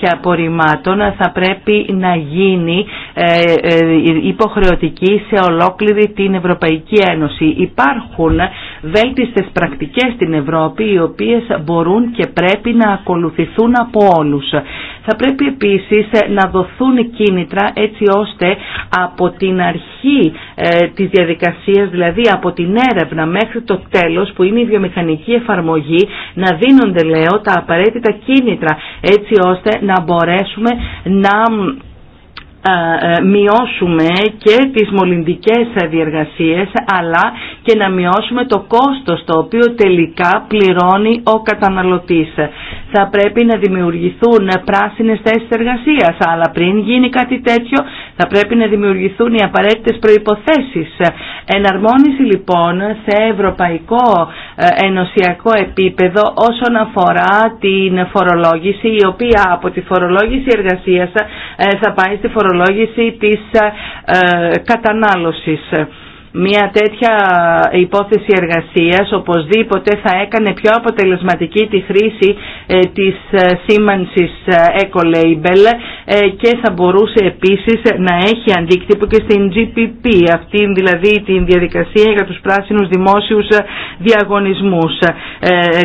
και απορριμμάτων θα πρέπει να γίνει υποχρεωτική σε ολόκληρη την Ευρωπαϊκή Ένωση. Υπάρχουν βέλτιστες πρακτικές στην Ευρώπη οι οποίες μπορούν και πρέπει να ακολουθηθούν από όλους. Θα πρέπει επίσης ε, να δοθούν κίνητρα έτσι ώστε από την αρχή ε, της διαδικασίας, δηλαδή από την έρευνα μέχρι το τέλος που είναι η βιομηχανική εφαρμογή, να δίνονται λέω τα απαραίτητα κίνητρα έτσι ώστε να μπορέσουμε να μειώσουμε και τις μολυντικές διεργασίες αλλά και να μειώσουμε το κόστος το οποίο τελικά πληρώνει ο καταναλωτής. Θα πρέπει να δημιουργηθούν πράσινες θέσεις εργασίας αλλά πριν γίνει κάτι τέτοιο θα πρέπει να δημιουργηθούν οι απαραίτητες προϋποθέσεις. Εναρμόνιση λοιπόν σε ευρωπαϊκό ε, ενωσιακό επίπεδο όσον αφορά την φορολόγηση η οποία από τη φορολόγηση εργασίας ε, θα πάει στη φορολόγηση της ε, κατανάλωσης. Μια τέτοια υπόθεση εργασίας οπωσδήποτε θα έκανε πιο αποτελεσματική τη χρήση ε, της ε, σήμανσης ε, eco-label και θα μπορούσε επίσης να έχει αντίκτυπο και στην GPP, αυτή δηλαδή την διαδικασία για τους πράσινους δημόσιους διαγωνισμούς.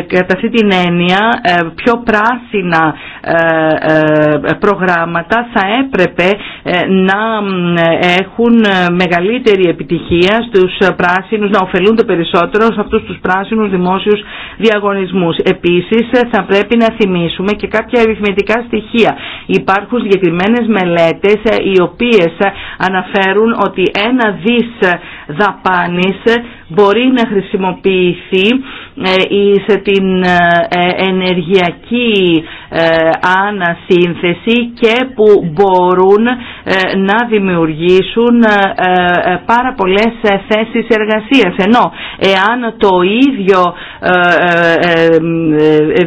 Κατά αυτή την έννοια πιο πράσινα προγράμματα θα έπρεπε να έχουν μεγαλύτερη επιτυχία στους ε, πράσινους, να ωφελούνται περισσότερο σε αυτούς τους πράσινους δημόσιους διαγωνισμούς. Επίσης ε, θα πρέπει να θυμίσουμε και κάποια αριθμητικά στοιχεία. Υπάρχουν συγκεκριμένες μελέτες ε, οι οποίες αναφέρουν ότι ένα δις δαπάνης μπορεί να χρησιμοποιηθεί σε ε, την ε, ε, ενεργειακή ανασύνθεση και που μπορούν να δημιουργήσουν πάρα πολλές θέσεις εργασίας. Ενώ εάν το ίδιο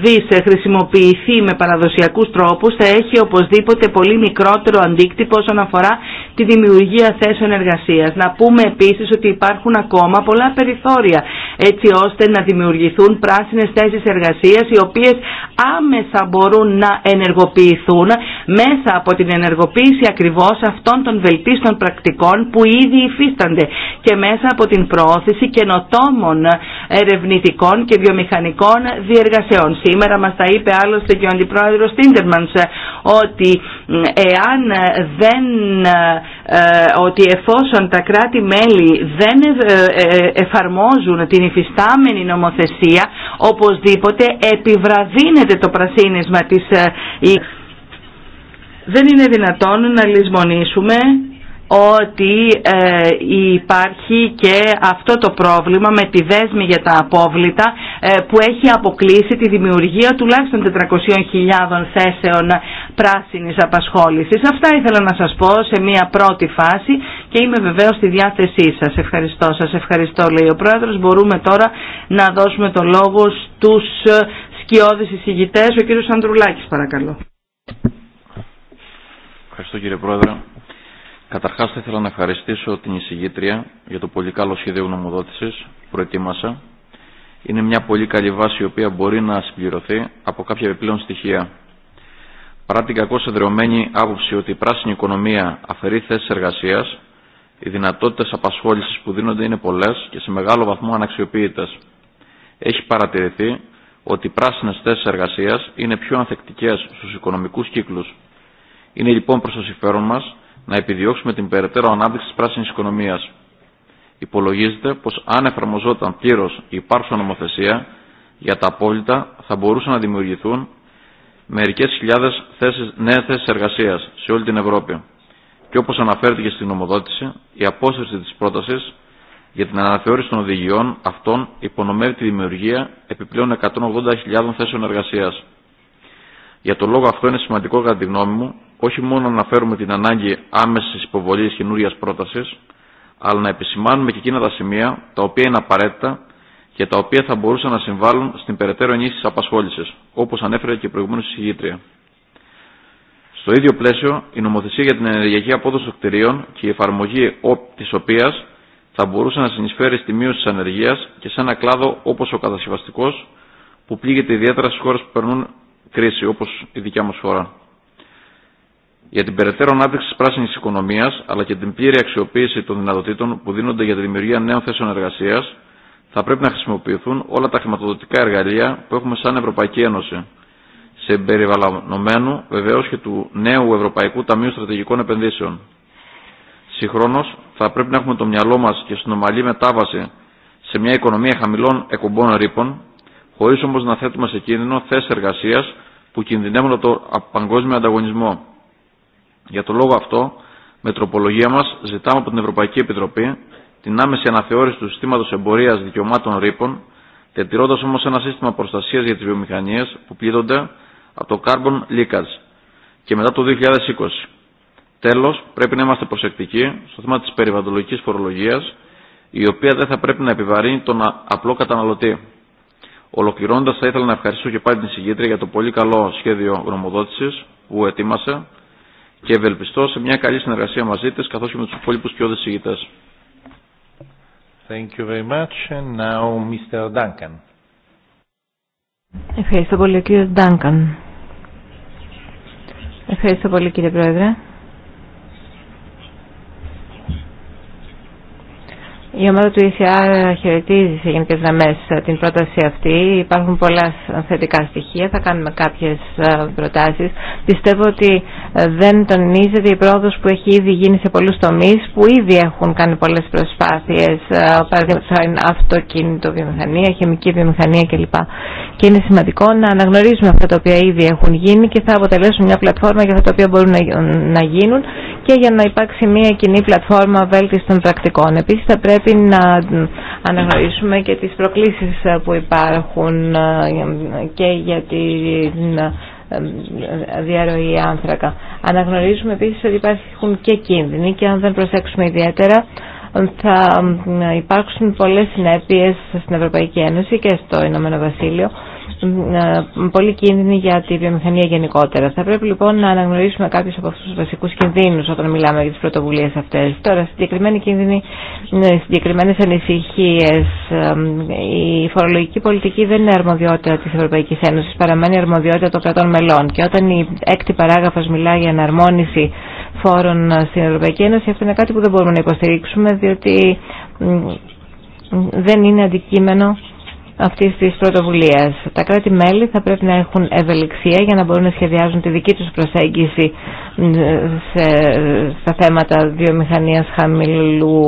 δις χρησιμοποιηθεί με παραδοσιακούς τρόπους θα έχει οπωσδήποτε πολύ μικρότερο αντίκτυπο όσον αφορά τη δημιουργία θέσεων εργασίας. Να πούμε επίσης ότι υπάρχουν ακόμα πολλά περιθώρια έτσι ώστε να δημιουργηθούν πράσινες θέσεις εργασίας οι οποίες άμεσα μπορούν να ενεργοποιηθούν μέσα από την ενεργοποίηση ακριβώς αυτών των βελτίστων πρακτικών που ήδη υφίστανται και μέσα από την προώθηση καινοτόμων ερευνητικών και βιομηχανικών διεργασιών. Σήμερα μας τα είπε άλλωστε και ο Αντιπρόεδρος Τίντερμανς ότι εάν δεν ε, ότι εφόσον τα κράτη-μέλη δεν ε, ε, εφαρμόζουν την υφιστάμενη νομοθεσία, οπωσδήποτε επιβραδύνεται το πρασίνισμα της... Δεν είναι δυνατόν να λησμονήσουμε ότι ε, υπάρχει και αυτό το πρόβλημα με τη δέσμη για τα απόβλητα ε, που έχει αποκλείσει τη δημιουργία τουλάχιστον 400.000 θέσεων πράσινης απασχόλησης. Αυτά ήθελα να σας πω σε μία πρώτη φάση και είμαι βεβαίως στη διάθεσή σας. Ευχαριστώ σας, ευχαριστώ λέει ο Πρόεδρος. Μπορούμε τώρα να δώσουμε το λόγο στους ε, σκιώδεις εισηγητές. Ο κύριος Ανδρουλάκης παρακαλώ. Ευχαριστώ κύριε Πρόεδρε. Καταρχάς θα ήθελα να ευχαριστήσω την εισηγήτρια για το πολύ καλό σχέδιο γνωμοδότησης που προετοίμασα. Είναι μια πολύ καλή βάση η οποία μπορεί να συμπληρωθεί από κάποια επιπλέον στοιχεία. Παρά την κακώ εδρεωμένη άποψη ότι η πράσινη οικονομία αφαιρεί θέσει εργασία, οι δυνατότητε απασχόληση που δίνονται είναι πολλέ και σε μεγάλο βαθμό αναξιοποιητέ. Έχει παρατηρηθεί ότι οι πράσινε θέσει εργασία είναι πιο ανθεκτικέ στου οικονομικού κύκλου. Είναι λοιπόν προ το συμφέρον μα να επιδιώξουμε την περαιτέρω ανάπτυξη τη πράσινη οικονομία. Υπολογίζεται πω αν εφαρμοζόταν πλήρω η υπάρχουσα νομοθεσία για τα απόλυτα θα μπορούσαν να δημιουργηθούν μερικέ χιλιάδε νέε θέσει εργασία σε όλη την Ευρώπη. Και όπω αναφέρθηκε στην νομοδότηση, η απόσυρση τη πρόταση για την αναθεώρηση των οδηγιών αυτών υπονομεύει τη δημιουργία επιπλέον 180.000 θέσεων εργασία. Για τον λόγο αυτό είναι σημαντικό, κατά τη γνώμη μου, όχι μόνο να φέρουμε την ανάγκη άμεση υποβολή καινούργια πρόταση, αλλά να επισημάνουμε και εκείνα τα σημεία τα οποία είναι απαραίτητα και τα οποία θα μπορούσαν να συμβάλλουν στην περαιτέρω ενίσχυση τη απασχόληση, όπω ανέφερε και η προηγούμενη συγγήτρια. Στο ίδιο πλαίσιο, η νομοθεσία για την ενεργειακή απόδοση των κτηρίων και η εφαρμογή τη οποία θα μπορούσε να συνεισφέρει στη μείωση τη ανεργία και σε ένα κλάδο όπω ο κατασκευαστικό, που πλήγεται ιδιαίτερα στι χώρε που περνούν κρίση, όπω η δικιά μα χώρα για την περαιτέρω ανάπτυξη τη πράσινη οικονομία αλλά και την πλήρη αξιοποίηση των δυνατοτήτων που δίνονται για τη δημιουργία νέων θέσεων εργασία, θα πρέπει να χρησιμοποιηθούν όλα τα χρηματοδοτικά εργαλεία που έχουμε σαν Ευρωπαϊκή Ένωση, σε περιβαλλονομένου βεβαίω και του νέου Ευρωπαϊκού Ταμείου Στρατηγικών Επενδύσεων. Συγχρόνω, θα πρέπει να έχουμε το μυαλό μα και στην ομαλή μετάβαση σε μια οικονομία χαμηλών εκπομπών ρήπων, χωρί όμω να θέτουμε σε κίνδυνο θέσει εργασία που κινδυνεύουν από τον παγκόσμιο ανταγωνισμό. Για το λόγο αυτό, με τροπολογία μα ζητάμε από την Ευρωπαϊκή Επιτροπή την άμεση αναθεώρηση του συστήματο εμπορία δικαιωμάτων ρήπων, διατηρώντα όμω ένα σύστημα προστασία για τι βιομηχανίε που πλήττονται από το carbon leakage και μετά το 2020. Τέλο πρέπει να είμαστε προσεκτικοί στο θέμα τη περιβαλλοντικής φορολογία, η οποία δεν θα πρέπει να επιβαρύνει τον απλό καταναλωτή. Ολοκληρώνοντα, θα ήθελα να ευχαριστήσω και πάλι την συγκήτρια για το πολύ καλό σχέδιο γνωμοδότηση που ετοίμασε και ευελπιστώ σε μια καλή συνεργασία μαζί της καθώς και με τους υπόλοιπους πιο δεσηγητές. Thank you very much. And now, Mr. Duncan. Ευχαριστώ πολύ, κύριε Ντάνκαν. Ευχαριστώ πολύ, κύριε Πρόεδρε. Η ομάδα του ECR χαιρετίζει σε γενικές γραμμές ε, την πρόταση αυτή. Υπάρχουν πολλά ε, θετικά στοιχεία, θα κάνουμε κάποιες ε, προτάσεις. Πιστεύω ότι δεν τονίζεται η πρόοδος που έχει ήδη γίνει σε πολλούς τομείς που ήδη έχουν κάνει πολλές προσπάθειες, Παραδείγματο χάρη αυτοκίνητο βιομηχανία, χημική βιομηχανία κλπ. Και είναι σημαντικό να αναγνωρίζουμε αυτά τα οποία ήδη έχουν γίνει και θα αποτελέσουν μια πλατφόρμα για αυτά τα οποία μπορούν να γίνουν και για να υπάρξει μια κοινή πλατφόρμα βέλτιστων πρακτικών. θα πρέπει να αναγνωρίσουμε και τις προκλήσεις ε, που υπάρχουν ε, και για τη ε, διαρροή άνθρακα. Αναγνωρίζουμε επίσης ότι υπάρχουν και κίνδυνοι και αν δεν προσέξουμε ιδιαίτερα θα υπάρξουν πολλές συνέπειες στην Ευρωπαϊκή Ένωση και στο Ηνωμένο Βασίλειο ε, πολύ κίνδυνοι για τη βιομηχανία γενικότερα. Θα πρέπει λοιπόν να αναγνωρίσουμε κάποιου από αυτού του βασικού κινδύνου όταν μιλάμε για τι πρωτοβουλίε αυτέ. Τώρα, συγκεκριμένοι κίνδυνοι, ε, συγκεκριμένε ανησυχίε. Ε, η φορολογική πολιτική δεν είναι αρμοδιότητα τη Ευρωπαϊκή Ένωση, παραμένει αρμοδιότητα των κρατών μελών. Και όταν η έκτη παράγραφο μιλά για αναρμόνιση φόρων στην Ευρωπαϊκή Ένωση, αυτό είναι κάτι που δεν μπορούμε να υποστηρίξουμε, διότι δεν είναι αντικείμενο αυτής της πρωτοβουλίας. Τα κράτη-μέλη θα πρέπει να έχουν ευελιξία για να μπορούν να σχεδιάζουν τη δική τους προσέγγιση σε, στα θέματα βιομηχανίας χαμηλού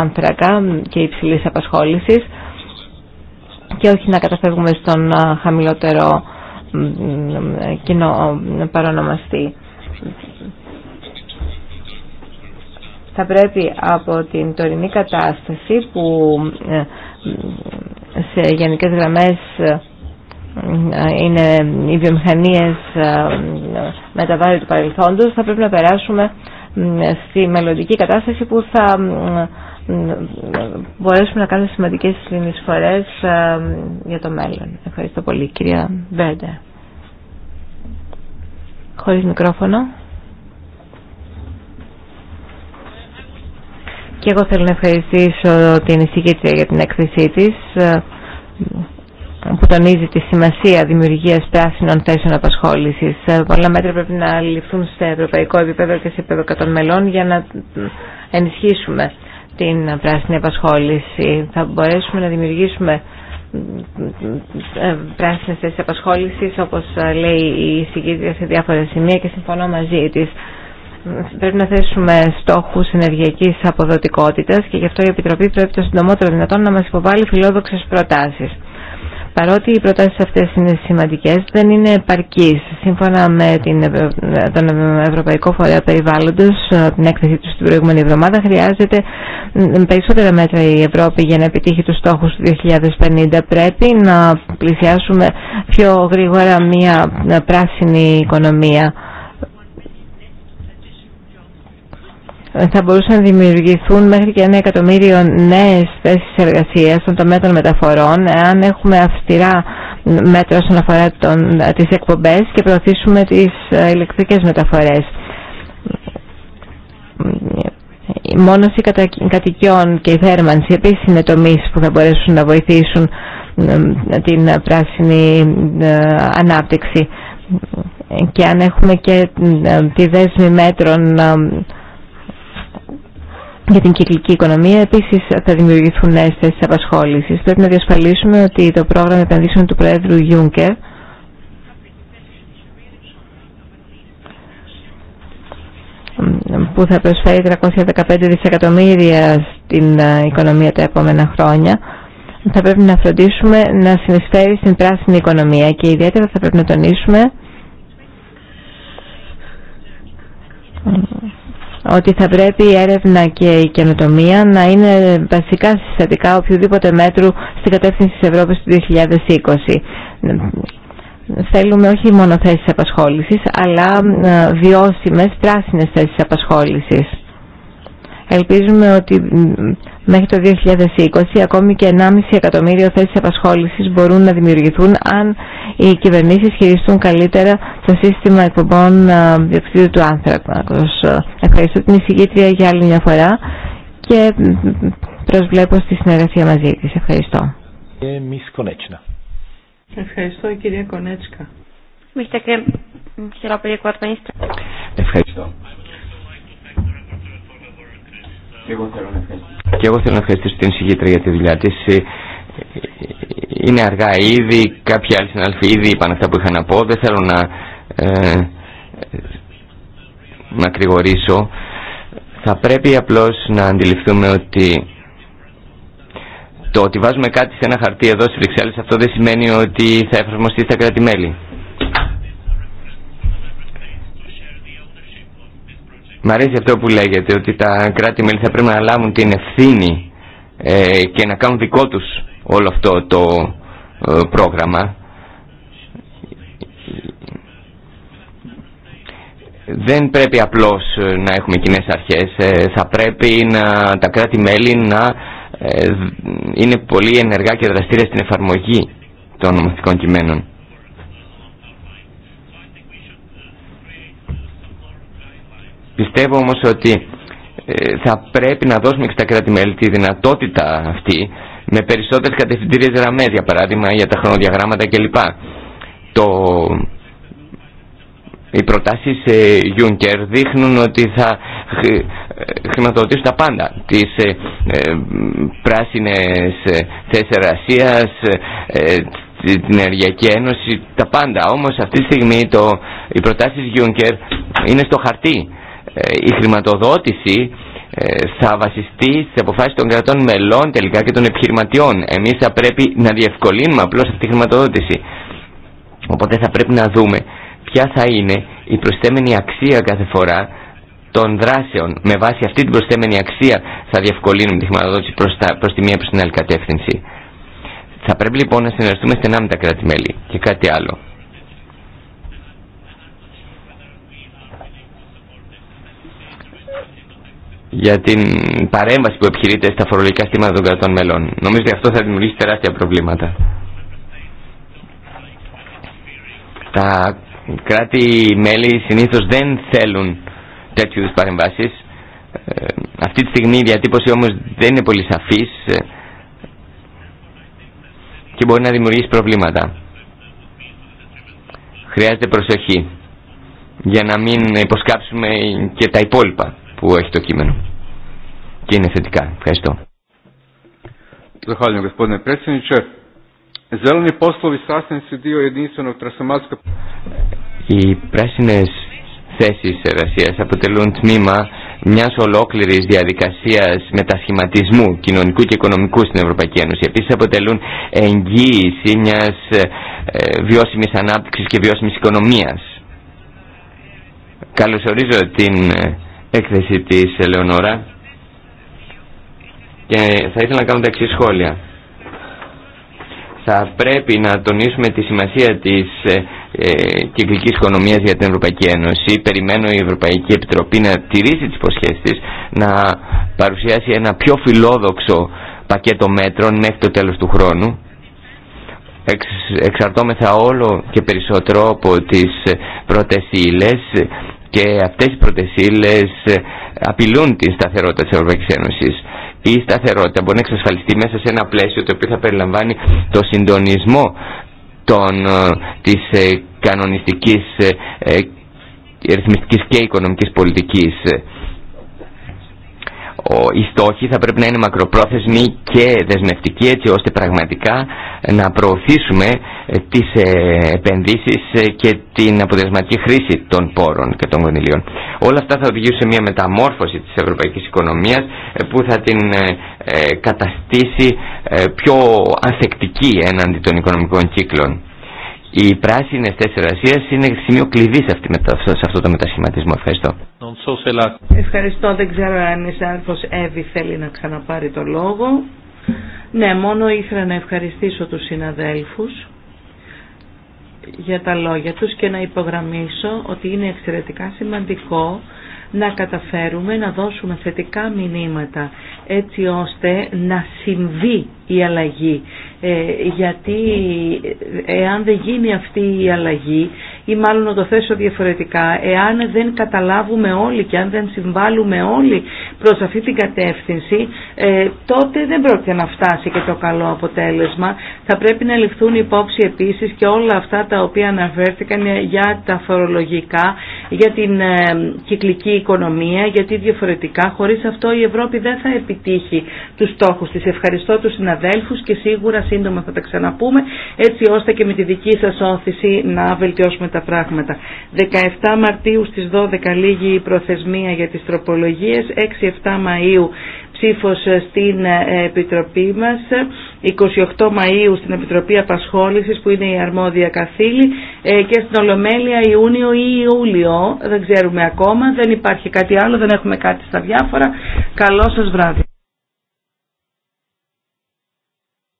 άνθρακα και υψηλής απασχόλησης και όχι να καταφεύγουμε στον χαμηλότερο κοινό παρονομαστή. Θα πρέπει από την τωρινή κατάσταση που ε, σε γενικές γραμμές ε, είναι οι βιομηχανίες ε, με τα βάρη του παρελθόντος θα πρέπει να περάσουμε ε, στη μελλοντική κατάσταση που θα μπορέσουμε να κάνουμε σημαντικές συνεισφορές για το μέλλον. Ευχαριστώ πολύ κυρία Βέντε. Χωρίς μικρόφωνο. Και εγώ θέλω να ευχαριστήσω την εισηγήτρια για την έκθεσή της ε, που τονίζει τη σημασία δημιουργία πράσινων θέσεων απασχόληση. Ε, πολλά μέτρα πρέπει να ληφθούν σε ευρωπαϊκό επίπεδο και σε επίπεδο κατών μελών για να ενισχύσουμε την πράσινη απασχόληση. Θα μπορέσουμε να δημιουργήσουμε ε, πράσινες θέσεις απασχόλησης όπως λέει η εισηγήτρια σε διάφορα σημεία και συμφωνώ μαζί της πρέπει να θέσουμε στόχους ενεργειακής αποδοτικότητας και γι' αυτό η Επιτροπή πρέπει το συντομότερο δυνατόν να μας υποβάλει φιλόδοξες προτάσεις. Παρότι οι προτάσεις αυτές είναι σημαντικές, δεν είναι επαρκείς. Σύμφωνα με την, τον Ευρωπαϊκό Φορέα Περιβάλλοντος, την έκθεση του την προηγούμενη εβδομάδα, χρειάζεται περισσότερα μέτρα η Ευρώπη για να επιτύχει του στόχου του 2050. Πρέπει να πλησιάσουμε πιο γρήγορα μια ε, πράσινη οικονομία θα μπορούσαν να δημιουργηθούν μέχρι και ένα εκατομμύριο νέες θέσεις εργασίας στον τομέα των μεταφορών αν έχουμε αυστηρά μέτρα όσον αφορά τον, τις εκπομπές και προωθήσουμε τις ε, ηλεκτρικές μεταφορές. Η μόνωση κατοικιών και η θέρμανση επίσης είναι τομείς που θα μπορέσουν να βοηθήσουν ε, την πράσινη ε, ανάπτυξη και αν έχουμε και τη δέσμη μέτρων για την κυκλική οικονομία. Επίση, θα δημιουργηθούν νέε θέσει απασχόληση. Πρέπει να διασφαλίσουμε ότι το πρόγραμμα επενδύσεων του Προέδρου Juncker που θα προσφέρει 315 δισεκατομμύρια στην ε, οικονομία τα επόμενα χρόνια θα πρέπει να φροντίσουμε να συνεισφέρει στην πράσινη οικονομία και ιδιαίτερα θα πρέπει να τονίσουμε ότι θα πρέπει η έρευνα και η καινοτομία να είναι βασικά συστατικά οποιοδήποτε μέτρου στην κατεύθυνση της Ευρώπης του 2020. Θέλουμε όχι μόνο θέσεις απασχόλησης, αλλά ε, βιώσιμες πράσινες θέσεις απασχόλησης. Ελπίζουμε ότι μέχρι το 2020 ακόμη και 1,5 εκατομμύριο θέσεις απασχόλησης μπορούν να δημιουργηθούν αν οι κυβερνήσεις χειριστούν καλύτερα το σύστημα εκπομπών διοξιδίου του άνθρακα. Ευχαριστώ την εισηγήτρια για άλλη μια φορά και προσβλέπω στη συνεργασία μαζί της. Ευχαριστώ. Ευχαριστώ κυρία Ευχαριστώ. Και εγώ θέλω να ευχαριστήσω. την για τη δουλειά τη. Ε, είναι αργά ήδη, κάποιοι άλλοι συνάδελφοι ήδη είπαν αυτά που είχαν να πω. Δεν θέλω να, ε, να κρηγορήσω. Θα πρέπει απλώς να αντιληφθούμε ότι το ότι βάζουμε κάτι σε ένα χαρτί εδώ στη Βρυξέλλες αυτό δεν σημαίνει ότι θα εφαρμοστεί στα κράτη-μέλη. Μ' αρέσει αυτό που λέγεται, ότι τα κράτη-μέλη θα πρέπει να λάβουν την ευθύνη ε, και να κάνουν δικό τους όλο αυτό το ε, πρόγραμμα. Δεν πρέπει απλώς ε, να έχουμε κοινέ αρχές, ε, θα πρέπει να, τα κράτη-μέλη να είναι πολύ ενεργά και δραστήρια στην εφαρμογή των νομοθετικών κειμένων. Πιστεύω όμως ότι ε, θα πρέπει να δώσουμε και στα κράτη-μέλη τη δυνατότητα αυτή με περισσότερες κατευθυντήριες γραμμές, για παράδειγμα, για τα χρονοδιαγράμματα κλπ. Το... Οι προτάσεις ε, Juncker δείχνουν ότι θα ε, χρηματοδοτήσουν τα πάντα. Τις ε, ε, πράσινες ε, θέσεις εργασίας, την Ενεργειακή Ένωση, τα πάντα. Όμως αυτή τη στιγμή το, οι προτάσεις Juncker είναι στο χαρτί ε, η χρηματοδότηση ε, θα βασιστεί στις αποφάσεις των κρατών μελών τελικά και των επιχειρηματιών. Εμείς θα πρέπει να διευκολύνουμε απλώς αυτή τη χρηματοδότηση. Οπότε θα πρέπει να δούμε ποια θα είναι η προσθέμενη αξία κάθε φορά των δράσεων. Με βάση αυτή την προστέμενη αξία θα διευκολύνουμε τη χρηματοδότηση προς, τη μία προς την άλλη κατεύθυνση. Θα πρέπει λοιπόν να συνεργαστούμε στενά με τα κράτη-μέλη και κάτι άλλο. για την παρέμβαση που επιχειρείται στα φορολογικά στήματα των κρατών μελών. Νομίζω ότι αυτό θα δημιουργήσει τεράστια προβλήματα. Τα κράτη-μέλη συνήθως δεν θέλουν τέτοιου είδους παρεμβάσεις. Ε, αυτή τη στιγμή η διατύπωση όμως δεν είναι πολύ σαφής ε, και μπορεί να δημιουργήσει προβλήματα. Χρειάζεται προσοχή για να μην υποσκάψουμε και τα υπόλοιπα που έχει το κείμενο και είναι θετικά. Ευχαριστώ. Οι πράσινε θέσει εργασία αποτελούν τμήμα μια ολόκληρη διαδικασία μετασχηματισμού κοινωνικού και οικονομικού στην Ευρωπαϊκή Ένωση. Επίση, αποτελούν εγγύηση μια ε, βιώσιμη ανάπτυξη και βιώσιμη οικονομία. Καλωσορίζω την ε, έκθεση τη Ελεονόρα και θα ήθελα να κάνω τα εξής σχόλια. Θα πρέπει να τονίσουμε τη σημασία της ε, ε, κυκλικής οικονομίας για την Ευρωπαϊκή Ένωση. Περιμένω η Ευρωπαϊκή Επιτροπή να τηρήσει τις υποσχέσεις της, να παρουσιάσει ένα πιο φιλόδοξο πακέτο μέτρων μέχρι το τέλος του χρόνου. Εξ, εξαρτώμεθα όλο και περισσότερο από τις ε, πρώτες και αυτές οι πρώτε ε, απειλούν την σταθερότητα της Ευρωπαϊκής Ένωσης η σταθερότητα μπορεί να εξασφαλιστεί μέσα σε ένα πλαίσιο το οποίο θα περιλαμβάνει το συντονισμό των, ε, της ε, κανονιστικής ε, ρυθμιστικής και οικονομικής πολιτικής οι στόχοι θα πρέπει να είναι μακροπρόθεσμοι και δεσμευτικοί έτσι ώστε πραγματικά να προωθήσουμε ε, τις ε, επενδύσεις ε, και την αποτελεσματική χρήση των πόρων και των κονδυλίων. Όλα αυτά θα οδηγήσουν σε μια μεταμόρφωση της ευρωπαϊκής οικονομίας που θα την καταστήσει πιο ανθεκτική έναντι των οικονομικών κύκλων. Οι πράσινε τέσσερα εργασία είναι σημείο κλειδί σε, σε αυτό το μετασχηματισμό. Ευχαριστώ. Ευχαριστώ. Δεν ξέρω αν η συνάδελφο Εύη θέλει να ξαναπάρει το λόγο. Ναι, μόνο ήθελα να ευχαριστήσω τους συναδέλφους για τα λόγια τους και να υπογραμμίσω ότι είναι εξαιρετικά σημαντικό να καταφέρουμε να δώσουμε θετικά μηνύματα έτσι ώστε να συμβεί η αλλαγή ε, γιατί ε, εάν δεν γίνει αυτή η αλλαγή ή μάλλον να το θέσω διαφορετικά, εάν δεν καταλάβουμε όλοι και αν δεν συμβάλλουμε όλοι προς αυτή την κατεύθυνση, ε, τότε δεν πρόκειται να φτάσει και το καλό αποτέλεσμα. Θα πρέπει να ληφθούν υπόψη επίσης και όλα αυτά τα οποία αναφέρθηκαν για τα φορολογικά, για την ε, κυκλική οικονομία, γιατί διαφορετικά χωρίς αυτό η Ευρώπη δεν θα επιτύχει τους στόχους της. Ευχαριστώ τους συναδέλφους και σίγουρα σύντομα θα τα ξαναπούμε, έτσι ώστε και με τη δική σας όθηση να βελτιώσουμε τα πράγματα. 17 Μαρτίου στις 12 λίγη η προθεσμία για τις τροπολογίες, 6-7 Μαΐου ψήφος στην ε, Επιτροπή μας, 28 Μαΐου στην Επιτροπή Απασχόλησης που είναι η αρμόδια καθήλη ε, και στην Ολομέλεια Ιούνιο ή Ιούλιο, δεν ξέρουμε ακόμα, δεν υπάρχει κάτι άλλο, δεν έχουμε κάτι στα διάφορα. Καλό σας βράδυ.